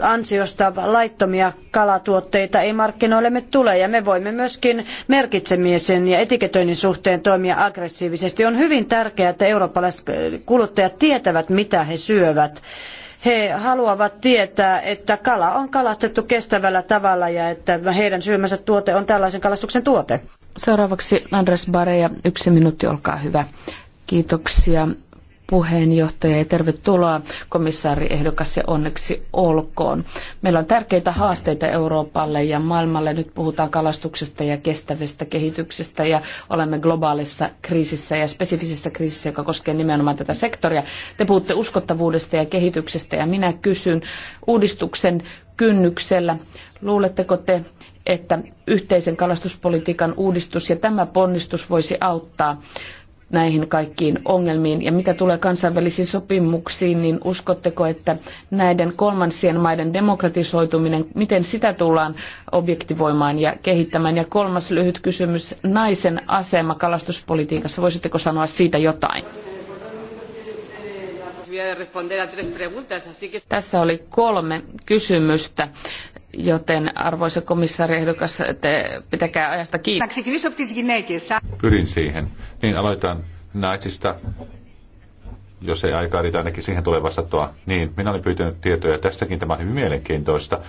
ansiosta laittomia kalatuotteita ei markkinoillemme tule. Ja me voimme myöskin merkitsemisen ja etiketöinnin suhteen toimia aggressiivisesti. On hyvin tärkeää, että eurooppalaiset kuluttajat tietävät, mitä he syövät he haluavat tietää, että kala on kalastettu kestävällä tavalla ja että heidän syömänsä tuote on tällaisen kalastuksen tuote. Seuraavaksi Andres Bareja, yksi minuutti, olkaa hyvä. Kiitoksia puheenjohtaja ja tervetuloa komissaari ehdokas ja onneksi olkoon. Meillä on tärkeitä haasteita Euroopalle ja maailmalle. Nyt puhutaan kalastuksesta ja kestävästä kehityksestä ja olemme globaalissa kriisissä ja spesifisessä kriisissä, joka koskee nimenomaan tätä sektoria. Te puhutte uskottavuudesta ja kehityksestä ja minä kysyn uudistuksen kynnyksellä. Luuletteko te, että yhteisen kalastuspolitiikan uudistus ja tämä ponnistus voisi auttaa näihin kaikkiin ongelmiin. Ja mitä tulee kansainvälisiin sopimuksiin, niin uskotteko, että näiden kolmansien maiden demokratisoituminen, miten sitä tullaan objektivoimaan ja kehittämään? Ja kolmas lyhyt kysymys, naisen asema kalastuspolitiikassa, voisitteko sanoa siitä jotain? Tässä oli kolme kysymystä. Joten arvoisa komissaari ehdokas, te pitäkää ajasta kiinni. Pyrin siihen. Niin aloitan naisista. Jos ei aikaa riitä, ainakin siihen tulee vastattua. Niin, minä olin pyytänyt tietoja. Tästäkin tämä on hyvin mielenkiintoista.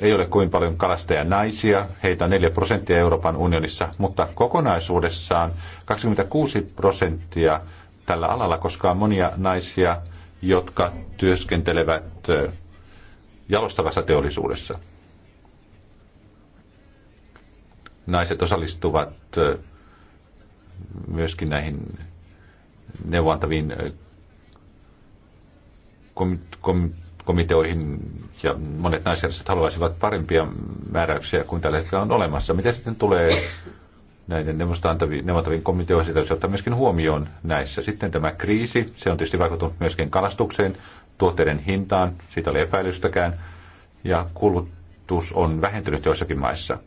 Ei ole kuin paljon kalastajia naisia, heitä on 4 prosenttia Euroopan unionissa, mutta kokonaisuudessaan 26 prosenttia tällä alalla, koska on monia naisia, jotka työskentelevät jalostavassa teollisuudessa. Naiset osallistuvat myöskin näihin neuvontaviin komiteoihin ja monet naisjärjestöt haluaisivat parempia määräyksiä kuin tällä hetkellä on olemassa. Mitä sitten tulee näiden neuvontavien komiteoihin täytyy ottaa myöskin huomioon näissä. Sitten tämä kriisi, se on tietysti vaikuttanut myöskin kalastukseen, tuotteiden hintaan, siitä oli epäilystäkään, ja kulutus on vähentynyt joissakin maissa.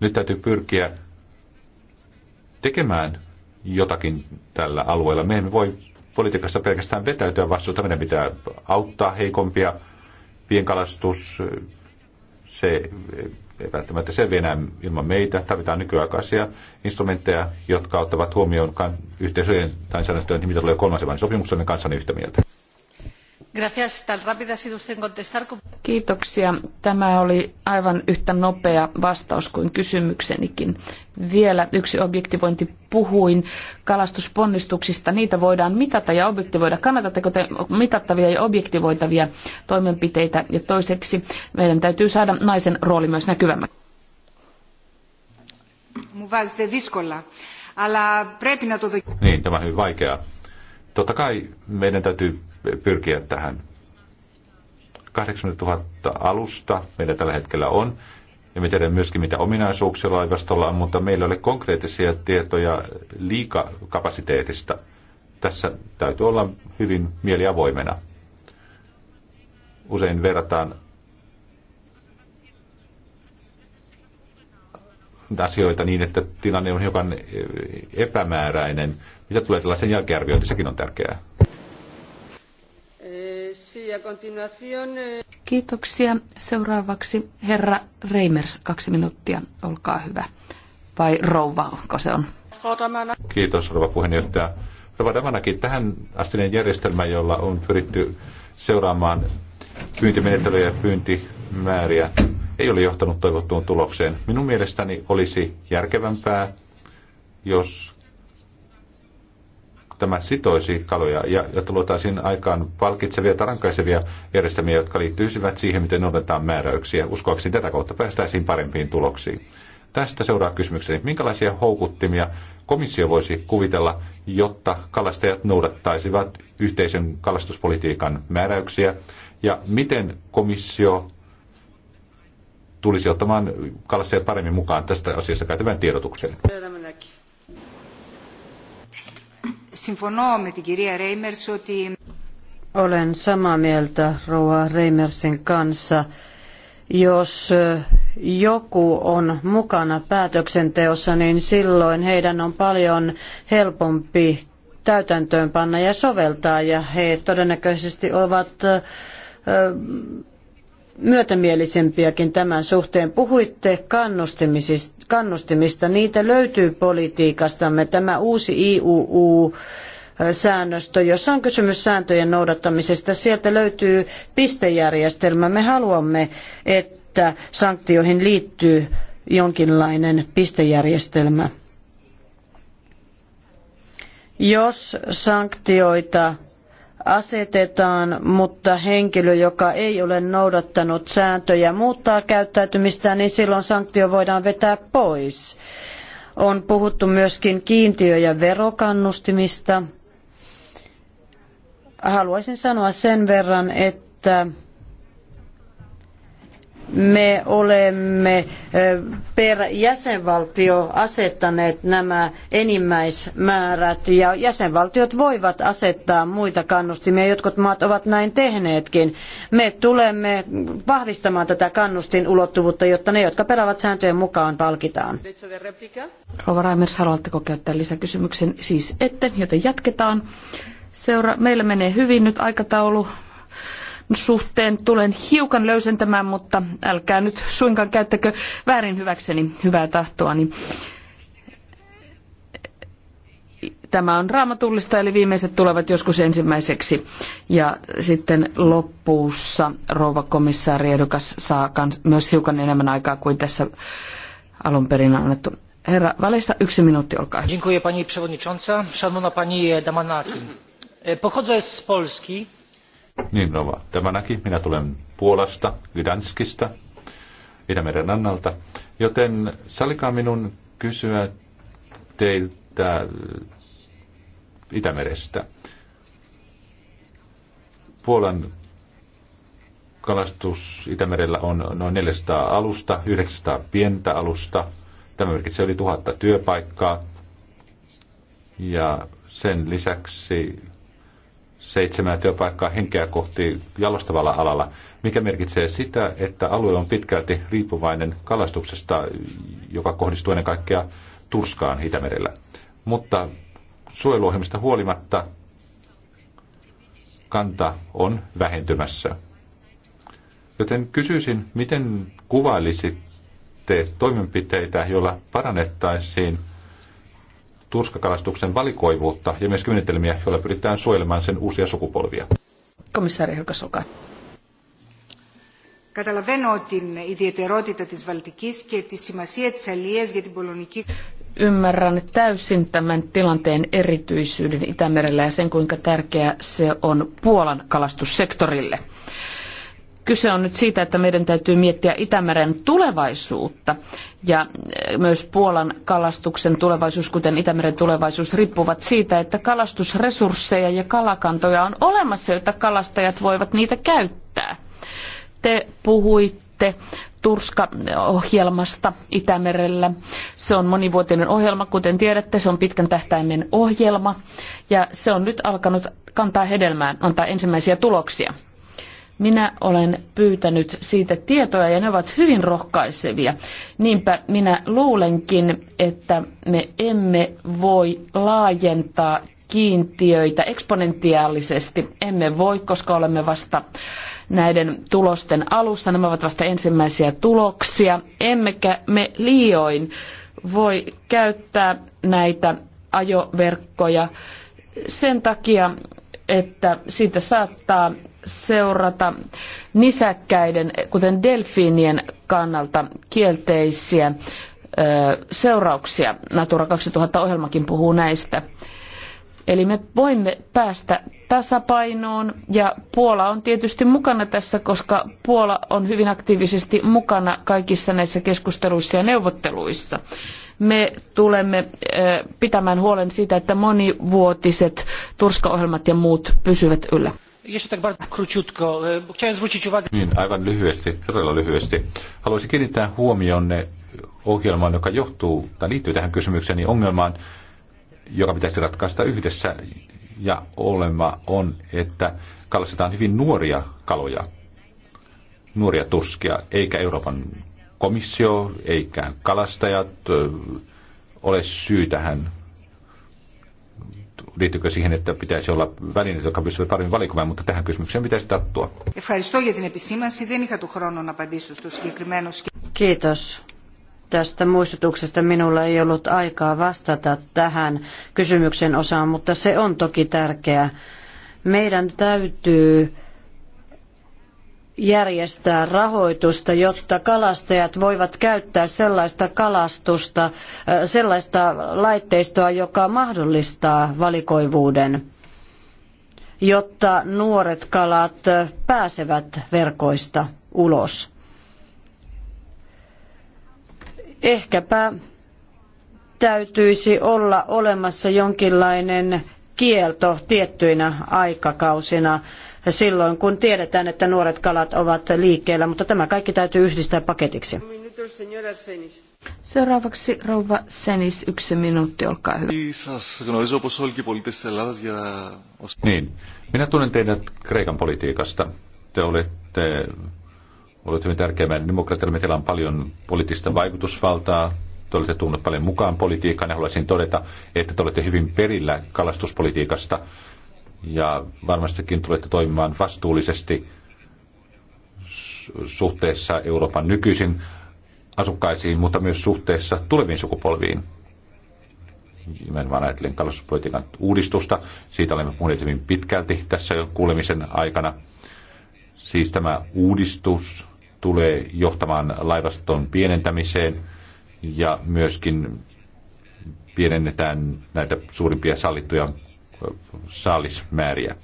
Nyt täytyy pyrkiä tekemään jotakin tällä alueella. Me emme voi politiikassa pelkästään vetäytyä vastuuta, meidän pitää auttaa heikompia. Pienkalastus, se ei välttämättä se enää ilman meitä. Tarvitaan nykyaikaisia instrumentteja, jotka ottavat huomioon yhteisöjen tai sanottujen, mitä tulee kolmansien sopimuksen kanssa yhtä mieltä. Kiitoksia. Tämä oli aivan yhtä nopea vastaus kuin kysymyksenikin. Vielä yksi objektivointi puhuin kalastusponnistuksista. Niitä voidaan mitata ja objektivoida. Kannatatteko te mitattavia ja objektivoitavia toimenpiteitä? Ja toiseksi meidän täytyy saada naisen rooli myös näkyvämmäksi. Niin, tämä on hyvin vaikeaa. Totta kai meidän täytyy pyrkiä tähän. 80 000 alusta meillä tällä hetkellä on, ja me tiedämme myöskin, mitä ominaisuuksia laivastolla on, mutta meillä ei ole konkreettisia tietoja liikakapasiteetista. Tässä täytyy olla hyvin mieliavoimena. Usein verrataan asioita niin, että tilanne on hiukan epämääräinen. Mitä tulee tällaisen jälkiarviointi, sekin on tärkeää. Eh, Kiitoksia. Seuraavaksi herra Reimers, kaksi minuuttia, olkaa hyvä. Vai rouva, onko se on? Kiitos, rouva puheenjohtaja. Rouva Damanakin, tähän astinen järjestelmä, jolla on pyritty seuraamaan pyyntimenettelyjä ja pyyntimääriä, ei ole johtanut toivottuun tulokseen. Minun mielestäni olisi järkevämpää, jos tämä sitoisi kaloja ja jotta luotaisiin aikaan palkitsevia tai rankaisevia järjestelmiä, jotka liittyisivät siihen, miten noudatetaan määräyksiä. Uskoakseni tätä kautta päästäisiin parempiin tuloksiin. Tästä seuraa kysymykseni, minkälaisia houkuttimia komissio voisi kuvitella, jotta kalastajat noudattaisivat yhteisen kalastuspolitiikan määräyksiä, ja miten komissio tulisi ottamaan kalastajat paremmin mukaan tästä asiasta käytävän tiedotuksen? Olen samaa mieltä Rouva Reimersin kanssa. Jos joku on mukana päätöksenteossa, niin silloin heidän on paljon helpompi täytäntöönpanna ja soveltaa, ja he todennäköisesti ovat myötämielisempiäkin tämän suhteen. Puhuitte kannustimista, niitä löytyy politiikastamme. Tämä uusi IUU säännöstö, jossa on kysymys sääntöjen noudattamisesta. Sieltä löytyy pistejärjestelmä. Me haluamme, että sanktioihin liittyy jonkinlainen pistejärjestelmä. Jos sanktioita asetetaan, mutta henkilö, joka ei ole noudattanut sääntöjä, muuttaa käyttäytymistään, niin silloin sanktio voidaan vetää pois. On puhuttu myöskin kiintiö- ja verokannustimista. Haluaisin sanoa sen verran, että me olemme per jäsenvaltio asettaneet nämä enimmäismäärät ja jäsenvaltiot voivat asettaa muita kannustimia. Jotkut maat ovat näin tehneetkin. Me tulemme vahvistamaan tätä kannustinulottuvuutta, jotta ne, jotka pelaavat sääntöjen mukaan, palkitaan. Rova Raimers, haluatteko käyttää lisäkysymyksen? Siis ette, joten jatketaan. Seura- Meillä menee hyvin nyt aikataulu suhteen tulen hiukan löysentämään, mutta älkää nyt suinkaan käyttäkö väärin hyväkseni hyvää tahtoani. Tämä on raamatullista, eli viimeiset tulevat joskus ensimmäiseksi. Ja sitten loppuussa rouva komissaari ehdokas saa myös hiukan enemmän aikaa kuin tässä alun perin annettu. Herra Valessa, yksi minuutti, olkaa hyvä. Dziękuję pani przewodnicząca. Szanowna pani Damanaki. E, pochodzę z Polski niin, no, tämä näki. minä tulen Puolasta, Gdanskista, Itämeren rannalta. Joten salikaa minun kysyä teiltä äh, Itämerestä. Puolan kalastus Itämerellä on noin 400 alusta, 900 pientä alusta. Tämä merkitsee yli tuhatta työpaikkaa. Ja sen lisäksi seitsemää työpaikkaa henkeä kohti jalostavalla alalla, mikä merkitsee sitä, että alue on pitkälti riippuvainen kalastuksesta, joka kohdistuu ennen kaikkea Turskaan Itämerellä. Mutta suojeluohjelmista huolimatta kanta on vähentymässä. Joten kysyisin, miten kuvailisitte toimenpiteitä, joilla parannettaisiin – turskakalastuksen valikoivuutta ja myös menetelmiä, joilla pyritään suojelemaan sen uusia sukupolvia. Komissaari Helka Soka. ymmärrän täysin tämän tilanteen erityisyyden Itämerellä ja sen, kuinka tärkeä se on Puolan kalastussektorille. Kyse on nyt siitä, että meidän täytyy miettiä Itämeren tulevaisuutta ja eh, myös Puolan kalastuksen tulevaisuus, kuten Itämeren tulevaisuus, riippuvat siitä, että kalastusresursseja ja kalakantoja on olemassa, jotta kalastajat voivat niitä käyttää. Te puhuitte Turska-ohjelmasta Itämerellä. Se on monivuotinen ohjelma, kuten tiedätte, se on pitkän tähtäimen ohjelma ja se on nyt alkanut kantaa hedelmää, antaa ensimmäisiä tuloksia. Minä olen pyytänyt siitä tietoja ja ne ovat hyvin rohkaisevia. Niinpä minä luulenkin, että me emme voi laajentaa kiintiöitä eksponentiaalisesti. Emme voi, koska olemme vasta näiden tulosten alussa. Nämä ovat vasta ensimmäisiä tuloksia. Emmekä me liioin voi käyttää näitä ajoverkkoja sen takia, että siitä saattaa seurata nisäkkäiden, kuten delfiinien kannalta kielteisiä seurauksia. Natura 2000-ohjelmakin puhuu näistä. Eli me voimme päästä tasapainoon ja Puola on tietysti mukana tässä, koska Puola on hyvin aktiivisesti mukana kaikissa näissä keskusteluissa ja neuvotteluissa. Me tulemme pitämään huolen siitä, että monivuotiset turskaohjelmat ja muut pysyvät yllä. E, niin, aivan lyhyesti, todella lyhyesti. Haluaisin kiinnittää huomionne ohjelmaan, joka johtuu tai liittyy tähän kysymykseen, niin ongelmaan, joka pitäisi ratkaista yhdessä. Ja olema on, että kalastetaan hyvin nuoria kaloja, nuoria tuskia, eikä Euroopan komissio, eikä kalastajat ole syy tähän liittyykö siihen, että pitäisi olla välineet, jotka pystyvät paremmin valikoimaan, mutta tähän kysymykseen pitäisi tarttua. Kiitos tästä muistutuksesta. Minulla ei ollut aikaa vastata tähän kysymyksen osaan, mutta se on toki tärkeää. Meidän täytyy järjestää rahoitusta, jotta kalastajat voivat käyttää sellaista kalastusta, sellaista laitteistoa, joka mahdollistaa valikoivuuden, jotta nuoret kalat pääsevät verkoista ulos. Ehkäpä täytyisi olla olemassa jonkinlainen kielto tiettyinä aikakausina silloin, kun tiedetään, että nuoret kalat ovat liikkeellä, mutta tämä kaikki täytyy yhdistää paketiksi. Seuraavaksi rouva Senis, yksi minuutti, olkaa hyvä. Niin, minä tunnen teidät Kreikan politiikasta. Te olette ollut hyvin tärkeä demokratialle. Teillä on paljon poliittista vaikutusvaltaa, te olette tullut paljon mukaan politiikkaan ja haluaisin todeta, että te olette hyvin perillä kalastuspolitiikasta ja varmastikin tulette toimimaan vastuullisesti suhteessa Euroopan nykyisin asukkaisiin, mutta myös suhteessa tuleviin sukupolviin. Nimenomaan ajattelen kalastuspolitiikan uudistusta. Siitä olemme puhuneet hyvin pitkälti tässä jo kuulemisen aikana. Siis tämä uudistus tulee johtamaan laivaston pienentämiseen ja myöskin pienennetään näitä suurimpia sallittuja saalismääriä.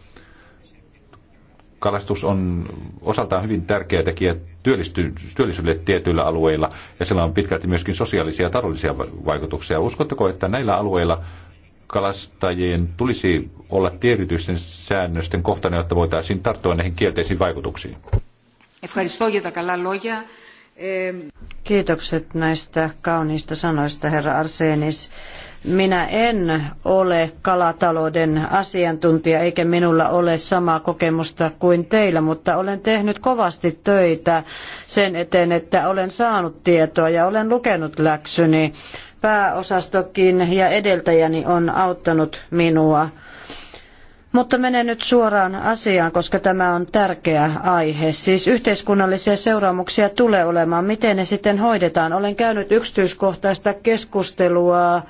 Kalastus on osaltaan hyvin tärkeä tekijä työllisyydelle tietyillä alueilla, ja sillä on pitkälti myöskin sosiaalisia ja taloudellisia vaikutuksia. Uskotteko, että näillä alueilla kalastajien tulisi olla tietyisten säännösten kohtana, jotta voitaisiin tarttua näihin kielteisiin vaikutuksiin? Kiitokset näistä kauniista sanoista, herra Arsenis. Minä en ole kalatalouden asiantuntija eikä minulla ole samaa kokemusta kuin teillä, mutta olen tehnyt kovasti töitä sen eteen, että olen saanut tietoa ja olen lukenut läksyni. Pääosastokin ja edeltäjäni on auttanut minua. Mutta menen nyt suoraan asiaan, koska tämä on tärkeä aihe. Siis yhteiskunnallisia seuraamuksia tulee olemaan. Miten ne sitten hoidetaan? Olen käynyt yksityiskohtaista keskustelua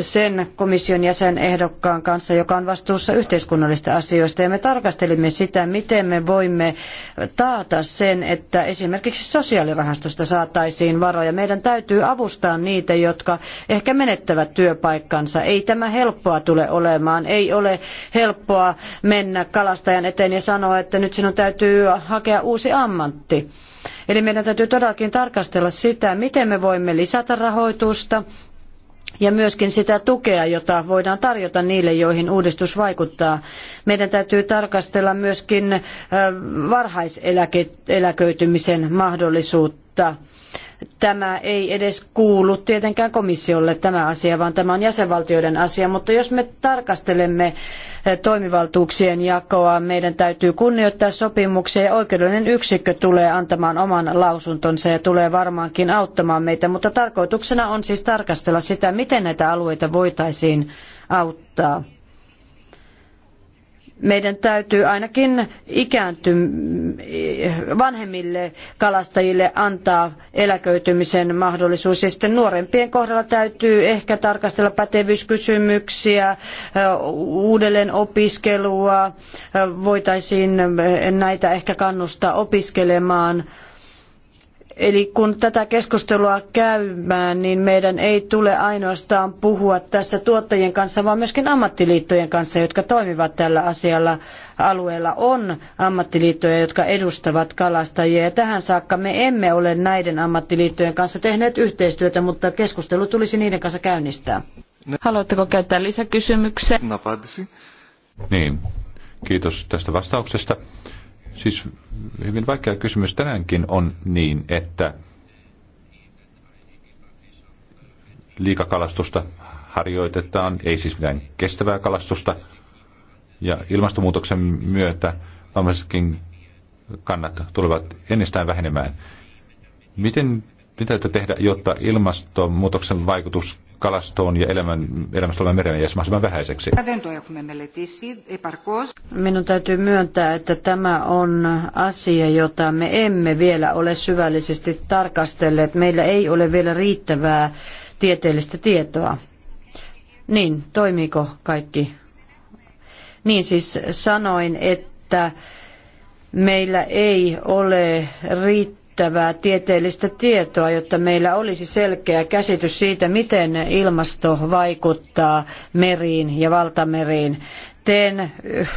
sen komission jäsenehdokkaan kanssa, joka on vastuussa yhteiskunnallisista asioista. Ja me tarkastelimme sitä, miten me voimme taata sen, että esimerkiksi sosiaalirahastosta saataisiin varoja. Meidän täytyy avustaa niitä, jotka ehkä menettävät työpaikkansa. Ei tämä helppoa tule olemaan. Ei ole helppoa mennä kalastajan eteen ja sanoa, että nyt sinun täytyy hakea uusi ammatti. Eli meidän täytyy todellakin tarkastella sitä, miten me voimme lisätä rahoitusta ja myöskin sitä tukea, jota voidaan tarjota niille, joihin uudistus vaikuttaa. Meidän täytyy tarkastella myöskin varhaiseläköitymisen mahdollisuutta tämä ei edes kuulu tietenkään komissiolle tämä asia, vaan tämä on jäsenvaltioiden asia. Mutta jos me tarkastelemme eh, toimivaltuuksien jakoa, meidän täytyy kunnioittaa sopimuksia ja oikeudellinen yksikkö tulee antamaan oman lausuntonsa ja tulee varmaankin auttamaan meitä. Mutta tarkoituksena on siis tarkastella sitä, miten näitä alueita voitaisiin auttaa meidän täytyy ainakin ikäänty, vanhemmille kalastajille antaa eläköitymisen mahdollisuus. Ja sitten nuorempien kohdalla täytyy ehkä tarkastella pätevyyskysymyksiä, uudelleen opiskelua, voitaisiin näitä ehkä kannustaa opiskelemaan Eli kun tätä keskustelua käymään, niin meidän ei tule ainoastaan puhua tässä tuottajien kanssa, vaan myöskin ammattiliittojen kanssa, jotka toimivat tällä asialla alueella. On ammattiliittoja, jotka edustavat kalastajia, ja tähän saakka me emme ole näiden ammattiliittojen kanssa tehneet yhteistyötä, mutta keskustelu tulisi niiden kanssa käynnistää. Haluatteko käyttää lisäkysymyksiä? Niin, kiitos tästä vastauksesta. Siis hyvin vaikea kysymys tänäänkin on niin, että liikakalastusta harjoitetaan, ei siis mitään kestävää kalastusta. Ja ilmastonmuutoksen myötä vammaisetkin kannat tulevat ennestään vähenemään. Miten, mitä tehdä, jotta ilmastonmuutoksen vaikutus kalastoon ja elämän, elämästä olevan meren jäisi mahdollisimman vähäiseksi. Minun täytyy myöntää, että tämä on asia, jota me emme vielä ole syvällisesti tarkastelleet. Meillä ei ole vielä riittävää tieteellistä tietoa. Niin, toimiiko kaikki? Niin siis sanoin, että meillä ei ole riittävää riittävää tieteellistä tietoa, jotta meillä olisi selkeä käsitys siitä, miten ilmasto vaikuttaa meriin ja valtameriin. Teen äh,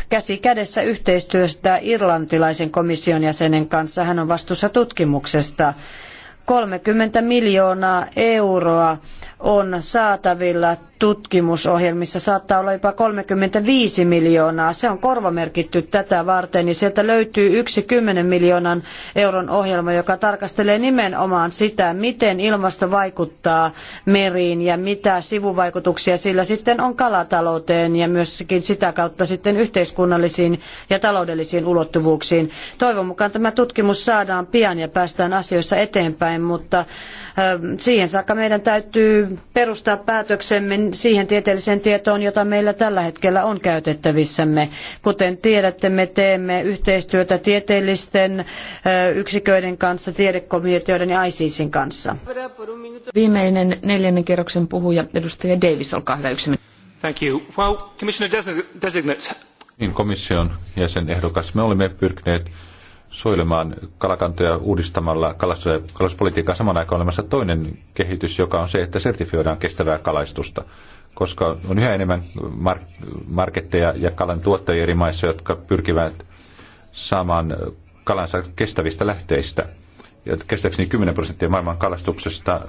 käsi kädessä yhteistyöstä irlantilaisen komission jäsenen kanssa. Hän on vastuussa tutkimuksesta. 30 miljoonaa euroa on saatavilla tutkimusohjelmissa. Saattaa olla jopa 35 miljoonaa. Se on korvamerkitty tätä varten. Ja niin sieltä löytyy yksi 10 miljoonan euron ohjelma, joka tarkastelee nimenomaan sitä, miten ilmasto vaikuttaa meriin ja mitä sivuvaikutuksia sillä sitten on kalatalouteen ja myöskin sitä kautta sitten yhteiskunnallisiin ja taloudellisiin ulottuvuuksiin. Toivon mukaan tämä tutkimus saadaan pian ja päästään asioissa eteenpäin, mutta Ähm, siihen saakka meidän täytyy perustaa päätöksemme siihen tieteelliseen tietoon, jota meillä tällä hetkellä on käytettävissämme. Kuten tiedätte, me teemme yhteistyötä tieteellisten äh, yksiköiden kanssa, tiedekomiteoiden ja ICISin kanssa. Viimeinen neljännen kerroksen puhuja, edustaja Davis, olkaa hyvä yksi Thank you. Well, Commissioner Designate. Niin, komission jäsenehdokas, me olemme pyrkineet suojelemaan kalakantoja uudistamalla kalastuspolitiikkaa. Samaan aikaan olemassa toinen kehitys, joka on se, että sertifioidaan kestävää kalastusta, koska on yhä enemmän mark- marketteja ja kalan tuottajia eri maissa, jotka pyrkivät saamaan kalansa kestävistä lähteistä. Ja käsittääkseni niin 10 prosenttia maailman kalastuksesta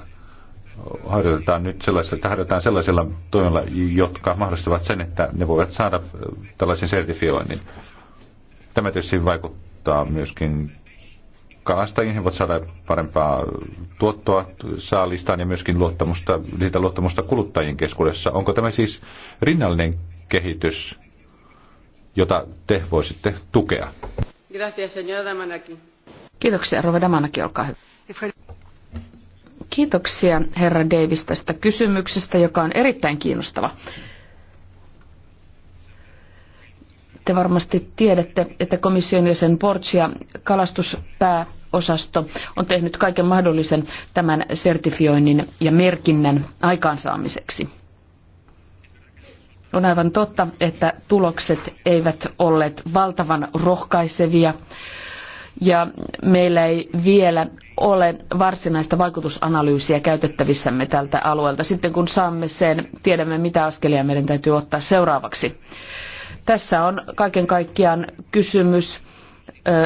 harjoitetaan nyt sellaisella, sellaisella sellaisilla toimilla, jotka mahdollistavat sen, että ne voivat saada tällaisen sertifioinnin. Tämä tietysti vaikuttaa vaikuttaa myöskin kalastajiin. He voivat saada parempaa tuottoa saalistaan ja myöskin luottamusta, lisätä luottamusta kuluttajien keskuudessa. Onko tämä siis rinnallinen kehitys, jota te voisitte tukea? Kiitoksia, Rova Damanaki, olkaa hyvä. Kiitoksia herra Davis tästä kysymyksestä, joka on erittäin kiinnostava. Te varmasti tiedätte, että komission jäsen Portsia kalastuspääosasto on tehnyt kaiken mahdollisen tämän sertifioinnin ja merkinnän aikaansaamiseksi. On aivan totta, että tulokset eivät olleet valtavan rohkaisevia ja meillä ei vielä ole varsinaista vaikutusanalyysiä käytettävissämme tältä alueelta. Sitten kun saamme sen, tiedämme mitä askelia meidän täytyy ottaa seuraavaksi. Tässä on kaiken kaikkiaan kysymys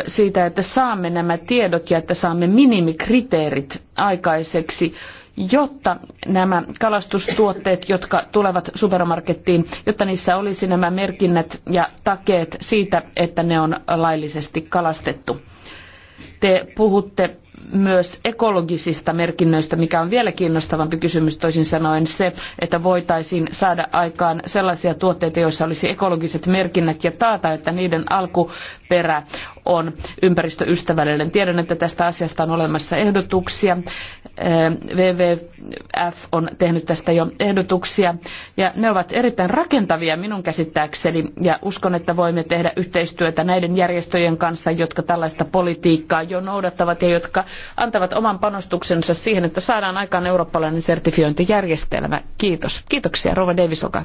siitä, että saamme nämä tiedot ja että saamme minimikriteerit aikaiseksi, jotta nämä kalastustuotteet, jotka tulevat supermarkettiin, jotta niissä olisi nämä merkinnät ja takeet siitä, että ne on laillisesti kalastettu. Te puhutte myös ekologisista merkinnöistä, mikä on vielä kiinnostavampi kysymys toisin sanoen se, että voitaisiin saada aikaan sellaisia tuotteita, joissa olisi ekologiset merkinnät ja taata, että niiden alku perä on ympäristöystävällinen. Tiedän, että tästä asiasta on olemassa ehdotuksia. Äh, WWF on tehnyt tästä jo ehdotuksia ja ne ovat erittäin rakentavia minun käsittääkseni ja uskon, että voimme tehdä yhteistyötä näiden järjestöjen kanssa, jotka tällaista politiikkaa jo noudattavat ja jotka antavat oman panostuksensa siihen, että saadaan aikaan eurooppalainen sertifiointijärjestelmä. Kiitos. Kiitoksia, Rova Davis, olkaa.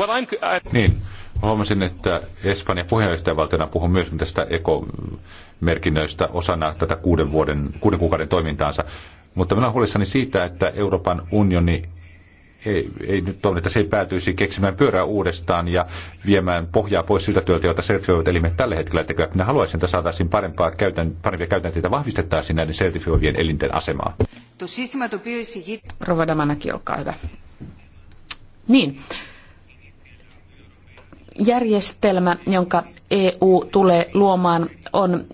Niin Huomasin, että Espanja puheenjohtajavaltiona puhuu myös tästä ekomerkinnöistä osana tätä kuuden, vuoden, kuuden kuukauden toimintaansa. Mutta minä olen huolissani siitä, että Euroopan unioni ei, ei nyt toivon, että se ei päätyisi keksimään pyörää uudestaan ja viemään pohjaa pois siltä työltä, jota sertifioivat elimet tällä hetkellä tekevät. Minä haluaisin, että saataisiin parempaa, käytän, parempia käytänteitä vahvistettaisiin näiden sertifioivien elinten asemaa. Rova Damanaki, olkaa hyvä. Niin, järjestelmä, jonka EU tulee luomaan, on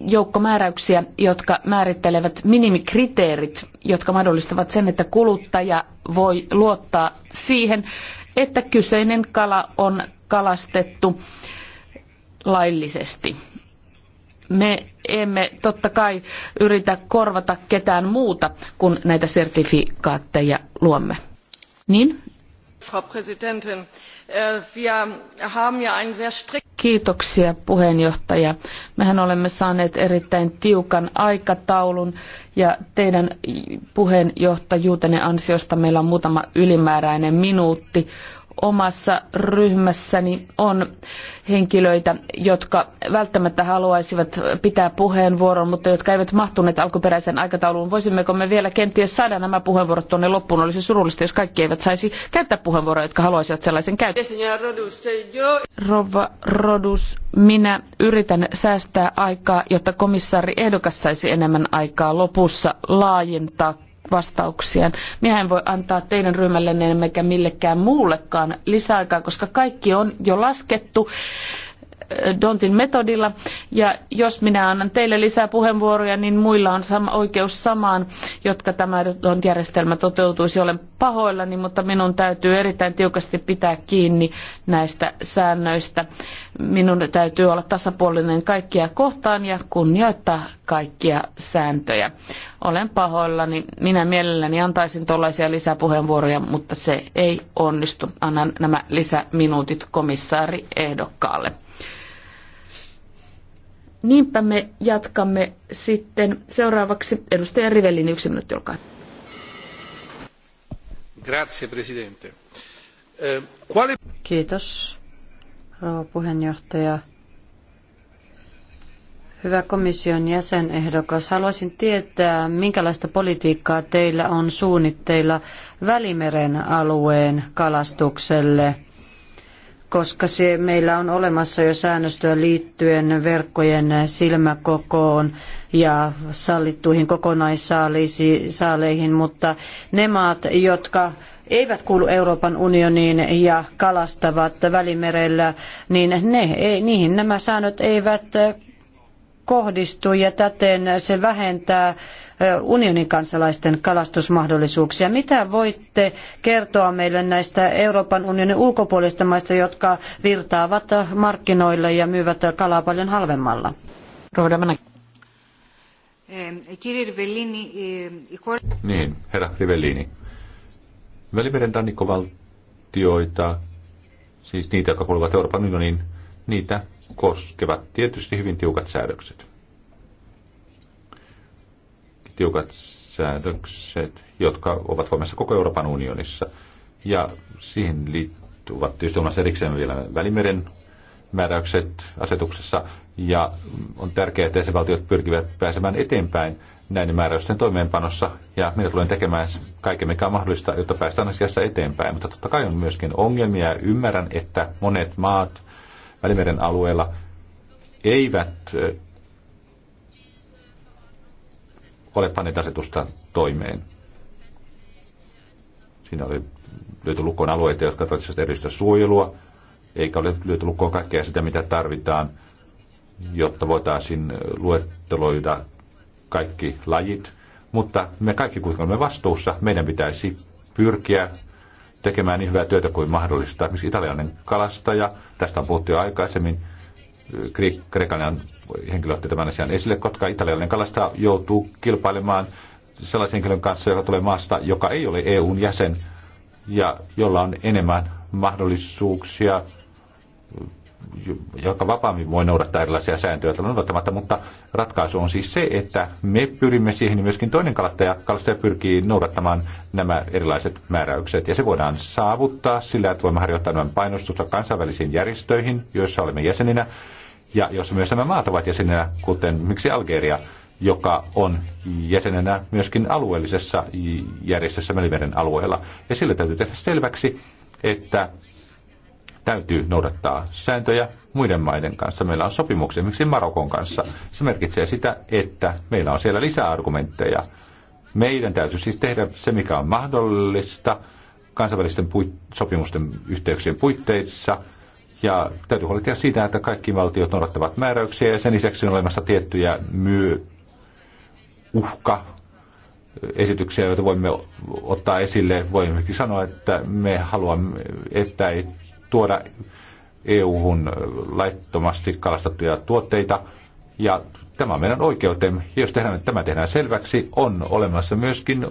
joukko määräyksiä, jotka määrittelevät minimikriteerit, jotka mahdollistavat sen, että kuluttaja voi luottaa siihen, että kyseinen kala on kalastettu laillisesti. Me emme totta kai yritä korvata ketään muuta, kun näitä sertifikaatteja luomme. Niin, Frau Präsidentin. Äh, wir haben ja einen sehr strikten Kiitoksia puheenjohtaja. Mehän olemme saaneet erittäin tiukan aikataulun ja teidän puheenjohtajuutenne ansiosta meillä on muutama ylimääräinen minuutti omassa ryhmässäni on henkilöitä, jotka välttämättä haluaisivat pitää puheenvuoron, mutta jotka eivät mahtuneet alkuperäiseen aikatauluun. Voisimmeko me vielä kenties saada nämä puheenvuorot tuonne loppuun? Olisi surullista, jos kaikki eivät saisi käyttää puheenvuoroja, jotka haluaisivat sellaisen käyttää. Rova Rodus, minä yritän säästää aikaa, jotta komissaari ehdokas saisi enemmän aikaa lopussa laajentaa vastauksiaan. Minä en voi antaa teidän ryhmällenne emmekä millekään muullekaan lisäaikaa, koska kaikki on jo laskettu. Dontin metodilla. Ja jos minä annan teille lisää puheenvuoroja, niin muilla on sama, oikeus samaan, jotka tämä Dont-järjestelmä toteutuisi. Olen pahoillani, mutta minun täytyy erittäin tiukasti pitää kiinni näistä säännöistä. Minun täytyy olla tasapuolinen kaikkia kohtaan ja kunnioittaa kaikkia sääntöjä. Olen pahoillani. Minä mielelläni antaisin tuollaisia lisäpuheenvuoroja, mutta se ei onnistu. Annan nämä lisäminuutit komissaari ehdokkaalle. Niinpä me jatkamme sitten seuraavaksi edustaja Rivellin yksi minuutti, olkaa. Grazie, presidente. Eh, Kiitos, rouva puheenjohtaja. Hyvä komission jäsenehdokas, haluaisin tietää, minkälaista politiikkaa teillä on suunnitteilla Välimeren alueen kalastukselle – koska se meillä on olemassa jo säännöstöä liittyen verkkojen silmäkokoon ja sallittuihin kokonaissaaleihin, mutta ne maat, jotka eivät kuulu Euroopan unioniin ja kalastavat välimerellä, niin ne, niihin nämä säännöt eivät kohdistuu ja täten se vähentää unionin kansalaisten kalastusmahdollisuuksia. Mitä voitte kertoa meille näistä Euroopan unionin ulkopuolista maista, jotka virtaavat markkinoille ja myyvät kalaa paljon halvemmalla? Eh, eh, niin, herra Rivellini. Välimeren rannikkovaltioita, siis niitä, jotka kuuluvat Euroopan unioniin, niitä koskevat tietysti hyvin tiukat säädökset. Tiukat säädökset, jotka ovat voimassa koko Euroopan unionissa. Ja siihen liittyvät tietysti omassa erikseen vielä Välimeren määräykset asetuksessa. Ja on tärkeää, että jäsenvaltiot pyrkivät pääsemään eteenpäin näiden määräysten toimeenpanossa ja minä tulen tekemään kaiken mikä on mahdollista, jotta päästään asiassa eteenpäin. Mutta totta kai on myöskin ongelmia ymmärrän, että monet maat Välimeren alueella eivät ole panneet asetusta toimeen. Siinä oli löyty lukkoon alueita, jotka tarvitsevat erityistä suojelua, eikä ole löyty lukkoon kaikkea sitä, mitä tarvitaan, jotta voitaisiin luetteloida kaikki lajit. Mutta me kaikki, kuitenkin olemme vastuussa, meidän pitäisi pyrkiä tekemään niin hyvää työtä kuin mahdollista. Esimerkiksi italialainen kalastaja, tästä on puhuttu jo aikaisemmin, kreikkalainen henkilö otti tämän asian esille, koska italialainen kalastaja joutuu kilpailemaan sellaisen henkilön kanssa, joka tulee maasta, joka ei ole EUn jäsen ja jolla on enemmän mahdollisuuksia joka vapaammin voi noudattaa erilaisia sääntöjä tällä noudattamatta, mutta ratkaisu on siis se, että me pyrimme siihen, niin myöskin toinen kalastaja, kalastaja pyrkii noudattamaan nämä erilaiset määräykset. Ja se voidaan saavuttaa sillä, että voimme harjoittaa nämä painostusta kansainvälisiin järjestöihin, joissa olemme jäseninä, ja jos myös nämä maat ovat jäseninä, kuten miksi Algeria, joka on jäsenenä myöskin alueellisessa järjestössä Meliveren alueella. Ja sillä täytyy tehdä selväksi, että täytyy noudattaa sääntöjä muiden maiden kanssa. Meillä on sopimuksia, miksi Marokon kanssa. Se merkitsee sitä, että meillä on siellä lisäargumentteja. Meidän täytyy siis tehdä se, mikä on mahdollista kansainvälisten puit- sopimusten yhteyksien puitteissa. Ja täytyy huolehtia siitä, että kaikki valtiot noudattavat määräyksiä ja sen lisäksi on olemassa tiettyjä myy uhka esityksiä, joita voimme ottaa esille. Voimme sanoa, että me haluamme, että ei tuoda EU-hun äh, laittomasti kalastettuja tuotteita. Ja tämä on meidän oikeutemme. Ja jos tehdään, tämä tehdään selväksi, on olemassa myöskin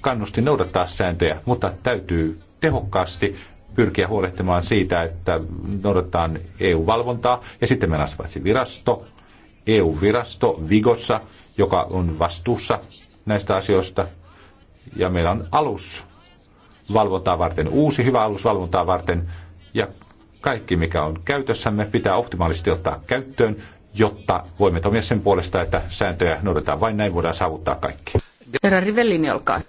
kannustin noudattaa sääntöjä, mutta täytyy tehokkaasti pyrkiä huolehtimaan siitä, että noudatetaan EU-valvontaa. Ja sitten meillä on paitsi virasto, EU-virasto Vigossa, joka on vastuussa näistä asioista. Ja meillä on alus valvontaa varten, uusi hyvä alus valvontaa varten, ja kaikki, mikä on käytössämme, pitää optimaalisesti ottaa käyttöön, jotta voimme toimia sen puolesta, että sääntöjä noudatetaan. Vain näin voidaan saavuttaa kaikki. Herra Rivellini, olkaa.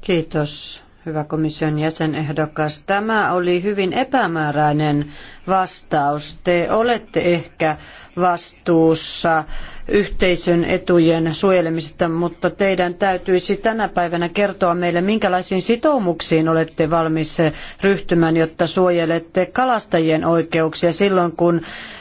Kiitos, hyvä komission jäsenehdokas. Tämä oli hyvin epämääräinen vastaus. Te olette ehkä vastuussa yhteisön etujen suojelemisesta, mutta teidän täytyisi tänä päivänä kertoa meille, minkälaisiin sitoumuksiin olette valmis ryhtymään, jotta suojelette kalastajien oikeuksia silloin, kun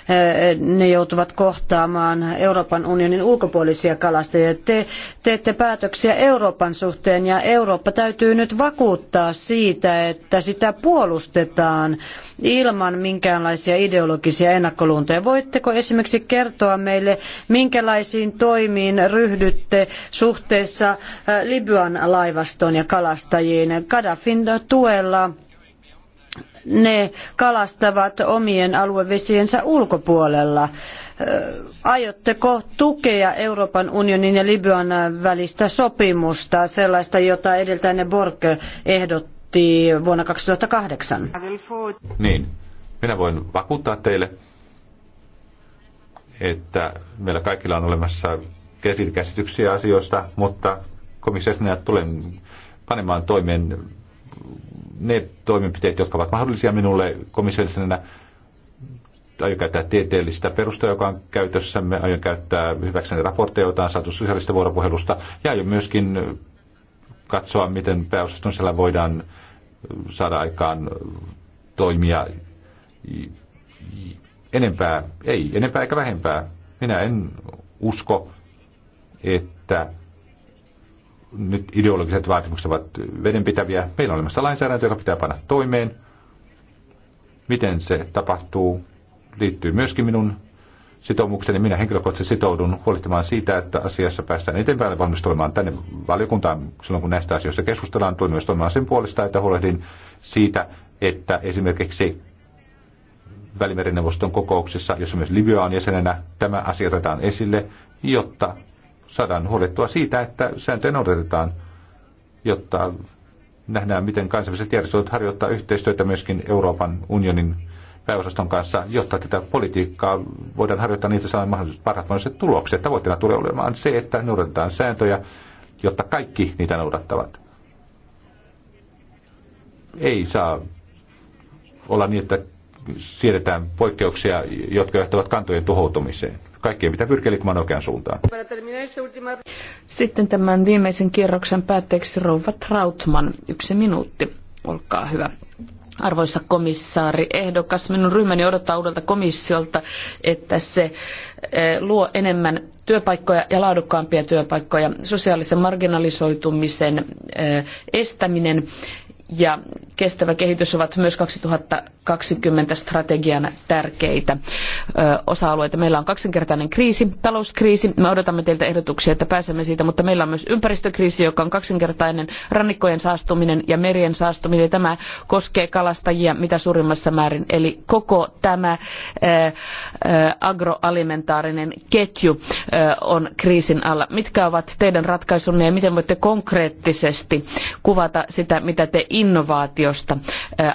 eh, ne joutuvat kohtaamaan Euroopan unionin ulkopuolisia kalastajia. Te teette päätöksiä Euroopan suhteen ja Eurooppa täytyy nyt vakuuttaa siitä, että sitä puolustetaan ilman minkään minkäänlaisia ideologisia ennakkoluuntoja. Voitteko esimerkiksi kertoa meille, minkälaisiin toimiin ryhdytte suhteessa äh, Libyan laivastoon ja kalastajiin? Gaddafin tuella ne kalastavat omien aluevesiensä ulkopuolella. Äh, aiotteko tukea Euroopan unionin ja Libyan välistä sopimusta, sellaista, jota edeltäjänne Borg ehdotti vuonna 2008? Niin, minä voin vakuuttaa teille, että meillä kaikilla on olemassa käsityksiä asioista, mutta komissiosina tulen panemaan toimeen ne toimenpiteet, jotka ovat mahdollisia minulle komissiosina. Aion käyttää tieteellistä perustaa, joka on käytössämme. Aion käyttää hyväkseni raportteja, joita on saatu sosiaalista vuoropuhelusta. Ja aion myöskin katsoa, miten pääosaston siellä voidaan saada aikaan toimia, enempää, ei enempää eikä vähempää. Minä en usko, että nyt ideologiset vaatimukset ovat vedenpitäviä. Meillä on olemassa lainsäädäntö, joka pitää panna toimeen. Miten se tapahtuu, liittyy myöskin minun sitoumukseni. Minä henkilökohtaisesti sitoudun huolehtimaan siitä, että asiassa päästään eteenpäin valmistelemaan tänne valiokuntaan silloin, kun näistä asioista keskustellaan. Tulen myös toimimaan sen puolesta, että huolehdin siitä, että esimerkiksi välimerineuvoston kokouksissa, jossa myös Libya on jäsenenä, tämä asia otetaan esille, jotta saadaan huolettua siitä, että sääntöjä noudatetaan, jotta nähdään, miten kansainväliset järjestöt harjoittaa yhteistyötä myöskin Euroopan unionin pääosaston kanssa, jotta tätä politiikkaa voidaan harjoittaa niitä saadaan mahdolliset parhaat mahdolliset tulokset. Tavoitteena tulee olemaan se, että noudatetaan sääntöjä, jotta kaikki niitä noudattavat. Ei saa olla niin, että siirretään poikkeuksia, jotka johtavat kantojen tuhoutumiseen. Kaikkien pitää pyrkiä liikkumaan oikeaan suuntaan. Sitten tämän viimeisen kierroksen päätteeksi rouva Trautman. Yksi minuutti. Olkaa hyvä. Arvoisa komissaari ehdokas, minun ryhmäni odottaa uudelta komissiolta, että se eh, luo enemmän työpaikkoja ja laadukkaampia työpaikkoja, sosiaalisen marginalisoitumisen eh, estäminen ja kestävä kehitys ovat myös 2020 strategian tärkeitä osa-alueita. Meillä on kaksinkertainen kriisi, talouskriisi. Me odotamme teiltä ehdotuksia, että pääsemme siitä, mutta meillä on myös ympäristökriisi, joka on kaksinkertainen rannikkojen saastuminen ja merien saastuminen. Tämä koskee kalastajia mitä suurimmassa määrin. Eli koko tämä agroalimentaarinen ketju on kriisin alla. Mitkä ovat teidän ratkaisunne ja miten voitte konkreettisesti kuvata sitä, mitä te innovaatiosta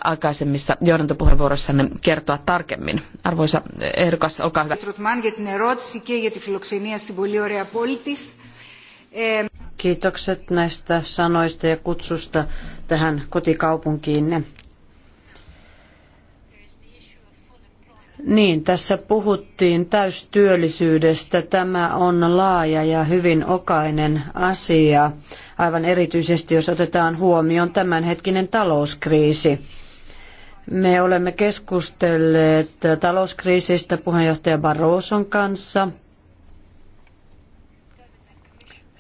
aikaisemmissa johdantopuheenvuorossanne kertoa tarkemmin. Arvoisa ehdokas, olkaa hyvä. Kiitokset näistä sanoista ja kutsusta tähän kotikaupunkiinne. Niin, tässä puhuttiin täystyöllisyydestä. Tämä on laaja ja hyvin okainen asia, aivan erityisesti jos otetaan huomioon tämänhetkinen talouskriisi. Me olemme keskustelleet talouskriisistä puheenjohtaja Barroson kanssa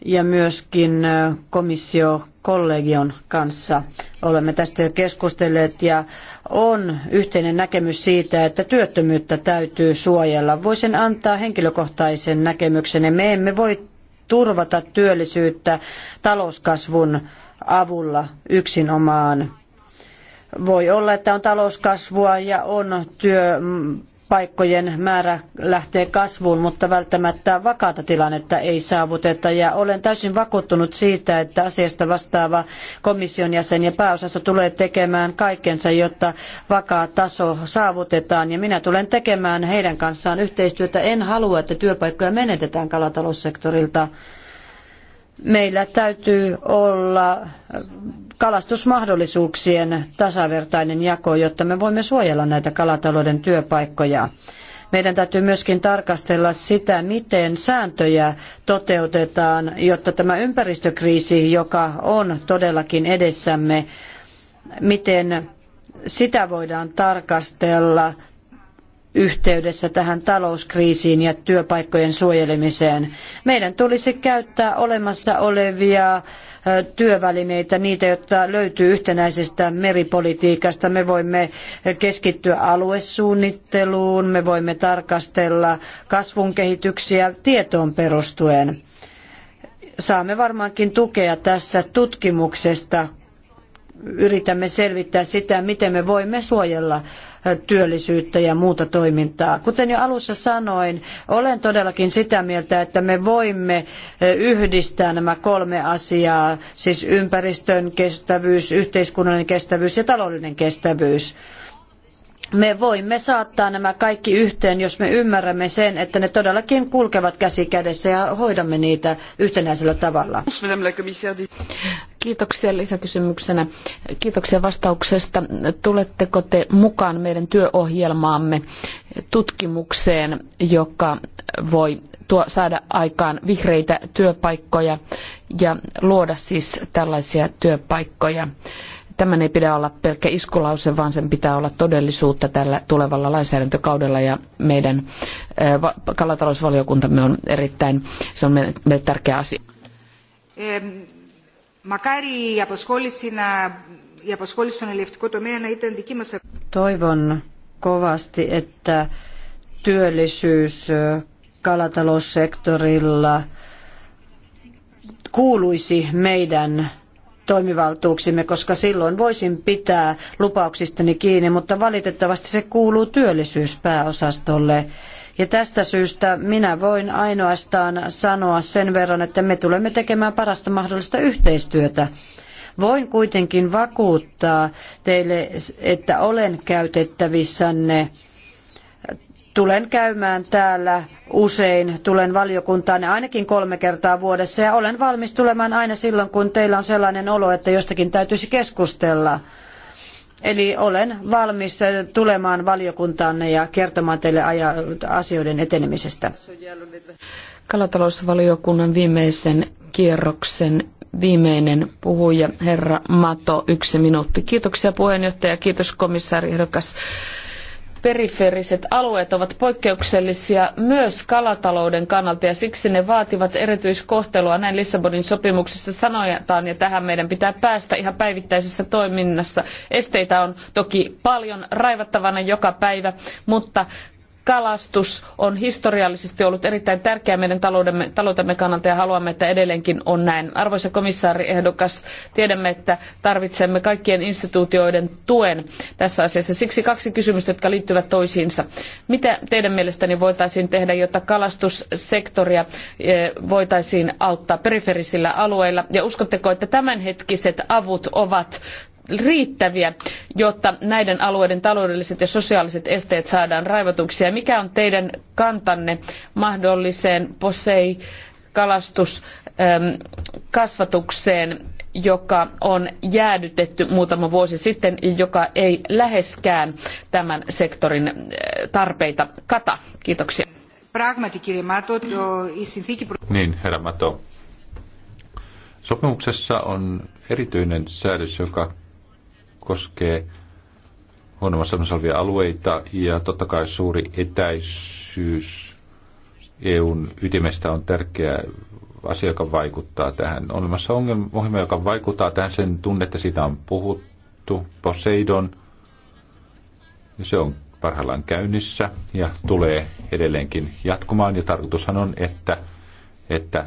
ja myöskin komissio kollegion kanssa. Olemme tästä jo keskustelleet ja on yhteinen näkemys siitä, että työttömyyttä täytyy suojella. Voisin antaa henkilökohtaisen näkemyksen. Me emme voi turvata työllisyyttä talouskasvun avulla yksinomaan. Voi olla, että on talouskasvua ja on työ, työpaikkojen määrä lähtee kasvuun, mutta välttämättä vakaata tilannetta ei saavuteta. Ja olen täysin vakuuttunut siitä, että asiasta vastaava komission jäsen ja pääosasto tulee tekemään kaikkensa, jotta vakaa taso saavutetaan. Ja minä tulen tekemään heidän kanssaan yhteistyötä. En halua, että työpaikkoja menetetään kalataloussektorilta meillä täytyy olla kalastusmahdollisuuksien tasavertainen jako, jotta me voimme suojella näitä kalatalouden työpaikkoja. Meidän täytyy myöskin tarkastella sitä, miten sääntöjä toteutetaan, jotta tämä ympäristökriisi, joka on todellakin edessämme, miten sitä voidaan tarkastella yhteydessä tähän talouskriisiin ja työpaikkojen suojelemiseen. Meidän tulisi käyttää olemassa olevia työvälineitä, niitä, jotka löytyy yhtenäisestä meripolitiikasta. Me voimme keskittyä aluesuunnitteluun, me voimme tarkastella kasvun kehityksiä tietoon perustuen. Saamme varmaankin tukea tässä tutkimuksesta, yritämme selvittää sitä, miten me voimme suojella työllisyyttä ja muuta toimintaa. Kuten jo alussa sanoin, olen todellakin sitä mieltä, että me voimme yhdistää nämä kolme asiaa, siis ympäristön kestävyys, yhteiskunnallinen kestävyys ja taloudellinen kestävyys me voimme saattaa nämä kaikki yhteen, jos me ymmärrämme sen, että ne todellakin kulkevat käsi kädessä ja hoidamme niitä yhtenäisellä tavalla. Kiitoksia lisäkysymyksenä. Kiitoksia vastauksesta. Tuletteko te mukaan meidän työohjelmaamme tutkimukseen, joka voi tuo, saada aikaan vihreitä työpaikkoja ja luoda siis tällaisia työpaikkoja? Tämän ei pidä olla pelkkä iskulause, vaan sen pitää olla todellisuutta tällä tulevalla lainsäädäntökaudella ja meidän kalatalousvaliokuntamme on erittäin, se on meille tärkeä asia. Toivon kovasti, että työllisyys kalataloussektorilla kuuluisi meidän toimivaltuuksimme, koska silloin voisin pitää lupauksistani kiinni, mutta valitettavasti se kuuluu työllisyyspääosastolle. Ja tästä syystä minä voin ainoastaan sanoa sen verran, että me tulemme tekemään parasta mahdollista yhteistyötä. Voin kuitenkin vakuuttaa teille, että olen käytettävissänne tulen käymään täällä usein, tulen valiokuntaan ainakin kolme kertaa vuodessa ja olen valmis tulemaan aina silloin, kun teillä on sellainen olo, että jostakin täytyisi keskustella. Eli olen valmis tulemaan valiokuntaanne ja kertomaan teille asioiden etenemisestä. Kalatalousvaliokunnan viimeisen kierroksen viimeinen puhuja, herra Mato, yksi minuutti. Kiitoksia puheenjohtaja, kiitos komissaari ehdokas periferiset alueet ovat poikkeuksellisia myös kalatalouden kannalta ja siksi ne vaativat erityiskohtelua. Näin Lissabonin sopimuksessa sanotaan ja tähän meidän pitää päästä ihan päivittäisessä toiminnassa. Esteitä on toki paljon raivattavana joka päivä, mutta kalastus on historiallisesti ollut erittäin tärkeää meidän taloutemme, taloutemme kannalta ja haluamme, että edelleenkin on näin. Arvoisa komissaari ehdokas, tiedämme, että tarvitsemme kaikkien instituutioiden tuen tässä asiassa. Siksi kaksi kysymystä, jotka liittyvät toisiinsa. Mitä teidän mielestäni voitaisiin tehdä, jotta kalastussektoria eh, voitaisiin auttaa periferisillä alueilla? Ja uskotteko, että tämänhetkiset avut ovat riittäviä, jotta näiden alueiden taloudelliset ja sosiaaliset esteet saadaan raivotuksi? Ja mikä on teidän kantanne mahdolliseen posei kalastuskasvatukseen, joka on jäädytetty muutama vuosi sitten ja joka ei läheskään tämän sektorin tarpeita kata. Kiitoksia. Niin, herra Mato. Sopimuksessa on erityinen säädös, joka koskee huonommassa asemassa olevia alueita ja totta kai suuri etäisyys EUn ytimestä on tärkeä asia, joka vaikuttaa tähän. On olemassa ongelma, ohjelma, joka vaikuttaa tähän sen tunne, että siitä on puhuttu. Poseidon, se on parhaillaan käynnissä ja tulee edelleenkin jatkumaan. Ja tarkoitushan on, että, että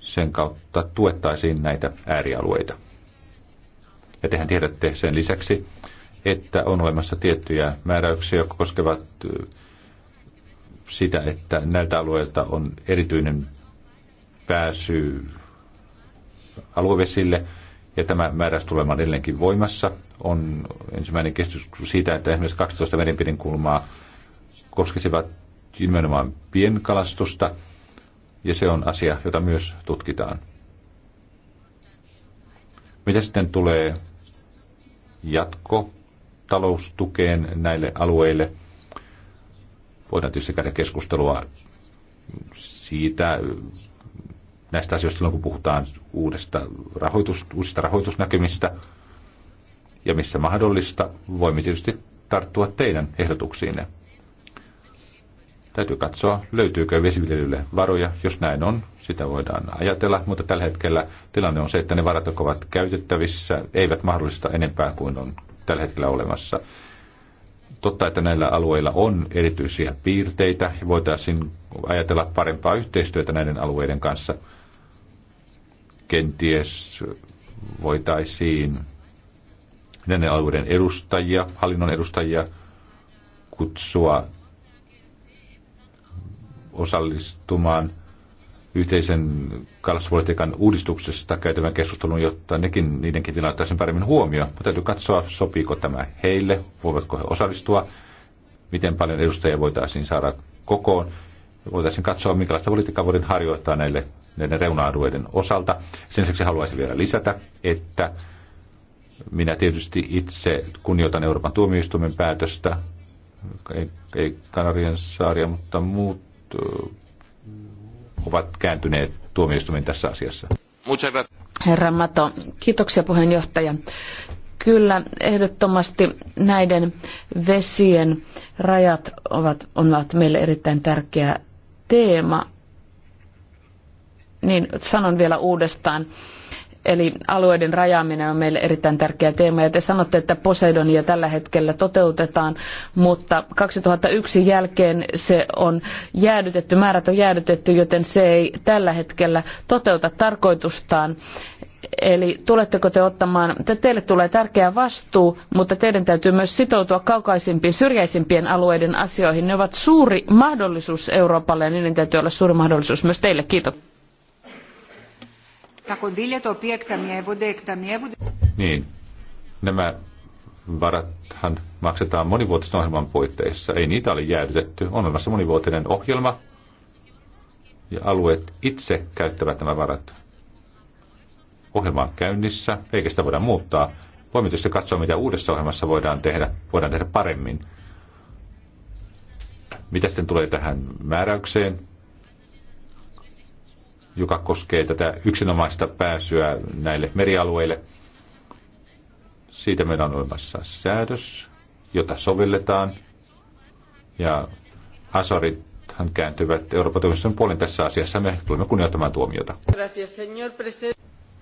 sen kautta tuettaisiin näitä äärialueita. Ja tehän tiedätte sen lisäksi, että on olemassa tiettyjä määräyksiä, jotka koskevat sitä, että näiltä alueilta on erityinen pääsy aluevesille, ja tämä määräys tulemaan edelleenkin voimassa. On ensimmäinen kestys siitä, että esimerkiksi 12 merenpidin kulmaa koskisivat nimenomaan pienkalastusta, ja se on asia, jota myös tutkitaan. Mitä sitten tulee jatko taloustukeen näille alueille. Voidaan tietysti käydä keskustelua siitä, näistä asioista silloin, kun puhutaan uudesta rahoitus, uusista rahoitusnäkymistä. Ja missä mahdollista, voimme tietysti tarttua teidän ehdotuksiinne. Täytyy katsoa, löytyykö vesiviljelylle varoja. Jos näin on, sitä voidaan ajatella, mutta tällä hetkellä tilanne on se, että ne varat, jotka ovat käytettävissä, eivät mahdollista enempää kuin on tällä hetkellä olemassa. Totta, että näillä alueilla on erityisiä piirteitä ja voitaisiin ajatella parempaa yhteistyötä näiden alueiden kanssa. Kenties voitaisiin näiden alueiden edustajia, hallinnon edustajia kutsua osallistumaan yhteisen kalastuspolitiikan uudistuksesta käytävän keskustelun, jotta nekin, niidenkin tilanne ottaisiin paremmin huomioon. Mutta täytyy katsoa, sopiiko tämä heille, voivatko he osallistua, miten paljon edustajia voitaisiin saada kokoon. Voitaisiin katsoa, minkälaista politiikkaa voidaan harjoittaa näille, näiden reuna-alueiden osalta. Sen lisäksi haluaisin vielä lisätä, että minä tietysti itse kunnioitan Euroopan tuomioistuimen päätöstä, ei, ei Kanarian saaria, mutta muut ovat kääntyneet tuomioistuimen tässä asiassa. Herra Mato, kiitoksia puheenjohtaja. Kyllä, ehdottomasti näiden vesien rajat ovat, ovat meille erittäin tärkeä teema. Niin sanon vielä uudestaan. Eli alueiden rajaaminen on meille erittäin tärkeä teema. Ja te sanotte, että Poseidonia tällä hetkellä toteutetaan, mutta 2001 jälkeen se on jäädytetty, määrät on jäädytetty, joten se ei tällä hetkellä toteuta tarkoitustaan. Eli tuletteko te ottamaan, te, teille tulee tärkeä vastuu, mutta teidän täytyy myös sitoutua kaukaisimpiin, syrjäisimpien alueiden asioihin. Ne ovat suuri mahdollisuus Euroopalle ja niiden täytyy olla suuri mahdollisuus myös teille. Kiitos τα κονδύλια τα οποία εκταμιεύονται, εκταμιεύονται... Niin, nämä varathan maksetaan monivuotisen ohjelman puitteissa. Ei niitä ole jäädytetty. On olemassa monivuotinen ohjelma, ja alueet itse käyttävät nämä varat. Ohjelma on käynnissä, eikä sitä voida muuttaa. Voimme tietysti katsoa, mitä uudessa ohjelmassa voidaan tehdä, voidaan tehdä paremmin. Mitä sitten tulee tähän määräykseen? joka koskee tätä yksinomaista pääsyä näille merialueille. Siitä meillä on olemassa säädös, jota sovelletaan. Ja Asorithan kääntyvät Euroopan tuomioistuimen puolen tässä asiassa. Me tulemme kunnioittamaan tuomiota.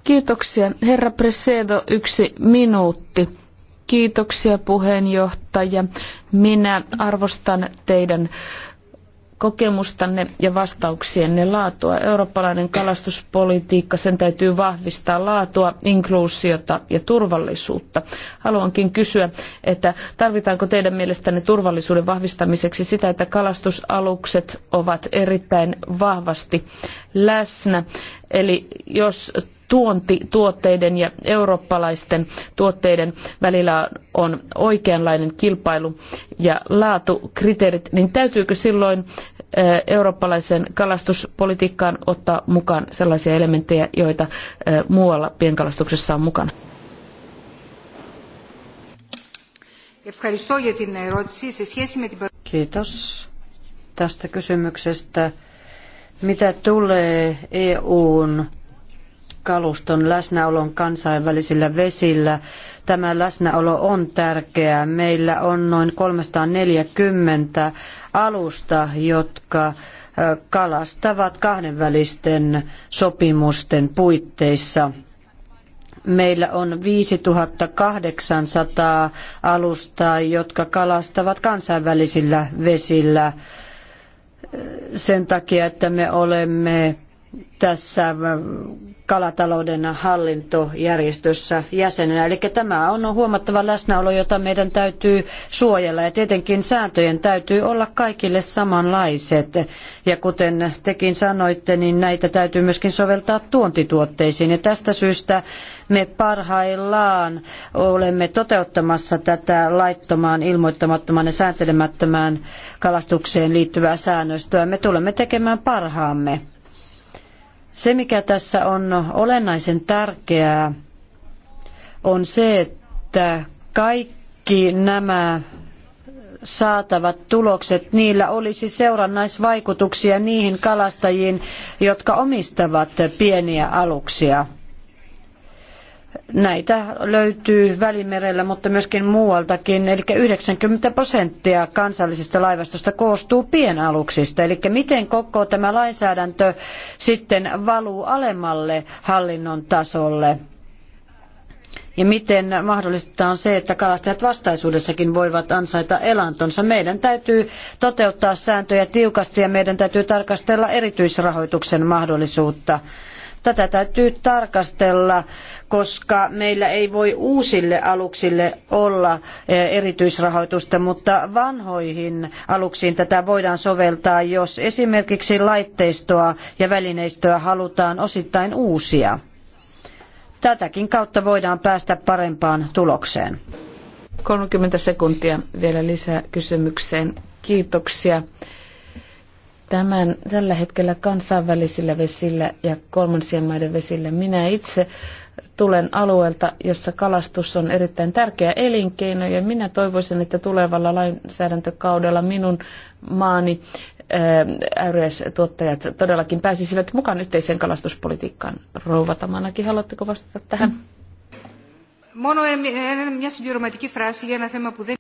Kiitoksia. Herra Presedo, yksi minuutti. Kiitoksia puheenjohtaja. Minä arvostan teidän kokemustanne ja vastauksienne laatua. Eurooppalainen kalastuspolitiikka, sen täytyy vahvistaa laatua, inkluusiota ja turvallisuutta. Haluankin kysyä, että tarvitaanko teidän mielestänne turvallisuuden vahvistamiseksi sitä, että kalastusalukset ovat erittäin vahvasti läsnä. Eli jos tuontituotteiden ja eurooppalaisten tuotteiden välillä on oikeanlainen kilpailu ja laatukriteerit, niin täytyykö silloin eh, eurooppalaiseen kalastuspolitiikkaan ottaa mukaan sellaisia elementtejä, joita eh, muualla pienkalastuksessa on mukana? Kiitos tästä kysymyksestä. Mitä tulee EUn kaluston läsnäolon kansainvälisillä vesillä. Tämä läsnäolo on tärkeää. Meillä on noin 340 alusta, jotka kalastavat kahdenvälisten sopimusten puitteissa. Meillä on 5800 alusta, jotka kalastavat kansainvälisillä vesillä sen takia, että me olemme tässä kalatalouden hallintojärjestössä jäsenenä. Eli tämä on huomattava läsnäolo, jota meidän täytyy suojella. Ja tietenkin sääntöjen täytyy olla kaikille samanlaiset. Ja kuten tekin sanoitte, niin näitä täytyy myöskin soveltaa tuontituotteisiin. Ja tästä syystä me parhaillaan olemme toteuttamassa tätä laittomaan, ilmoittamattomaan ja sääntelemättömään kalastukseen liittyvää säännöstöä. Me tulemme tekemään parhaamme. Se, mikä tässä on olennaisen tärkeää, on se, että kaikki nämä saatavat tulokset, niillä olisi seurannaisvaikutuksia niihin kalastajiin, jotka omistavat pieniä aluksia. Näitä löytyy Välimerellä, mutta myöskin muualtakin. Eli 90 prosenttia kansallisesta laivastosta koostuu pienaluksista. Eli miten koko tämä lainsäädäntö sitten valuu alemmalle hallinnon tasolle? ja miten mahdollistetaan se, että kalastajat vastaisuudessakin voivat ansaita elantonsa. Meidän täytyy toteuttaa sääntöjä tiukasti ja meidän täytyy tarkastella erityisrahoituksen mahdollisuutta. Tätä täytyy tarkastella, koska meillä ei voi uusille aluksille olla e, erityisrahoitusta, mutta vanhoihin aluksiin tätä voidaan soveltaa, jos esimerkiksi laitteistoa ja välineistöä halutaan osittain uusia. Tätäkin kautta voidaan päästä parempaan tulokseen. 30 sekuntia vielä lisää kysymykseen. Kiitoksia tämän, tällä hetkellä kansainvälisillä vesillä ja kolmansien maiden vesillä. Minä itse tulen alueelta, jossa kalastus on erittäin tärkeä elinkeino ja minä toivoisin, että tulevalla lainsäädäntökaudella minun maani äyreistuottajat todellakin pääsisivät mukaan yhteiseen kalastuspolitiikkaan. Rouva Tamanakin, haluatteko vastata tähän? Mm. Μόνο μια συμπληρωματική φράση για ένα θέμα που δεν...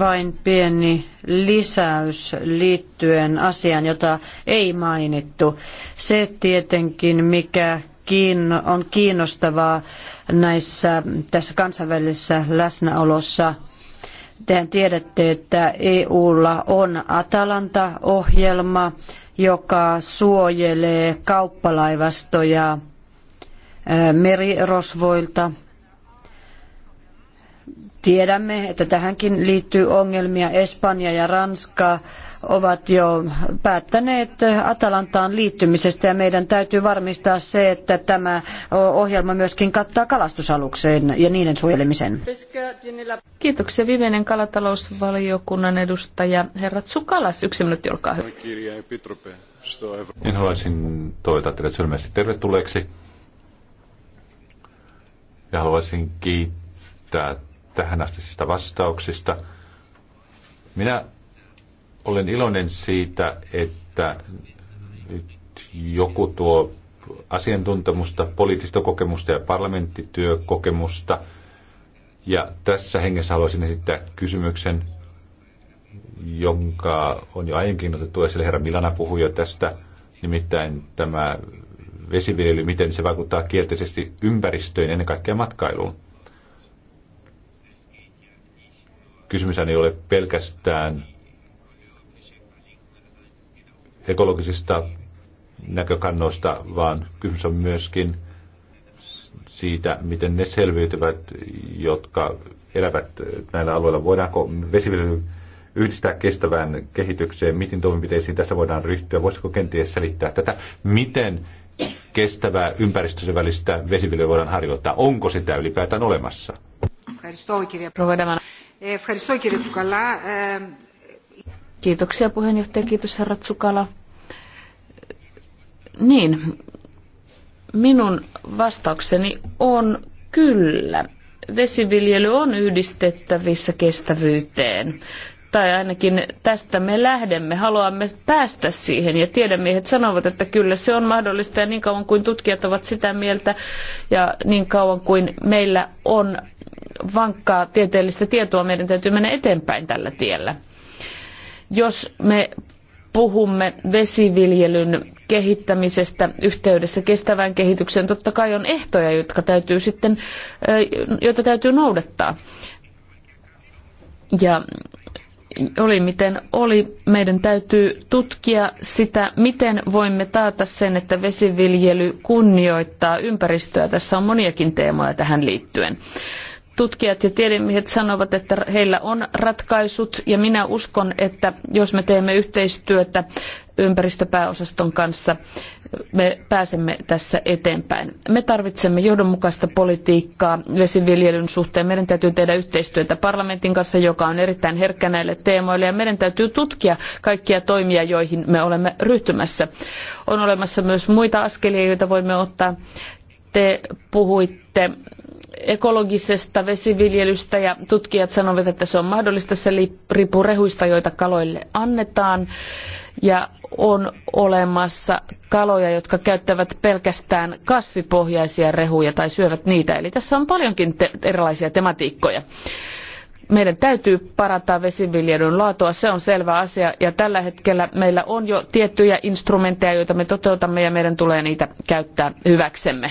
Vain pieni lisäys liittyen asiaan, jota ei mainittu. Se tietenkin, mikä on kiinnostavaa näissä, tässä kansainvälisessä läsnäolossa, Tehän tiedätte, että EUlla on Atalanta-ohjelma, joka suojelee kauppalaivastoja merirosvoilta – Tiedämme, että tähänkin liittyy ongelmia. Espanja ja Ranska ovat jo päättäneet Atalantaan liittymisestä ja meidän täytyy varmistaa se, että tämä ohjelma myöskin kattaa kalastusalukseen ja niiden suojelemisen. Kiitoksia. Viimeinen kalatalousvaliokunnan edustaja herra Tsukalas. Yksi minuutti, olkaa hyvä. haluaisin toivottaa teidät sylmästi tervetulleeksi ja haluaisin kiittää tähän asti sitä vastauksista. Minä olen iloinen siitä, että nyt joku tuo asiantuntemusta, poliittista kokemusta ja parlamenttityökokemusta. Ja tässä hengessä haluaisin esittää kysymyksen, jonka on jo aiemmin otettu esille. Herra Milana puhui jo tästä, nimittäin tämä vesiviljely, miten se vaikuttaa kielteisesti ympäristöön, ennen kaikkea matkailuun. Kysymys ei ole pelkästään ekologisista näkökannoista, vaan kysymys on myöskin siitä, miten ne selviytyvät, jotka elävät näillä alueilla. Voidaanko vesiviljely yhdistää kestävään kehitykseen, miten toimenpiteisiin tässä voidaan ryhtyä, voisiko kenties selittää tätä, miten kestävää ympäristönsä vesiviljelyä voidaan harjoittaa, onko sitä ylipäätään olemassa? Ευχαριστώ κύριε Τσουκαλά. Kiitoksia puheenjohtaja, kiitos herra Tsukala. Niin, minun vastaukseni on kyllä. Vesiviljely on yhdistettävissä kestävyyteen. Tai ainakin tästä me lähdemme, haluamme päästä siihen. Ja tiedemiehet sanovat, että kyllä se on mahdollista ja niin kauan kuin tutkijat ovat sitä mieltä ja niin kauan kuin meillä on vankkaa tieteellistä tietoa, meidän täytyy mennä eteenpäin tällä tiellä. Jos me puhumme vesiviljelyn kehittämisestä yhteydessä kestävään kehitykseen, totta kai on ehtoja, jotka täytyy sitten, joita täytyy noudattaa. Ja oli miten oli, meidän täytyy tutkia sitä, miten voimme taata sen, että vesiviljely kunnioittaa ympäristöä. Tässä on moniakin teemoja tähän liittyen tutkijat ja tiedemiehet sanovat, että heillä on ratkaisut ja minä uskon, että jos me teemme yhteistyötä ympäristöpääosaston kanssa, me pääsemme tässä eteenpäin. Me tarvitsemme johdonmukaista politiikkaa vesiviljelyn suhteen. Meidän täytyy tehdä yhteistyötä parlamentin kanssa, joka on erittäin herkkä näille teemoille, ja meidän täytyy tutkia kaikkia toimia, joihin me olemme ryhtymässä. On olemassa myös muita askelia, joita voimme ottaa. Te puhuitte ekologisesta vesiviljelystä ja tutkijat sanovat, että se on mahdollista. Se riippuu rehuista, joita kaloille annetaan ja on olemassa kaloja, jotka käyttävät pelkästään kasvipohjaisia rehuja tai syövät niitä. Eli tässä on paljonkin te erilaisia tematiikkoja. Meidän täytyy parantaa vesiviljelyn laatua, se on selvä asia, ja tällä hetkellä meillä on jo tiettyjä instrumentteja, joita me toteutamme, ja meidän tulee niitä käyttää hyväksemme.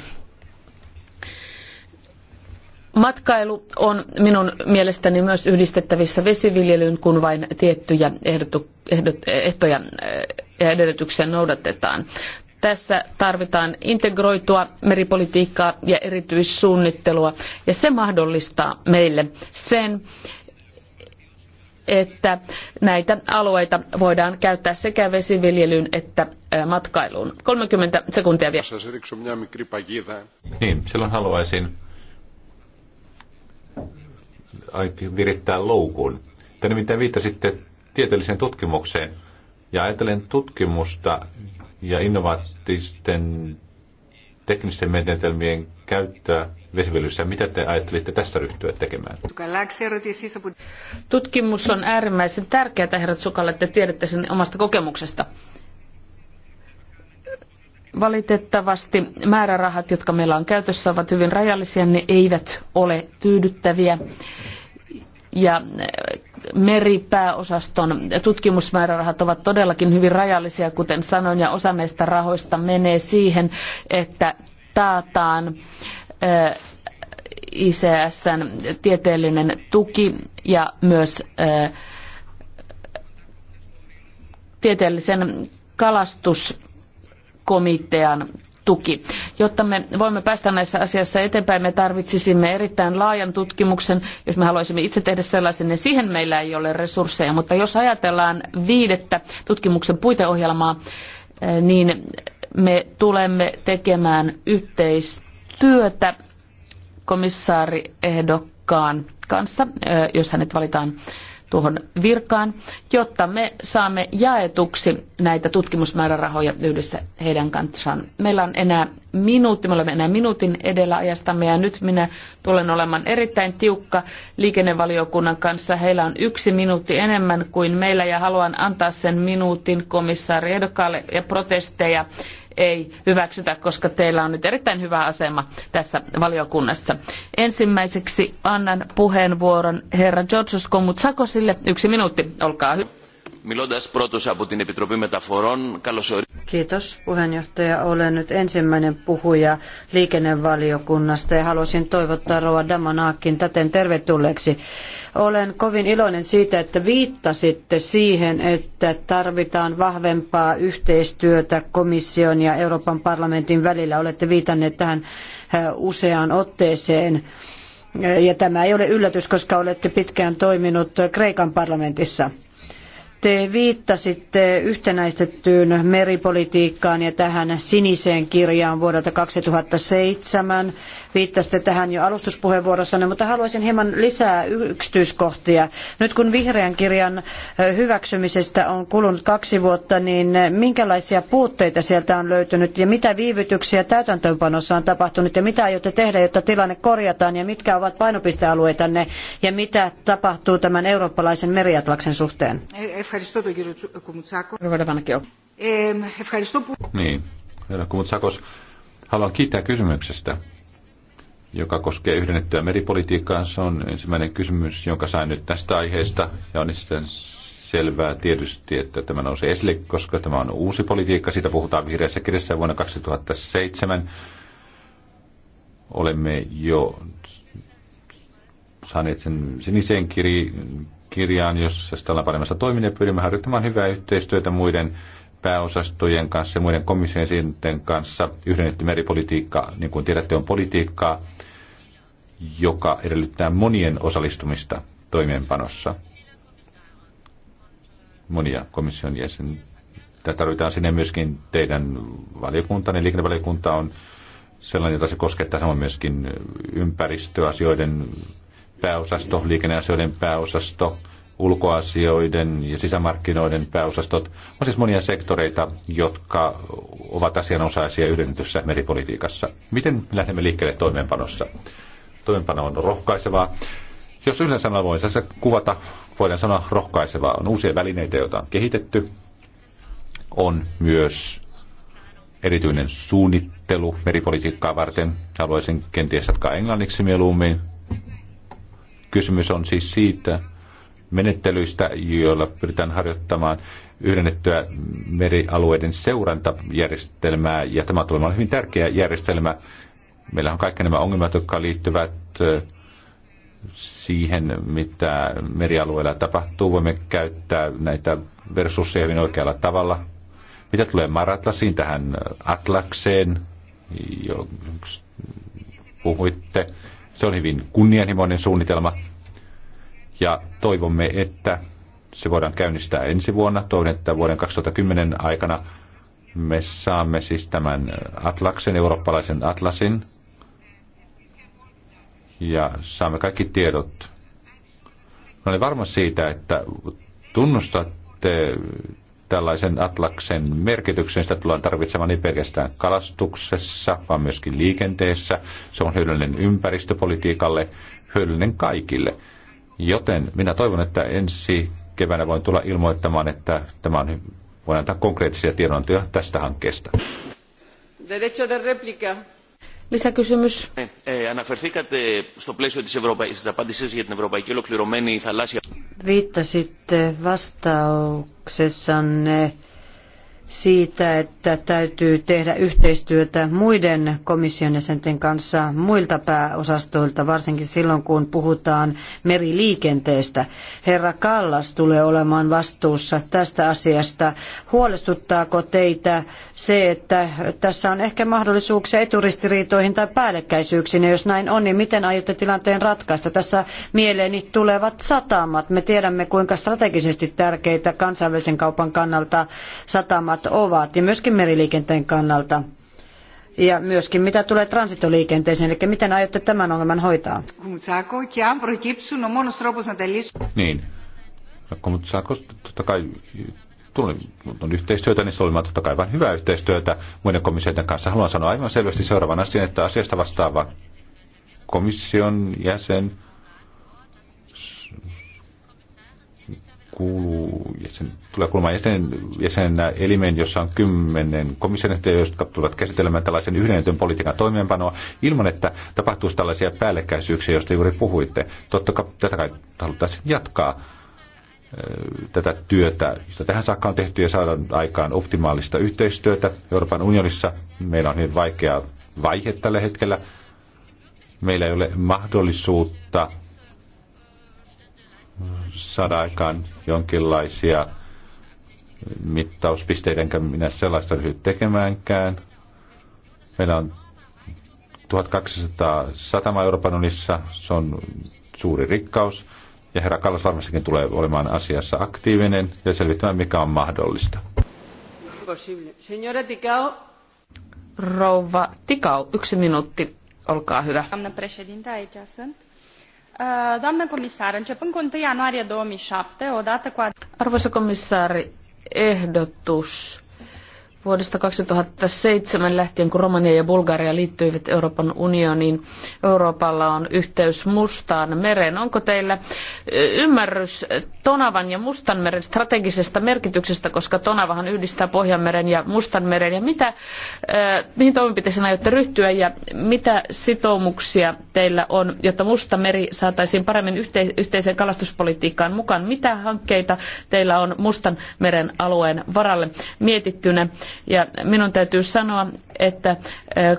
Matkailu on minun mielestäni myös yhdistettävissä vesiviljelyyn, kun vain tiettyjä ehdotu, ehdot, ehtoja eh, ja edellytyksiä noudatetaan. Tässä tarvitaan integroitua meripolitiikkaa ja erityissuunnittelua, ja se mahdollistaa meille sen, että näitä alueita voidaan käyttää sekä vesiviljelyyn että eh, matkailuun. 30 sekuntia vielä. Niin, silloin haluaisin virittää loukun. Te nimittäin viittasitte tieteelliseen tutkimukseen. Ja ajatellen tutkimusta ja innovaattisten teknisten menetelmien käyttöä vesiviljelyssä. Mitä te ajattelitte tässä ryhtyä tekemään? Tutkimus on äärimmäisen tärkeää, herrat sukalle, että tiedätte sen omasta kokemuksesta. Valitettavasti määrärahat, jotka meillä on käytössä, ovat hyvin rajallisia, ne eivät ole tyydyttäviä. Ja meripääosaston tutkimusmäärärahat ovat todellakin hyvin rajallisia, kuten sanoin, ja osa näistä rahoista menee siihen, että taataan ICSn tieteellinen tuki ja myös tieteellisen kalastus komitean tuki. Jotta me voimme päästä näissä asiassa eteenpäin, me tarvitsisimme erittäin laajan tutkimuksen. Jos me haluaisimme itse tehdä sellaisen, niin siihen meillä ei ole resursseja. Mutta jos ajatellaan viidettä tutkimuksen puiteohjelmaa, eh, niin me tulemme tekemään yhteistyötä komissaariehdokkaan kanssa, eh, jos hänet valitaan tuohon virkaan, jotta me saamme jaetuksi näitä tutkimusmäärärahoja yhdessä heidän kanssaan. Meillä on enää minuutti, me olemme enää minuutin edellä ajastamme ja nyt minä tulen olemaan erittäin tiukka liikennevaliokunnan kanssa. Heillä on yksi minuutti enemmän kuin meillä ja haluan antaa sen minuutin komissaari ehdokkaalle ja protesteja ei hyväksytä, koska teillä on nyt erittäin hyvä asema tässä valiokunnassa. Ensimmäiseksi annan puheenvuoron herra Georgios Komutsakosille. Yksi minuutti, olkaa hyvä. Μιλώντας πρώτος από την Επιτροπή Μεταφορών, puheenjohtaja. Olen nyt ensimmäinen puhuja liikennevaliokunnasta ja haluaisin toivottaa Roa Damanaakin täten tervetulleeksi. Olen kovin iloinen siitä, että viittasitte siihen, että tarvitaan vahvempaa yhteistyötä komission ja Euroopan parlamentin välillä. Olette viitanneet tähän eh, useaan otteeseen. Eh, ja tämä ei ole yllätys, koska olette pitkään toiminut Kreikan parlamentissa. Te viittasitte yhtenäistettyyn meripolitiikkaan ja tähän siniseen kirjaan vuodelta 2007. Viittasitte tähän jo alustuspuheenvuorossanne, mutta haluaisin hieman lisää yksityiskohtia. Nyt kun vihreän kirjan hyväksymisestä on kulunut kaksi vuotta, niin minkälaisia puutteita sieltä on löytynyt ja mitä viivytyksiä täytäntöönpanossa on tapahtunut ja mitä aiotte tehdä, jotta tilanne korjataan ja mitkä ovat painopistealueitanne ja mitä tapahtuu tämän eurooppalaisen meriatlaksen suhteen? Ευχαριστώ τον κύριο Κουμουτσάκο. Ε, ευχαριστώ που... Niin, herra Kumutsakos, haluan kiittää kysymyksestä, joka koskee yhdennettyä meripolitiikkaa. Se on ensimmäinen kysymys, jonka sain nyt tästä aiheesta, ja on sitten selvää tietysti, että tämä nousee esille, koska tämä on uusi politiikka. Siitä puhutaan vihreässä kirjassa vuonna 2007. Olemme jo saaneet sen siniseen kirjan kirjaan, jossa ollaan paremmassa toiminnan ja pyrimme harjoittamaan hyvää yhteistyötä muiden pääosastojen kanssa ja muiden komission kanssa. Yhdennetty meripolitiikka, niin kuin tiedätte, on politiikkaa, joka edellyttää monien osallistumista toimeenpanossa. Monia komission jäsen. Tätä tarvitaan sinne myöskin teidän valiokuntanne. Liikennevaliokunta on sellainen, jota se koskettaa samoin myöskin ympäristöasioiden pääosasto, liikenneasioiden pääosasto, ulkoasioiden ja sisämarkkinoiden pääosastot. On siis monia sektoreita, jotka ovat asianosaisia yhdennetyssä meripolitiikassa. Miten lähdemme liikkeelle toimeenpanossa? Toimeenpano on rohkaisevaa. Jos yhden sanalla voin tässä kuvata, voidaan sanoa rohkaisevaa. On uusia välineitä, joita on kehitetty. On myös erityinen suunnittelu meripolitiikkaa varten. Haluaisin kenties jatkaa englanniksi mieluummin. Kysymys on siis siitä menettelyistä, joilla pyritään harjoittamaan yhdennettyä merialueiden seurantajärjestelmää, ja tämä tulee olemaan hyvin tärkeä järjestelmä. Meillä on kaikki nämä ongelmat, jotka liittyvät siihen, mitä merialueella tapahtuu. Voimme käyttää näitä resursseja hyvin oikealla tavalla. Mitä tulee Maratlasiin, tähän Atlakseen, jo puhuitte, se on hyvin kunnianhimoinen suunnitelma ja toivomme, että se voidaan käynnistää ensi vuonna. Toivon, että vuoden 2010 aikana me saamme siis tämän Atlaksen, eurooppalaisen Atlasin, ja saamme kaikki tiedot. Mä olen varma siitä, että tunnustatte tällaisen atlaksen merkityksen. Sitä tullaan tarvitsemaan niin pelkästään kalastuksessa, vaan myöskin liikenteessä. Se on hyödyllinen ympäristöpolitiikalle, hyödyllinen kaikille. Joten minä toivon, että ensi keväänä voin tulla ilmoittamaan, että tämä on, voin antaa konkreettisia tiedontoja tästä hankkeesta. Derecho de réplica. Lisäkysymys. Αναφερθήκατε στο πλαίσιο της, Ευρωπα... της απάντησης για την ευρωπαϊκή ολοκληρωμένη θαλάσσια. Viittasitte vastauksessanne siitä, että täytyy tehdä yhteistyötä muiden komission jäsenten kanssa muilta pääosastoilta, varsinkin silloin kun puhutaan meriliikenteestä. Herra Kallas tulee olemaan vastuussa tästä asiasta. Huolestuttaako teitä se, että tässä on ehkä mahdollisuuksia eturistiriitoihin tai päällekkäisyyksiin, ja jos näin on, niin miten aiotte tilanteen ratkaista? Tässä mieleeni tulevat satamat. Me tiedämme, kuinka strategisesti tärkeitä kansainvälisen kaupan kannalta satamat ongelmat ovat ja myöskin meriliikenteen kannalta. Ja myöskin mitä tulee transitoliikenteeseen, eli miten aiotte tämän ongelman hoitaa? No niin. totta kai on yhteistyötä, niin se oli totta kai vain hyvää yhteistyötä muiden komissioiden kanssa. Haluan sanoa aivan selvästi seuraavan asian, että asiasta vastaava komission jäsen kuuluu jäsen, tulee kuulemaan jäsen, jäsenenä elimen, jossa on kymmenen komission jotka tulevat käsittelemään tällaisen yhdennetyn politiikan toimeenpanoa ilman, että tapahtuisi tällaisia päällekkäisyyksiä, joista juuri puhuitte. Totta kai tätä kai haluttaisiin jatkaa tätä työtä, jota tähän saakka on tehty ja saada aikaan optimaalista yhteistyötä Euroopan unionissa. Meillä on hyvin vaikea vaihe tällä hetkellä. Meillä ei ole mahdollisuutta saada aikaan jonkinlaisia mittauspisteitä, enkä minä sellaista ryhdy tekemäänkään. Meillä on 1200 satama Euroopan unissa, se on suuri rikkaus, ja herra Kallas varmastikin tulee olemaan asiassa aktiivinen ja selvittämään, mikä on mahdollista. Rouva Tikau, yksi minuutti, olkaa hyvä. 2007, uh, Arvoisa komissaari, ehdotus Vuodesta 2007 lähtien, kun Romania ja Bulgaria liittyivät Euroopan unioniin, Euroopalla on yhteys Mustaan mereen. Onko teillä ymmärrys Tonavan ja Mustanmeren strategisesta merkityksestä, koska Tonavahan yhdistää Pohjanmeren ja Mustanmeren? Ja mitä, mihin toimenpiteisiin aiotte ryhtyä ja mitä sitoumuksia teillä on, jotta Mustameri saataisiin paremmin yhteiseen kalastuspolitiikkaan mukaan? Mitä hankkeita teillä on Mustanmeren alueen varalle mietittynä? Ja minun täytyy sanoa, että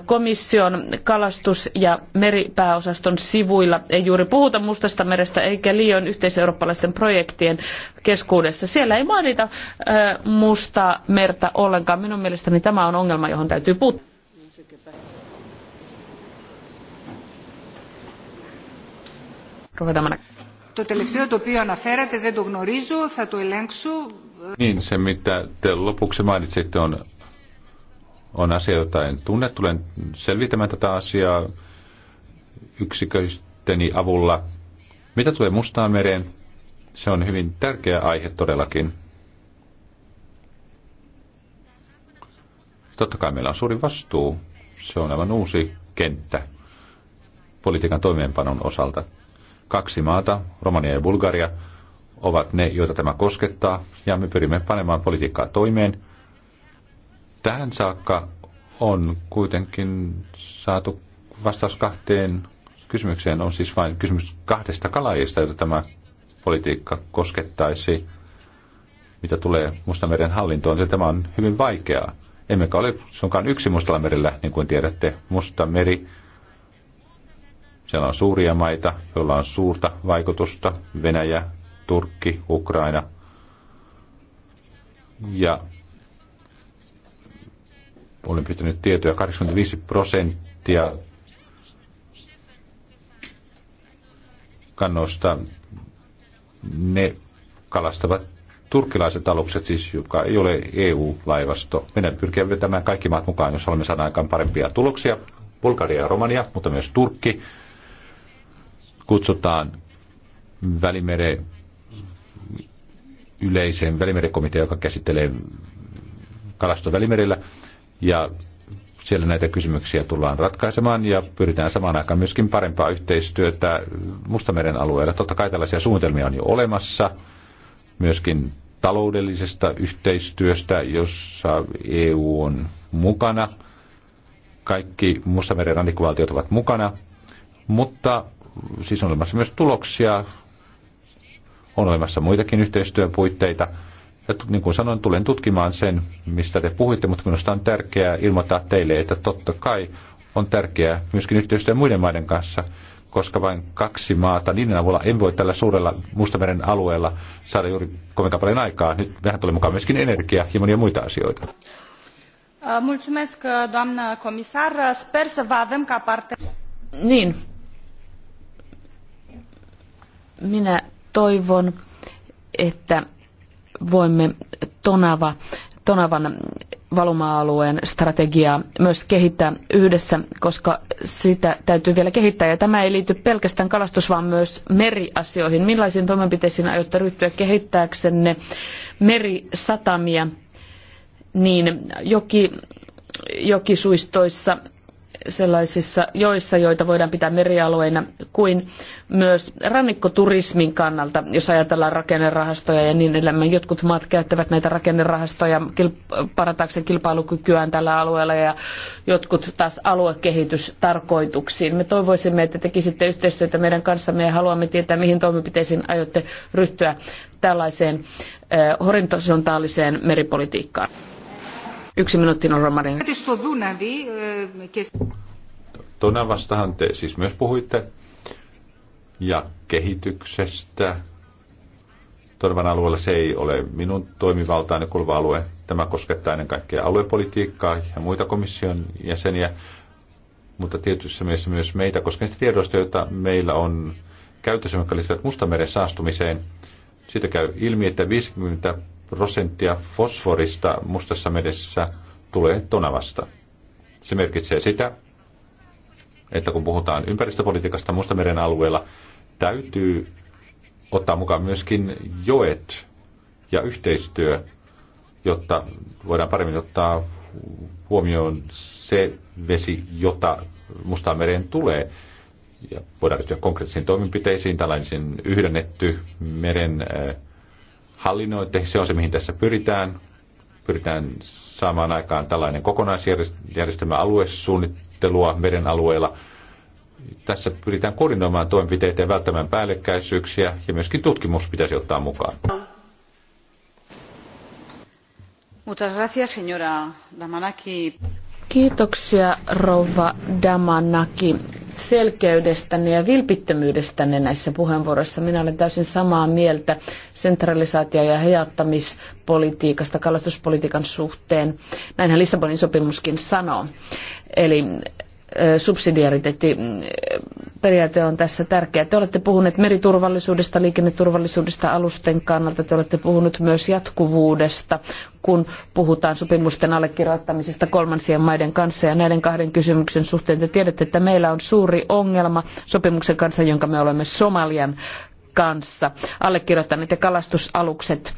komission kalastus- ja meripääosaston sivuilla ei juuri puhuta Mustasta merestä eikä liioin yhteiseurooppalaisten projektien keskuudessa. Siellä ei mainita mustaa merta ollenkaan. Minun mielestäni tämä on ongelma, johon täytyy puuttua. Το τελευταίο το οποίο αναφέρατε δεν το γνωρίζω, θα το ελέγξω. Niin, se mitä te lopuksi mainitsitte on, on asia, jota en tunne. Tulen selvitämään tätä asiaa yksiköisteni avulla. Mitä tulee Mustaan mereen? Se on hyvin tärkeä aihe todellakin. Totta kai meillä on suuri vastuu. Se on aivan uusi kenttä politiikan toimeenpanon osalta. Kaksi maata, Romania ja Bulgaria, ovat ne, joita tämä koskettaa, ja me pyrimme panemaan politiikkaa toimeen. Tähän saakka on kuitenkin saatu vastaus kahteen kysymykseen. On siis vain kysymys kahdesta kalajista, joita tämä politiikka koskettaisi, mitä tulee Mustameren hallintoon. Ja tämä on hyvin vaikeaa. Emmekä ole sunkaan yksi Mustalla merellä, niin kuin tiedätte. Musta meri, siellä on suuria maita, joilla on suurta vaikutusta. Venäjä, Turkki, Ukraina. Ja olen pitänyt tietoja, 85 prosenttia kannoista ne kalastavat turkkilaiset alukset, siis joka ei ole EU-laivasto. Meidän pyrkiä vetämään kaikki maat mukaan, jos olemme saaneet aikaan parempia tuloksia. Bulgaria ja Romania, mutta myös Turkki kutsutaan Välimeren Yleisen välimerikomitea, joka käsittelee kalastoa välimerillä. Ja siellä näitä kysymyksiä tullaan ratkaisemaan ja pyritään samaan aikaan myöskin parempaa yhteistyötä Mustameren alueella. Totta kai tällaisia suunnitelmia on jo olemassa, myöskin taloudellisesta yhteistyöstä, jossa EU on mukana. Kaikki Mustameren rannikkovaltiot ovat mukana, mutta siis on olemassa myös tuloksia on olemassa muitakin yhteistyöpuitteita. Ja niin kuin sanoin, tulen tutkimaan sen, mistä te puhuitte, mutta minusta on tärkeää ilmoittaa teille, että totta kai on tärkeää myöskin yhteistyö muiden maiden kanssa, koska vain kaksi maata, niiden avulla en voi tällä suurella Mustameren alueella saada juuri kovinkaan paljon aikaa. Nyt vähän tulee mukaan myöskin energia ja monia muita asioita. Niin. Minä toivon, että voimme Tonava, Tonavan valuma-alueen strategiaa myös kehittää yhdessä, koska sitä täytyy vielä kehittää. Ja tämä ei liity pelkästään kalastus, vaan myös meriasioihin. Millaisiin toimenpiteisiin aiotte ryhtyä kehittääksenne merisatamia niin joki, jokisuistoissa sellaisissa joissa, joita voidaan pitää merialueina, kuin myös rannikkoturismin kannalta, jos ajatellaan rakennerahastoja ja niin edelleen. Jotkut maat käyttävät näitä rakennerahastoja parantaakseen kilpailukykyään tällä alueella ja jotkut taas aluekehitystarkoituksiin. Me toivoisimme, että tekisitte yhteistyötä meidän kanssamme ja haluamme tietää, mihin toimenpiteisiin aiotte ryhtyä tällaiseen eh, horisontaaliseen meripolitiikkaan. Yksi minuutti on romanen. Tonavastahan te siis myös puhuitte ja kehityksestä. Torvan alueella se ei ole minun toimivaltaani kuuluva alue. Tämä koskettaa ennen kaikkea aluepolitiikkaa ja muita komission jäseniä, mutta tietyissä mielessä myös meitä, koska tiedoista, joita meillä on käytössä, jotka liittyvät Mustameren saastumiseen, siitä käy ilmi, että 50 prosenttia fosforista mustassa meressä tulee tonavasta. Se merkitsee sitä, että kun puhutaan ympäristöpolitiikasta Mustameren alueella, täytyy ottaa mukaan myöskin joet ja yhteistyö, jotta voidaan paremmin ottaa huomioon se vesi, jota Mustaan mereen tulee. Ja voidaan ryhtyä konkreettisiin toimenpiteisiin, tällaisiin yhdennetty meren äh, hallinnoitte, se on se, mihin tässä pyritään. Pyritään saamaan aikaan tällainen kokonaisjärjestelmä aluesuunnittelua meren alueella. Tässä pyritään koordinoimaan toimenpiteitä ja välttämään päällekkäisyyksiä ja myöskin tutkimus pitäisi ottaa mukaan. Muchas gracias, señora Damanaki. Kiitoksia, rouva Damanaki selkeydestänne ja vilpittömyydestänne näissä puheenvuoroissa. Minä olen täysin samaa mieltä sentralisaatio- ja hajauttamispolitiikasta kalastuspolitiikan suhteen. Näinhän Lissabonin sopimuskin sanoo. Eli Mm, periaate on tässä tärkeä. Te olette puhuneet meriturvallisuudesta, liikenneturvallisuudesta alusten kannalta. Te olette puhunut myös jatkuvuudesta, kun puhutaan sopimusten allekirjoittamisesta kolmansien maiden kanssa. Ja näiden kahden kysymyksen suhteen te tiedätte, että meillä on suuri ongelma sopimuksen kanssa, jonka me olemme Somalian kanssa allekirjoittaneet ja kalastusalukset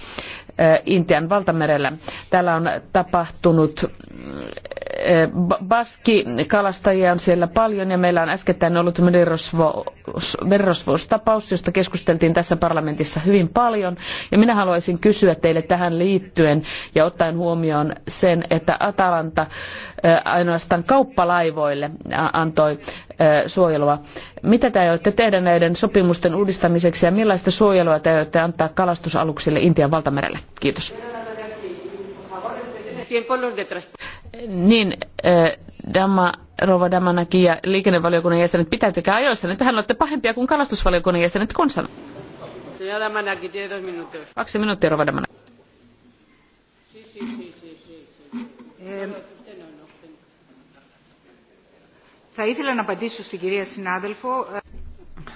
Intian valtamerellä. Täällä on tapahtunut mm, Baskikalastajia on siellä paljon ja meillä on äskettäin ollut Merosvos-tapaus, josta keskusteltiin tässä parlamentissa hyvin paljon. Ja minä haluaisin kysyä teille tähän liittyen ja ottaen huomioon sen, että Atalanta ainoastaan kauppalaivoille antoi suojelua. Mitä te aiotte tehdä näiden sopimusten uudistamiseksi ja millaista suojelua te aiotte antaa kalastusaluksille Intian valtamerelle? Kiitos. Niin, äh, Dama, Rova Damanaki ja liikennevaliokunnan jäsenet, pitäytykää ajoissa, että hän olette pahempia kuin kalastusvaliokunnan jäsenet konsana. Kaksi minuuttia, Rova Damanaki.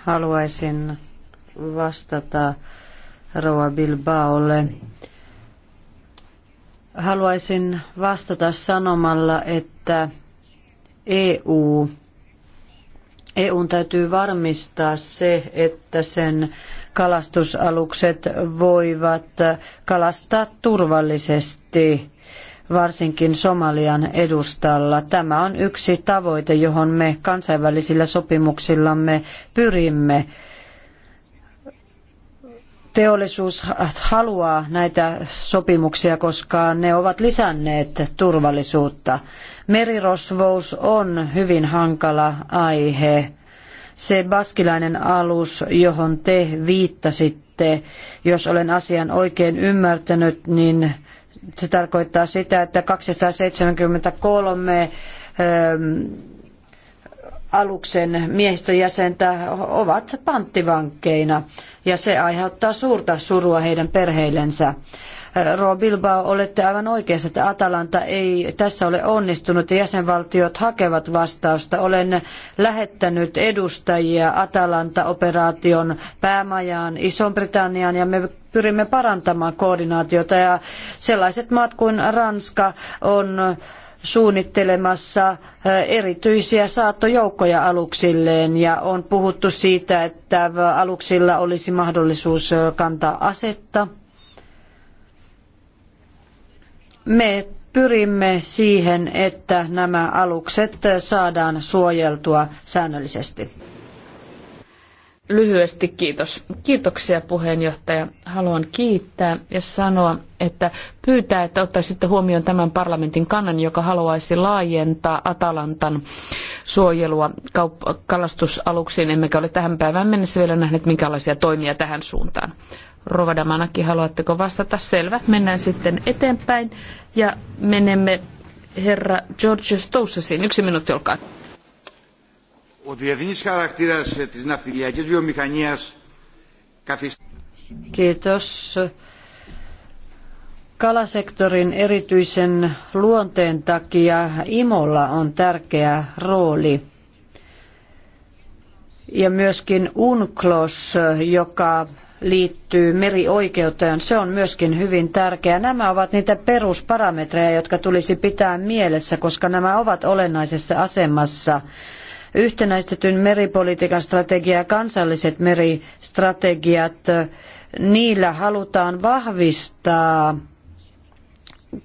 Haluaisin vastata Roa Bilbaolle. Haluaisin vastata sanomalla, että EU, EUn täytyy varmistaa se, että sen kalastusalukset voivat kalastaa turvallisesti varsinkin Somalian edustalla. Tämä on yksi tavoite, johon me kansainvälisillä sopimuksillamme pyrimme teollisuus haluaa näitä sopimuksia, koska ne ovat lisänneet turvallisuutta. Merirosvous on hyvin hankala aihe. Se baskilainen alus, johon te viittasitte, jos olen asian oikein ymmärtänyt, niin se tarkoittaa sitä, että 273 ähm, aluksen miehistöjäsentä ovat panttivankkeina ja se aiheuttaa suurta surua heidän perheillensä. Roa Bilbao, olette aivan oikeassa, että Atalanta ei tässä ole onnistunut ja jäsenvaltiot hakevat vastausta. Olen lähettänyt edustajia Atalanta-operaation päämajaan Iso-Britanniaan ja me pyrimme parantamaan koordinaatiota ja sellaiset maat kuin Ranska on suunnittelemassa erityisiä saattojoukkoja aluksilleen ja on puhuttu siitä, että aluksilla olisi mahdollisuus kantaa asetta. Me pyrimme siihen, että nämä alukset saadaan suojeltua säännöllisesti lyhyesti kiitos. Kiitoksia puheenjohtaja. Haluan kiittää ja sanoa, että pyytää, että ottaisitte huomioon tämän parlamentin kannan, joka haluaisi laajentaa Atalantan suojelua kaup- kalastusaluksiin. Emmekä ole tähän päivään mennessä vielä nähneet minkälaisia toimia tähän suuntaan. Rovadamanaki, haluatteko vastata? Selvä. Mennään sitten eteenpäin ja menemme herra George Stousasiin. Yksi minuutti, olkaa ο διεθνής χαρακτήρας της ναυτιλιακής βιομηχανίας καθιστά... Kalasektorin erityisen luonteen takia Imolla on tärkeä rooli. Ja myöskin UNCLOS, joka liittyy merioikeuteen, se on myöskin hyvin tärkeä. Nämä ovat niitä perusparametreja, jotka tulisi pitää mielessä, koska nämä ovat olennaisessa asemassa yhtenäistetyn meripolitiikan strategia ja kansalliset meristrategiat, niillä halutaan vahvistaa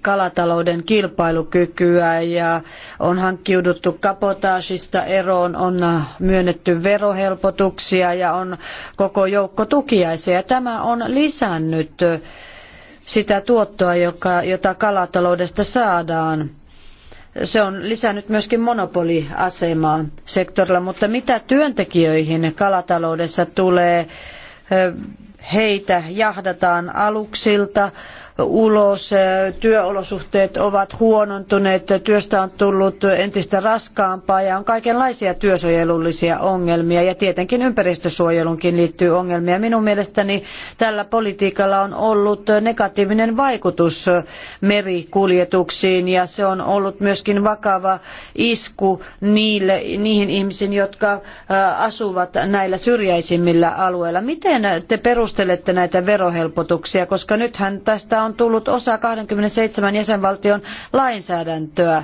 kalatalouden kilpailukykyä ja on hankkiuduttu kapotaasista eroon, on myönnetty verohelpotuksia ja on koko joukko tukiaisia. Tämä on lisännyt sitä tuottoa, joka, jota kalataloudesta saadaan se on lisännyt myöskin monopoliasemaa sektorilla, mutta mitä työntekijöihin kalataloudessa tulee, heitä jahdataan aluksilta, ulos, työolosuhteet ovat huonontuneet, työstä on tullut entistä raskaampaa ja on kaikenlaisia työsuojelullisia ongelmia ja tietenkin ympäristösuojelunkin liittyy ongelmia. Minun mielestäni tällä politiikalla on ollut negatiivinen vaikutus merikuljetuksiin ja se on ollut myöskin vakava isku niille, niihin ihmisiin, jotka asuvat näillä syrjäisimmillä alueilla. Miten te perustelette näitä verohelpotuksia, koska nythän tästä on on tullut osa 27 jäsenvaltion lainsäädäntöä.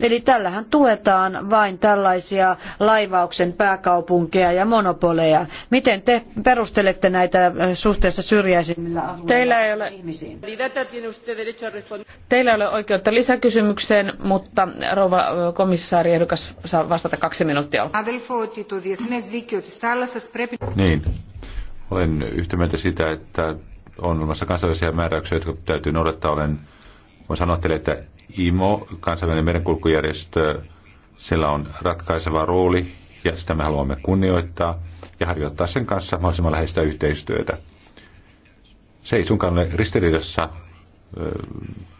Eli tällähän tuetaan vain tällaisia laivauksen pääkaupunkeja ja monopoleja. Miten te perustelette näitä suhteessa syrjäisimmillä alueilla Teillä ei ole... ihmisiin? Teillä ei ole oikeutta lisäkysymykseen, mutta rouva komissaari ehdokas saa vastata kaksi minuuttia. Niin, olen yhtä mieltä sitä, että on olemassa kansainvälisiä määräyksiä, jotka täytyy noudattaa. Olen, voin sanoa teille, että IMO, kansainvälinen merenkulkujärjestö, sillä on ratkaiseva rooli ja sitä me haluamme kunnioittaa ja harjoittaa sen kanssa mahdollisimman läheistä yhteistyötä. Se ei sunkaan ole ristiriidassa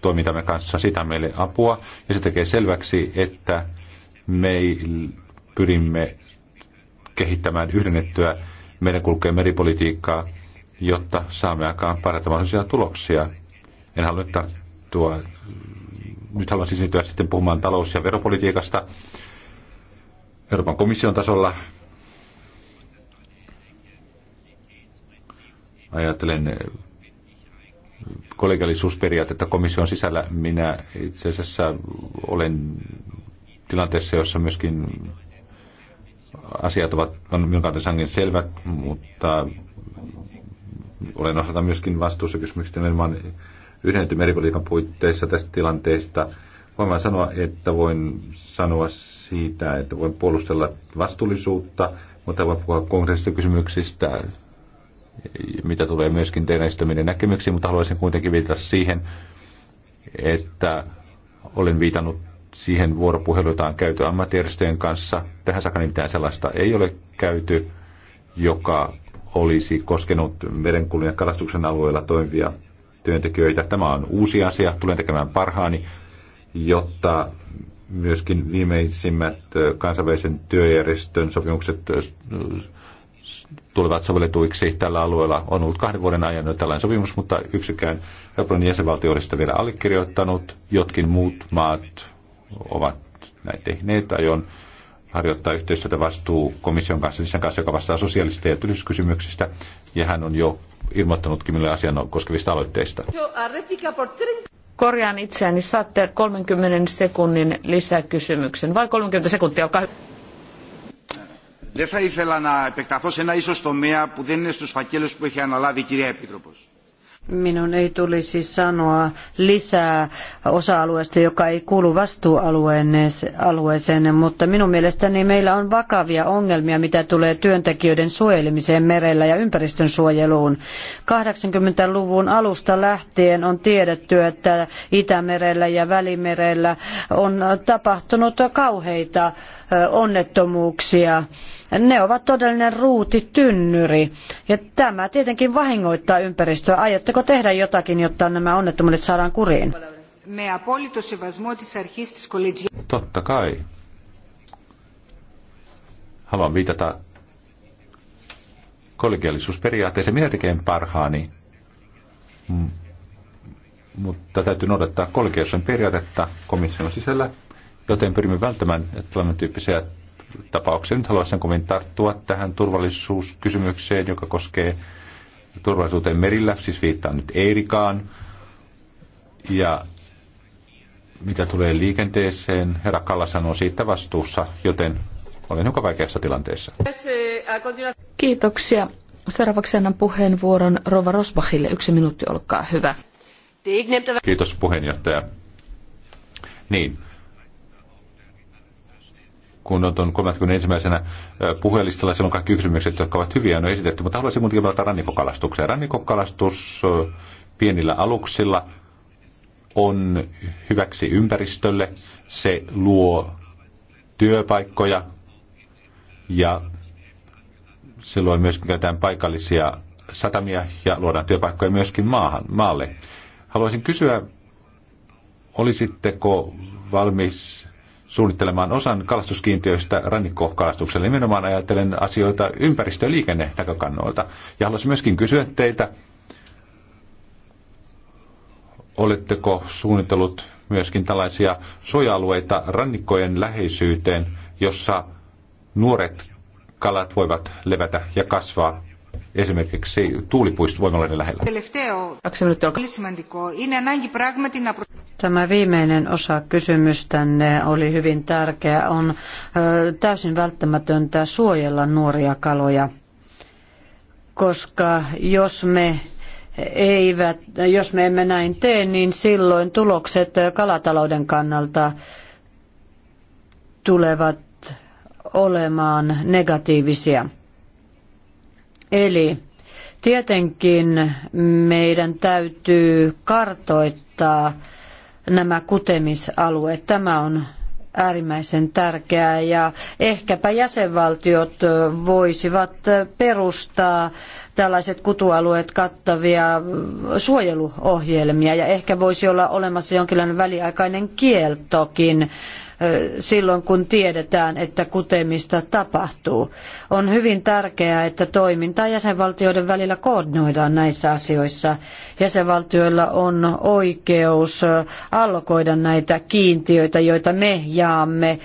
toimintamme kanssa, sitä meille apua ja se tekee selväksi, että me pyrimme kehittämään yhdennettyä kulkee meripolitiikkaa jotta saamme aikaan parhaita mahdollisia tuloksia. En halua nyt tarttua, nyt haluan siis siirtyä sitten puhumaan talous- ja veropolitiikasta Euroopan komission tasolla. Ajattelen eh, kollegiallisuusperiaatetta komission sisällä. Minä itse asiassa olen tilanteessa, jossa myöskin asiat ovat minun kannalta selvät, mutta olen osalta myöskin vastuussa kysymyksestä nimenomaan yhdennetyn meripolitiikan puitteissa tästä tilanteesta. Voin vain sanoa, että voin sanoa siitä, että voin puolustella vastuullisuutta, mutta voin puhua konkreettisista kysymyksistä, mitä tulee myöskin teidän esittäminen näkemyksiin, mutta haluaisin kuitenkin viitata siihen, että olen viitannut siihen vuoropuhelu, jota on käyty ammattijärjestöjen kanssa. Tähän saakka mitään sellaista ei ole käyty, joka olisi koskenut merenkulun ja kalastuksen alueella toimivia työntekijöitä. Tämä on uusi asia. Tulen tekemään parhaani, jotta myöskin viimeisimmät kansainvälisen työjärjestön sopimukset tulevat sovelletuiksi tällä alueella. On ollut kahden vuoden ajan tällainen sopimus, mutta yksikään Euroopan jäsenvaltioista vielä allekirjoittanut. Jotkin muut maat ovat näin tehneet. Aion harjoittaa yhteistyötä vastuu komission kanssa, sen kanssa, joka vastaa sosiaalista ja työllisyyskysymyksistä, ja hän on jo ilmoittanutkin minulle asian koskevista aloitteista. Korjaan itseäni, saatte 30 sekunnin lisäkysymyksen, vai 30 sekuntia, olkaa hyvä. Δεν θα ήθελα να επεκταθώ σε ένα ίσως τομέα που δεν είναι στους φακέλους που έχει αναλάβει η κυρία Επίτροπος. Minun ei tulisi sanoa lisää osa-alueesta, joka ei kuulu vastuualueeseen, mutta minun mielestäni meillä on vakavia ongelmia, mitä tulee työntekijöiden suojelemiseen merellä ja ympäristön suojeluun. 80-luvun alusta lähtien on tiedetty, että Itämerellä ja Välimerellä on tapahtunut kauheita onnettomuuksia. Ne ovat todellinen ruutitynnyri. Ja tämä tietenkin vahingoittaa ympäristöä. Aiotteko voitteko tehdä jotakin, jotta nämä onnettomuudet saadaan kuriin? Totta kai. Haluan viitata kollegiallisuusperiaatteeseen. Minä tekeen parhaani, mutta täytyy noudattaa kollegiallisuuden periaatetta komission sisällä, joten pyrimme välttämään tämän tyyppisiä tapauksia. Nyt haluaisin kovin tarttua tähän turvallisuuskysymykseen, joka koskee turvallisuuteen merillä, siis viittaan nyt Eirikaan. Ja mitä tulee liikenteeseen, herra Kalla sanoo siitä vastuussa, joten olen joka vaikeassa tilanteessa. Kiitoksia. Seuraavaksi annan puheenvuoron Rova Rosbachille. Yksi minuutti, olkaa hyvä. Kiitos puheenjohtaja. Niin, kun on ensimmäisenä puhelistalla, siellä on kaikki kysymykset, jotka ovat hyviä, on esitetty, mutta haluaisin kuitenkin palata rannikokalastukseen. Rannikokalastus pienillä aluksilla on hyväksi ympäristölle, se luo työpaikkoja ja se luo myöskin käytetään paikallisia satamia ja luodaan työpaikkoja myöskin maahan, maalle. Haluaisin kysyä, olisitteko valmis suunnittelemaan osan kalastuskiintiöistä rannikkokalastukselle. Nimenomaan ajattelen asioita ympäristö- ja liikennenäkökannoilta. Ja haluaisin myöskin kysyä teiltä, oletteko suunnitellut myöskin tällaisia suoja-alueita rannikkojen läheisyyteen, jossa nuoret kalat voivat levätä ja kasvaa esimerkiksi tuulipuistovoimaloiden lähellä. Tämä viimeinen osa kysymystänne oli hyvin tärkeä. On täysin välttämätöntä suojella nuoria kaloja, koska jos me eivät, jos me emme näin tee, niin silloin tulokset kalatalouden kannalta tulevat olemaan negatiivisia. Eli tietenkin meidän täytyy kartoittaa nämä kutemisalueet. Tämä on äärimmäisen tärkeää ja ehkäpä jäsenvaltiot voisivat perustaa tällaiset kutualueet kattavia suojeluohjelmia ja ehkä voisi olla olemassa jonkinlainen väliaikainen kieltokin silloin, kun tiedetään, että kutemista tapahtuu. On hyvin tärkeää, että toimintaa jäsenvaltioiden välillä koordinoidaan näissä asioissa. Jäsenvaltioilla on oikeus allokoida näitä kiintiöitä, joita me jaamme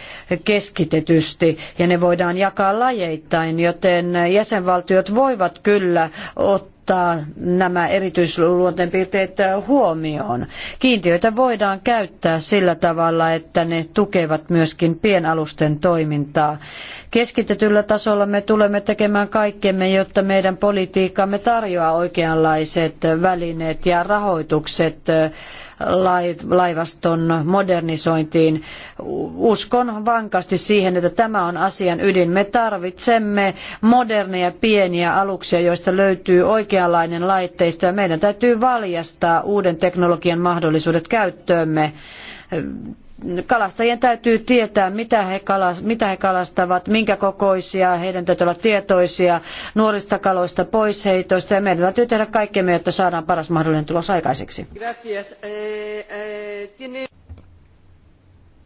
keskitetysti, ja ne voidaan jakaa lajeittain, joten jäsenvaltiot voivat kyllä ottaa ottaa nämä erityisluonteen piirteet äh, huomioon. Kiintiöitä voidaan käyttää sillä tavalla, että ne tukevat myöskin pienalusten toimintaa. Keskitetyllä tasolla me tulemme tekemään kaikkemme, jotta meidän politiikkamme tarjoaa oikeanlaiset välineet ja rahoitukset äh, laivaston modernisointiin. Uskon vankasti siihen, että tämä on asian ydin. Me tarvitsemme moderneja pieniä aluksia, joista löytyy oikeanlainen laitteisto ja meidän täytyy valjastaa uuden teknologian mahdollisuudet käyttöömme kalastajien täytyy tietää, mitä he, mitä he kalastavat, minkä kokoisia, heidän täytyy olla tietoisia nuorista kaloista, poisheitoista ja meidän täytyy tehdä kaikkemme, jotta saadaan paras mahdollinen tulos aikaiseksi. Eh, eh,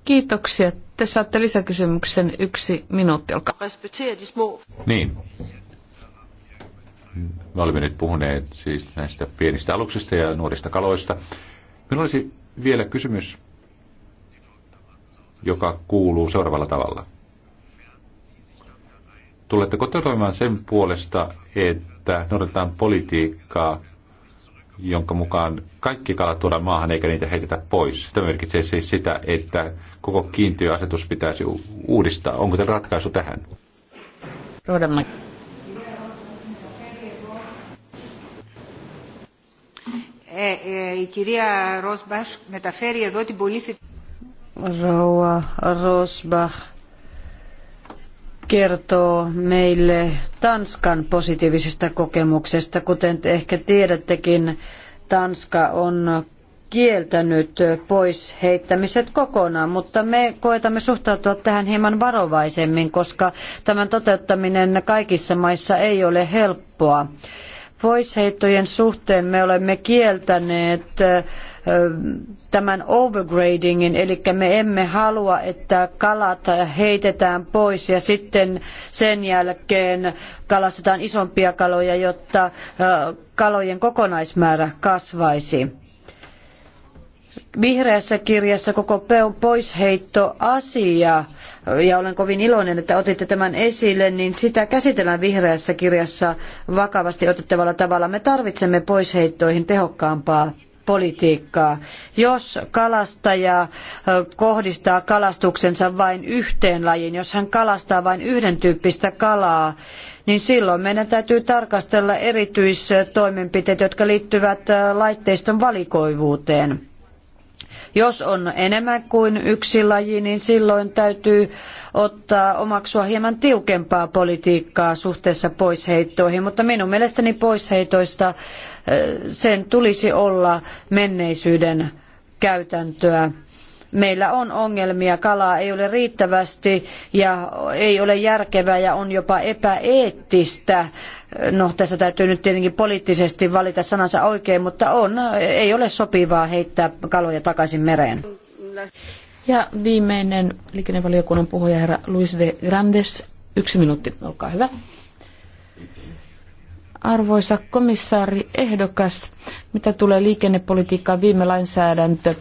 Kiitoksia. Te saatte lisäkysymyksen yksi minuutti, olkaa. Niin. Me olemme nyt puhuneet siis näistä pienistä aluksista ja nuorista kaloista. Minulla olisi vielä kysymys joka kuuluu seuraavalla tavalla. Tuletteko te toimimaan sen puolesta, että noudatetaan politiikkaa, jonka mukaan kaikki kalat tuodaan maahan eikä niitä heitetä pois. Tämä merkitsee siis sitä, että koko kiintiöasetus pitäisi uudistaa. Onko teillä ratkaisu tähän? Ruodamme. Η κυρία Ροσμπάς μεταφέρει εδώ την πολύ Rouva Rosbach kertoo meille Tanskan positiivisesta kokemuksesta. Kuten te ehkä tiedättekin, Tanska on kieltänyt pois heittämiset kokonaan, mutta me koetamme suhtautua tähän hieman varovaisemmin, koska tämän toteuttaminen kaikissa maissa ei ole helppoa. Poisheittojen suhteen me olemme kieltäneet tämän overgradingin, eli me emme halua, että kalat heitetään pois ja sitten sen jälkeen kalastetaan isompia kaloja, jotta kalojen kokonaismäärä kasvaisi. Vihreässä kirjassa koko asia ja olen kovin iloinen, että otitte tämän esille, niin sitä käsitellään vihreässä kirjassa vakavasti otettavalla tavalla. Me tarvitsemme poisheittoihin tehokkaampaa politiikkaa. Jos kalastaja kohdistaa kalastuksensa vain yhteen lajiin, jos hän kalastaa vain yhden tyyppistä kalaa, niin silloin meidän täytyy tarkastella erityistoimenpiteitä, jotka liittyvät laitteiston valikoivuuteen. Jos on enemmän kuin yksi laji, niin silloin täytyy ottaa omaksua hieman tiukempaa politiikkaa suhteessa poisheittoihin, mutta minun mielestäni poisheitoista eh, sen tulisi olla menneisyyden käytäntöä meillä on ongelmia, kalaa ei ole riittävästi ja ei ole järkevää ja on jopa epäeettistä. No tässä täytyy nyt tietenkin poliittisesti valita sanansa oikein, mutta on, ei ole sopivaa heittää kaloja takaisin mereen. Ja viimeinen liikennevaliokunnan puhuja herra Luis de Grandes. Yksi minuutti, olkaa hyvä. Arvoisa komissaari ehdokas, mitä tulee liikennepolitiikkaan viime lainsäädäntö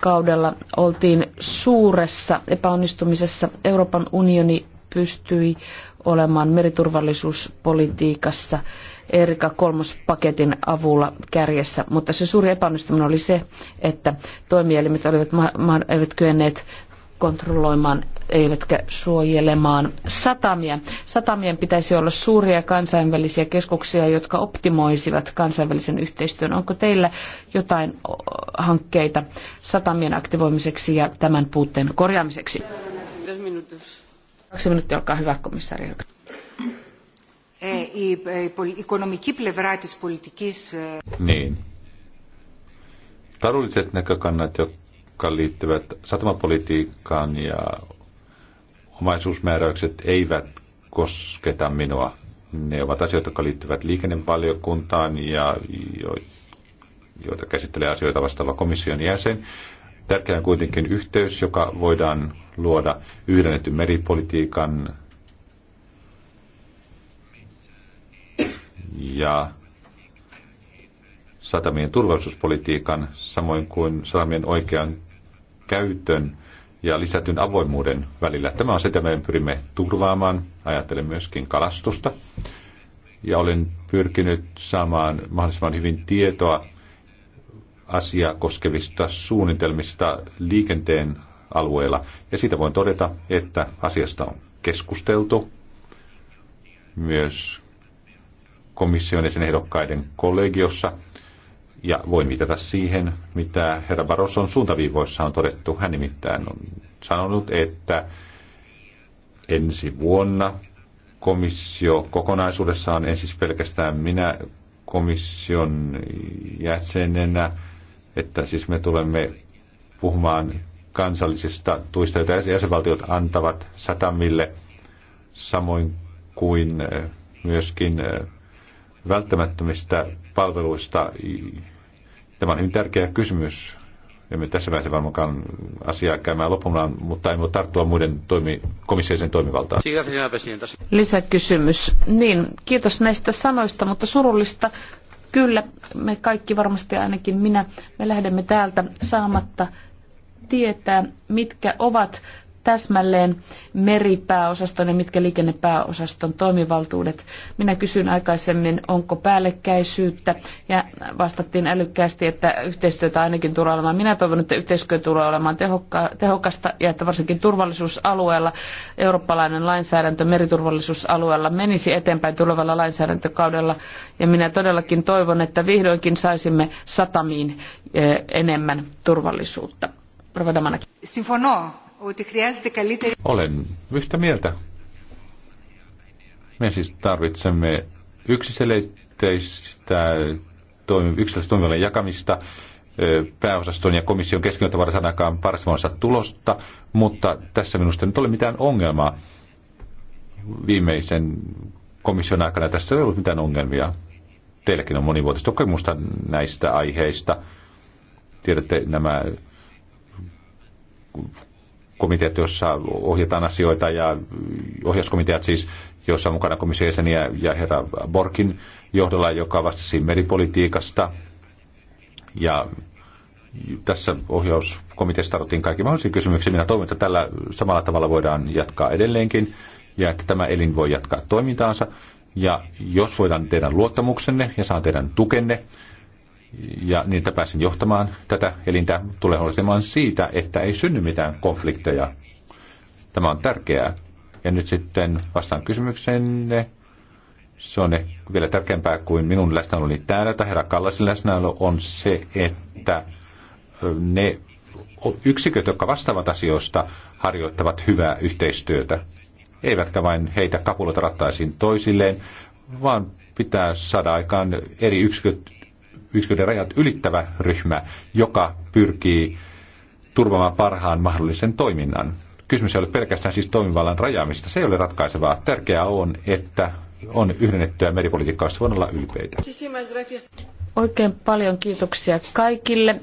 kaudella oltiin suuressa epäonnistumisessa. Euroopan unioni pystyi olemaan meriturvallisuuspolitiikassa Erika kolmospaketin avulla kärjessä, mutta se suuri epäonnistuminen oli se, että toimielimet olivat ma- ma- eivät kyenneet kontrolloimaan eivätkä suojelemaan satamia. Satamien pitäisi olla suuria kansainvälisiä keskuksia, jotka optimoisivat kansainvälisen yhteistyön. Onko teillä jotain hankkeita satamien aktivoimiseksi ja tämän puutteen korjaamiseksi? Kaksi minuuttia, olkaa hyvä, komissaari. Niin. Taloudelliset näkökannat, jotka jotka liittyvät satamapolitiikkaan ja omaisuusmääräykset eivät kosketa minua. Ne ovat asioita, jotka liittyvät liikennevaliokuntaan ja joita käsittelee asioita vastaava komission jäsen. Tärkeä on kuitenkin yhteys, joka voidaan luoda yhdennetty meripolitiikan ja satamien turvallisuuspolitiikan, samoin kuin satamien oikean käytön ja lisätyn avoimuuden välillä. Tämä on se, että me pyrimme turvaamaan. Ajattelen myöskin kalastusta. Ja olen pyrkinyt saamaan mahdollisimman hyvin tietoa asiaa koskevista suunnitelmista liikenteen alueella. Ja siitä voin todeta, että asiasta on keskusteltu myös komission ehdokkaiden kollegiossa – ja voin viitata siihen, mitä herra Barroson suuntaviivoissa on todettu. Hän nimittäin on sanonut, että ensi vuonna komissio kokonaisuudessaan, en siis pelkästään minä komission jäsenenä, että siis me tulemme puhumaan kansallisista tuista, joita jäsenvaltiot antavat satamille, samoin kuin eh, myöskin eh, välttämättömistä palveluista. Tämä on hyvin tärkeä kysymys. Emme tässä vaiheessa varmaankaan asiaa käymään lopunaan, mutta emme voi tarttua muiden toimi, komissioiden toimivaltaan. Lisäkysymys. Niin, kiitos näistä sanoista, mutta surullista kyllä me kaikki varmasti ainakin minä, me lähdemme täältä saamatta tietää, mitkä ovat täsmälleen meripääosaston ja mitkä liikennepääosaston toimivaltuudet. Minä kysyin aikaisemmin, onko päällekkäisyyttä ja vastattiin älykkäästi, että yhteistyötä ainakin tulee olemaan. Minä toivon, että yhteistyö tulee olemaan tehokka- tehokasta ja että varsinkin turvallisuusalueella eurooppalainen lainsäädäntö meriturvallisuusalueella menisi eteenpäin tulevalla lainsäädäntökaudella ja minä todellakin toivon, että vihdoinkin saisimme satamiin eh, enemmän turvallisuutta. Συμφωνώ olen yhtä mieltä. Me siis tarvitsemme yksiselitteistä toimi, toimivallan jakamista pääosaston ja komission keskiöltä varten saadaan paras tulosta, mutta tässä minusta ei ole mitään ongelmaa. Viimeisen komission aikana tässä ei ollut mitään ongelmia. Teilläkin on monivuotista kokemusta näistä aiheista. Tiedätte nämä komiteat, joissa ohjataan asioita ja ohjauskomiteat siis, joissa on mukana komission jäseniä ja herra Borkin johdolla, joka vastasi meripolitiikasta. Ja tässä ohjauskomiteassa tarvittiin kaikki mahdollisia kysymyksiä. Minä toivon, että tällä samalla tavalla voidaan jatkaa edelleenkin ja että tämä elin voi jatkaa toimintaansa. Ja jos voidaan teidän luottamuksenne ja saan teidän tukenne, ja niin, että pääsen johtamaan tätä elintä, tulee huolehtimaan siitä, että ei synny mitään konflikteja. Tämä on tärkeää. Ja nyt sitten vastaan kysymykseenne. Se on vielä tärkeämpää kuin minun läsnäoloni täällä tai herra Kallasin läsnäolo on se, että ne yksiköt, jotka vastaavat asioista, harjoittavat hyvää yhteistyötä. Eivätkä vain heitä kapuloita rattaisiin toisilleen, vaan pitää saada aikaan eri yksiköt yksiköiden rajat ylittävä ryhmä, joka pyrkii turvaamaan parhaan mahdollisen toiminnan. Kysymys ei ole pelkästään siis toimivallan rajaamista, se ei ole ratkaisevaa. Tärkeää on, että on yhdennettyä meripolitiikkaa, josta voidaan olla ylpeitä. Oikein paljon kiitoksia kaikille.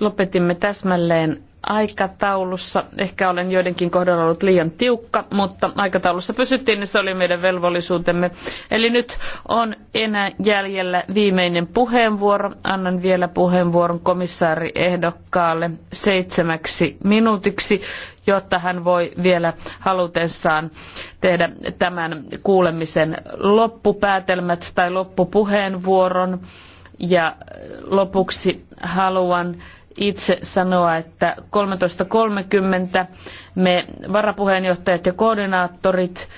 Lopetimme täsmälleen aikataulussa. Ehkä olen joidenkin kohdalla ollut liian tiukka, mutta aikataulussa pysyttiin, niin se oli meidän velvollisuutemme. Eli nyt on enää jäljellä viimeinen puheenvuoro. Annan vielä puheenvuoron komissaariehdokkaalle seitsemäksi minuutiksi, jotta hän voi vielä halutessaan tehdä tämän kuulemisen loppupäätelmät tai loppupuheenvuoron. Ja lopuksi haluan itse sanoa, että 13.30 me varapuheenjohtajat ja koordinaattorit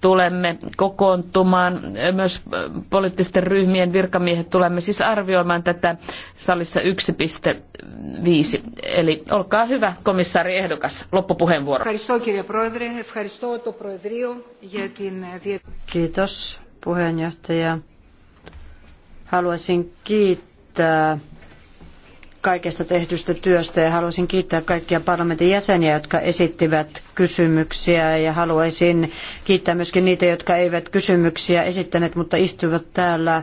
tulemme kokoontumaan, myös poliittisten ryhmien virkamiehet tulemme siis arvioimaan tätä salissa 1.5. Eli olkaa hyvä, komissaari ehdokas, loppupuheenvuoro. Kiitos puheenjohtaja. Haluaisin kiittää kaikesta tehdystä työstä ja haluaisin kiittää kaikkia parlamentin jäseniä, jotka esittivät kysymyksiä ja haluaisin kiittää myöskin niitä, jotka eivät kysymyksiä esittäneet, mutta istuivat täällä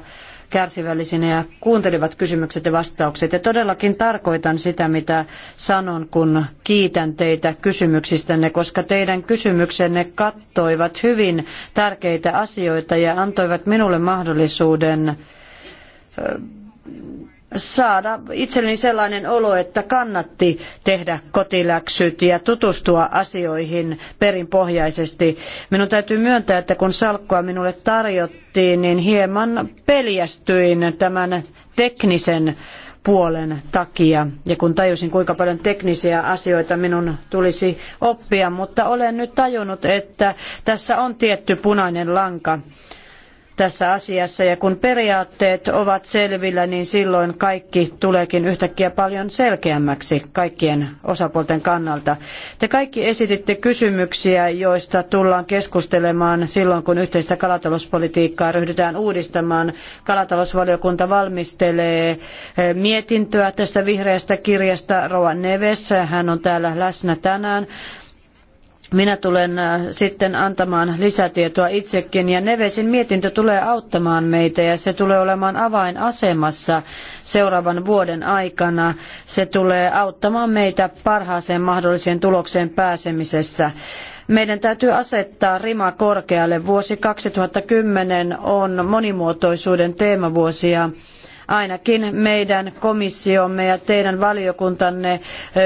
kärsivällisinä ja kuuntelivat kysymykset ja vastaukset. Ja todellakin tarkoitan sitä, mitä sanon, kun kiitän teitä kysymyksistänne, koska teidän kysymyksenne kattoivat hyvin tärkeitä asioita ja antoivat minulle mahdollisuuden saada itselleni sellainen olo, että kannatti tehdä kotiläksyt ja tutustua asioihin perinpohjaisesti. Minun täytyy myöntää, että kun salkkua minulle tarjottiin, niin hieman peljästyin tämän teknisen puolen takia. Ja kun tajusin, kuinka paljon teknisiä asioita minun tulisi oppia, mutta olen nyt tajunnut, että tässä on tietty punainen lanka tässä asiassa. Ja kun periaatteet ovat selvillä, niin silloin kaikki tuleekin yhtäkkiä paljon selkeämmäksi kaikkien osapuolten kannalta. Te kaikki esititte kysymyksiä, joista tullaan keskustelemaan silloin, kun yhteistä kalatalouspolitiikkaa ryhdytään uudistamaan. Kalatalousvaliokunta valmistelee eh, mietintöä tästä vihreästä kirjasta Roa Neves. Hän on täällä läsnä tänään. Minä tulen äh, sitten antamaan lisätietoa itsekin ja Nevesin mietintö tulee auttamaan meitä ja se tulee olemaan avainasemassa seuraavan vuoden aikana. Se tulee auttamaan meitä parhaaseen mahdolliseen tulokseen pääsemisessä. Meidän täytyy asettaa rima korkealle. Vuosi 2010 on monimuotoisuuden teemavuosi ja ainakin meidän komissiomme ja teidän valiokuntanne,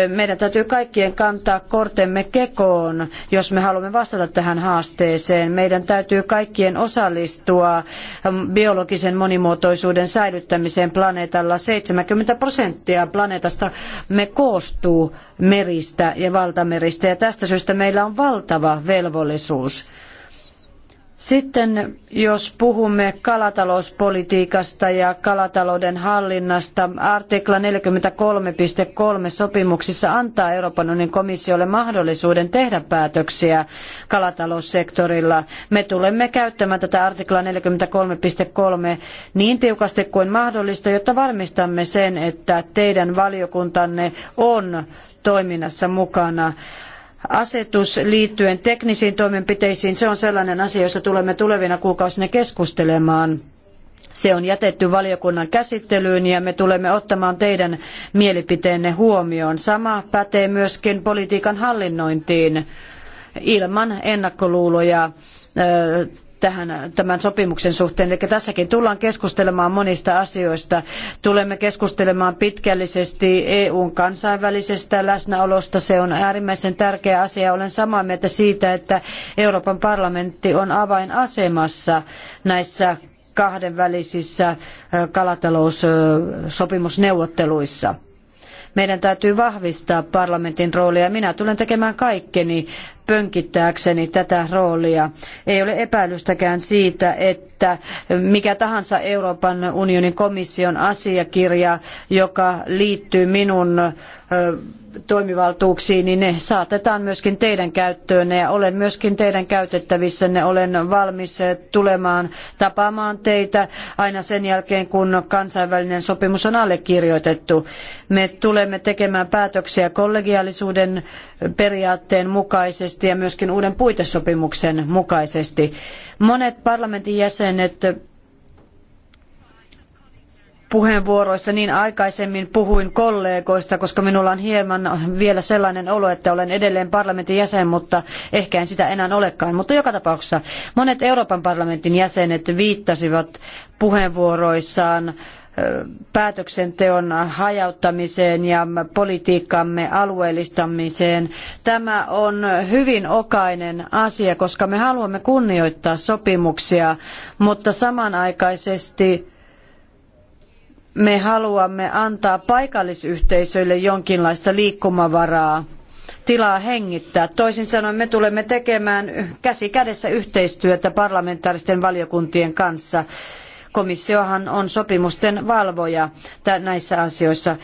meidän täytyy kaikkien kantaa kortemme kekoon, jos me haluamme vastata tähän haasteeseen. Meidän täytyy kaikkien osallistua biologisen monimuotoisuuden säilyttämiseen planeetalla. 70 prosenttia planeetasta me koostuu meristä ja valtameristä ja tästä syystä meillä on valtava velvollisuus. Sitten jos puhumme kalatalouspolitiikasta ja kalatalouden hallinnasta, artikla 43.3 sopimuksissa antaa Euroopan unionin komissiolle mahdollisuuden tehdä päätöksiä kalataloussektorilla. Me tulemme käyttämään tätä artiklaa 43.3 niin tiukasti kuin mahdollista, jotta varmistamme sen, että teidän valiokuntanne on toiminnassa mukana asetus liittyen teknisiin toimenpiteisiin, se on sellainen asia, josta tulemme tulevina kuukausina keskustelemaan. Se on jätetty valiokunnan käsittelyyn ja me tulemme ottamaan teidän mielipiteenne huomioon. Sama pätee myöskin politiikan hallinnointiin ilman ennakkoluuloja tähän, äh, tämän sopimuksen suhteen. Eli tässäkin tullaan keskustelemaan monista asioista. Tulemme keskustelemaan pitkällisesti EUn kansainvälisestä läsnäolosta. Se on äärimmäisen tärkeä asia. Olen samaa mieltä siitä, että Euroopan parlamentti on avainasemassa näissä kahdenvälisissä äh, kalataloussopimusneuvotteluissa. Meidän täytyy vahvistaa parlamentin roolia. Minä tulen tekemään kaikkeni pönkittääkseni tätä roolia. Ei ole epäilystäkään siitä, että että mikä tahansa Euroopan unionin komission asiakirja, joka liittyy minun toimivaltuuksiin, niin ne saatetaan myöskin teidän käyttöönne ja olen myöskin teidän käytettävissänne. Olen valmis tulemaan tapaamaan teitä aina sen jälkeen, kun kansainvälinen sopimus on allekirjoitettu. Me tulemme tekemään päätöksiä kollegiaalisuuden periaatteen mukaisesti ja myöskin uuden puitesopimuksen mukaisesti. Monet parlamentin jäsenet että puheenvuoroissa niin aikaisemmin puhuin kollegoista, koska minulla on hieman vielä sellainen olo, että olen edelleen parlamentin jäsen, mutta ehkä en sitä enää olekaan. Mutta joka tapauksessa monet Euroopan parlamentin jäsenet viittasivat puheenvuoroissaan äh, päätöksenteon hajauttamiseen ja politiikkamme alueellistamiseen. Tämä on hyvin okainen asia, koska me haluamme kunnioittaa sopimuksia, mutta samanaikaisesti me haluamme antaa paikallisyhteisöille jonkinlaista liikkumavaraa tilaa hengittää. Toisin sanoen me tulemme tekemään käsi kädessä yhteistyötä parlamentaaristen valiokuntien kanssa Komissiohan on sopimusten valvoja näissä asioissa.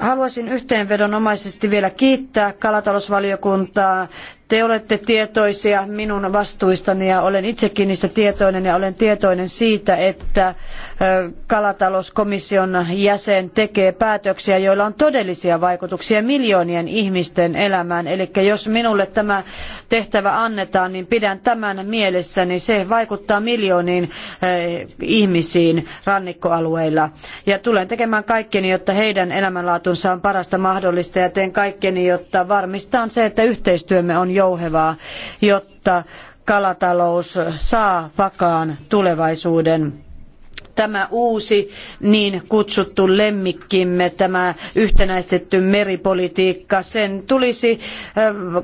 Haluaisin yhteenvedonomaisesti vielä kiittää kalatalousvaliokuntaa te olette tietoisia minun vastuistani ja olen itsekin niistä tietoinen ja olen tietoinen siitä, että kalatalouskomission jäsen tekee päätöksiä, joilla on todellisia vaikutuksia miljoonien ihmisten elämään. Eli jos minulle tämä tehtävä annetaan, niin pidän tämän mielessäni. Se vaikuttaa miljooniin ihmisiin rannikkoalueilla. Ja tulen tekemään kaikkeni, jotta heidän elämänlaatunsa on parasta mahdollista ja teen kaikkeni, jotta varmistan se, että yhteistyömme on jo jouhevaa, jotta kalatalous saa vakaan tulevaisuuden tämä uusi niin kutsuttu lemmikkimme, tämä yhtenäistetty meripolitiikka, sen tulisi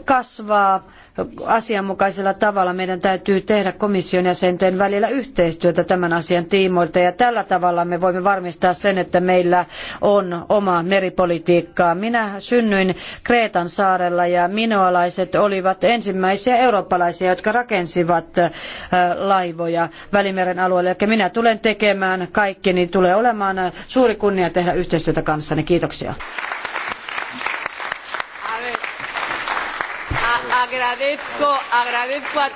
kasvaa asianmukaisella tavalla. Meidän täytyy tehdä komission jäsenten välillä yhteistyötä tämän asian tiimoilta ja tällä tavalla me voimme varmistaa sen, että meillä on oma meripolitiikkaa. Minä synnyin Kreetan saarella ja minoalaiset olivat ensimmäisiä eurooppalaisia, jotka rakensivat äh, laivoja Välimeren alueelle. Eli minä tulen tekemään kaikkeni, niin tulee olemaan suuri kunnia tehdä yhteistyötä kanssanne. Kiitoksia. Agradezco, agradezco a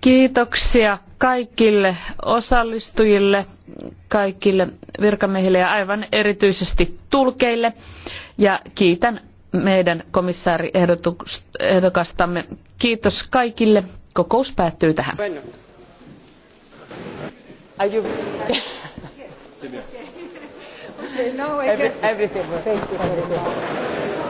Kiitoksia kaikille osallistujille, kaikille virkamiehille ja aivan erityisesti tulkeille. Ja kiitän meidän komissaariehdokastamme. Kiitos kaikille. Kokous päättyy tähän. Are you... yes. [LAUGHS] Okay, no,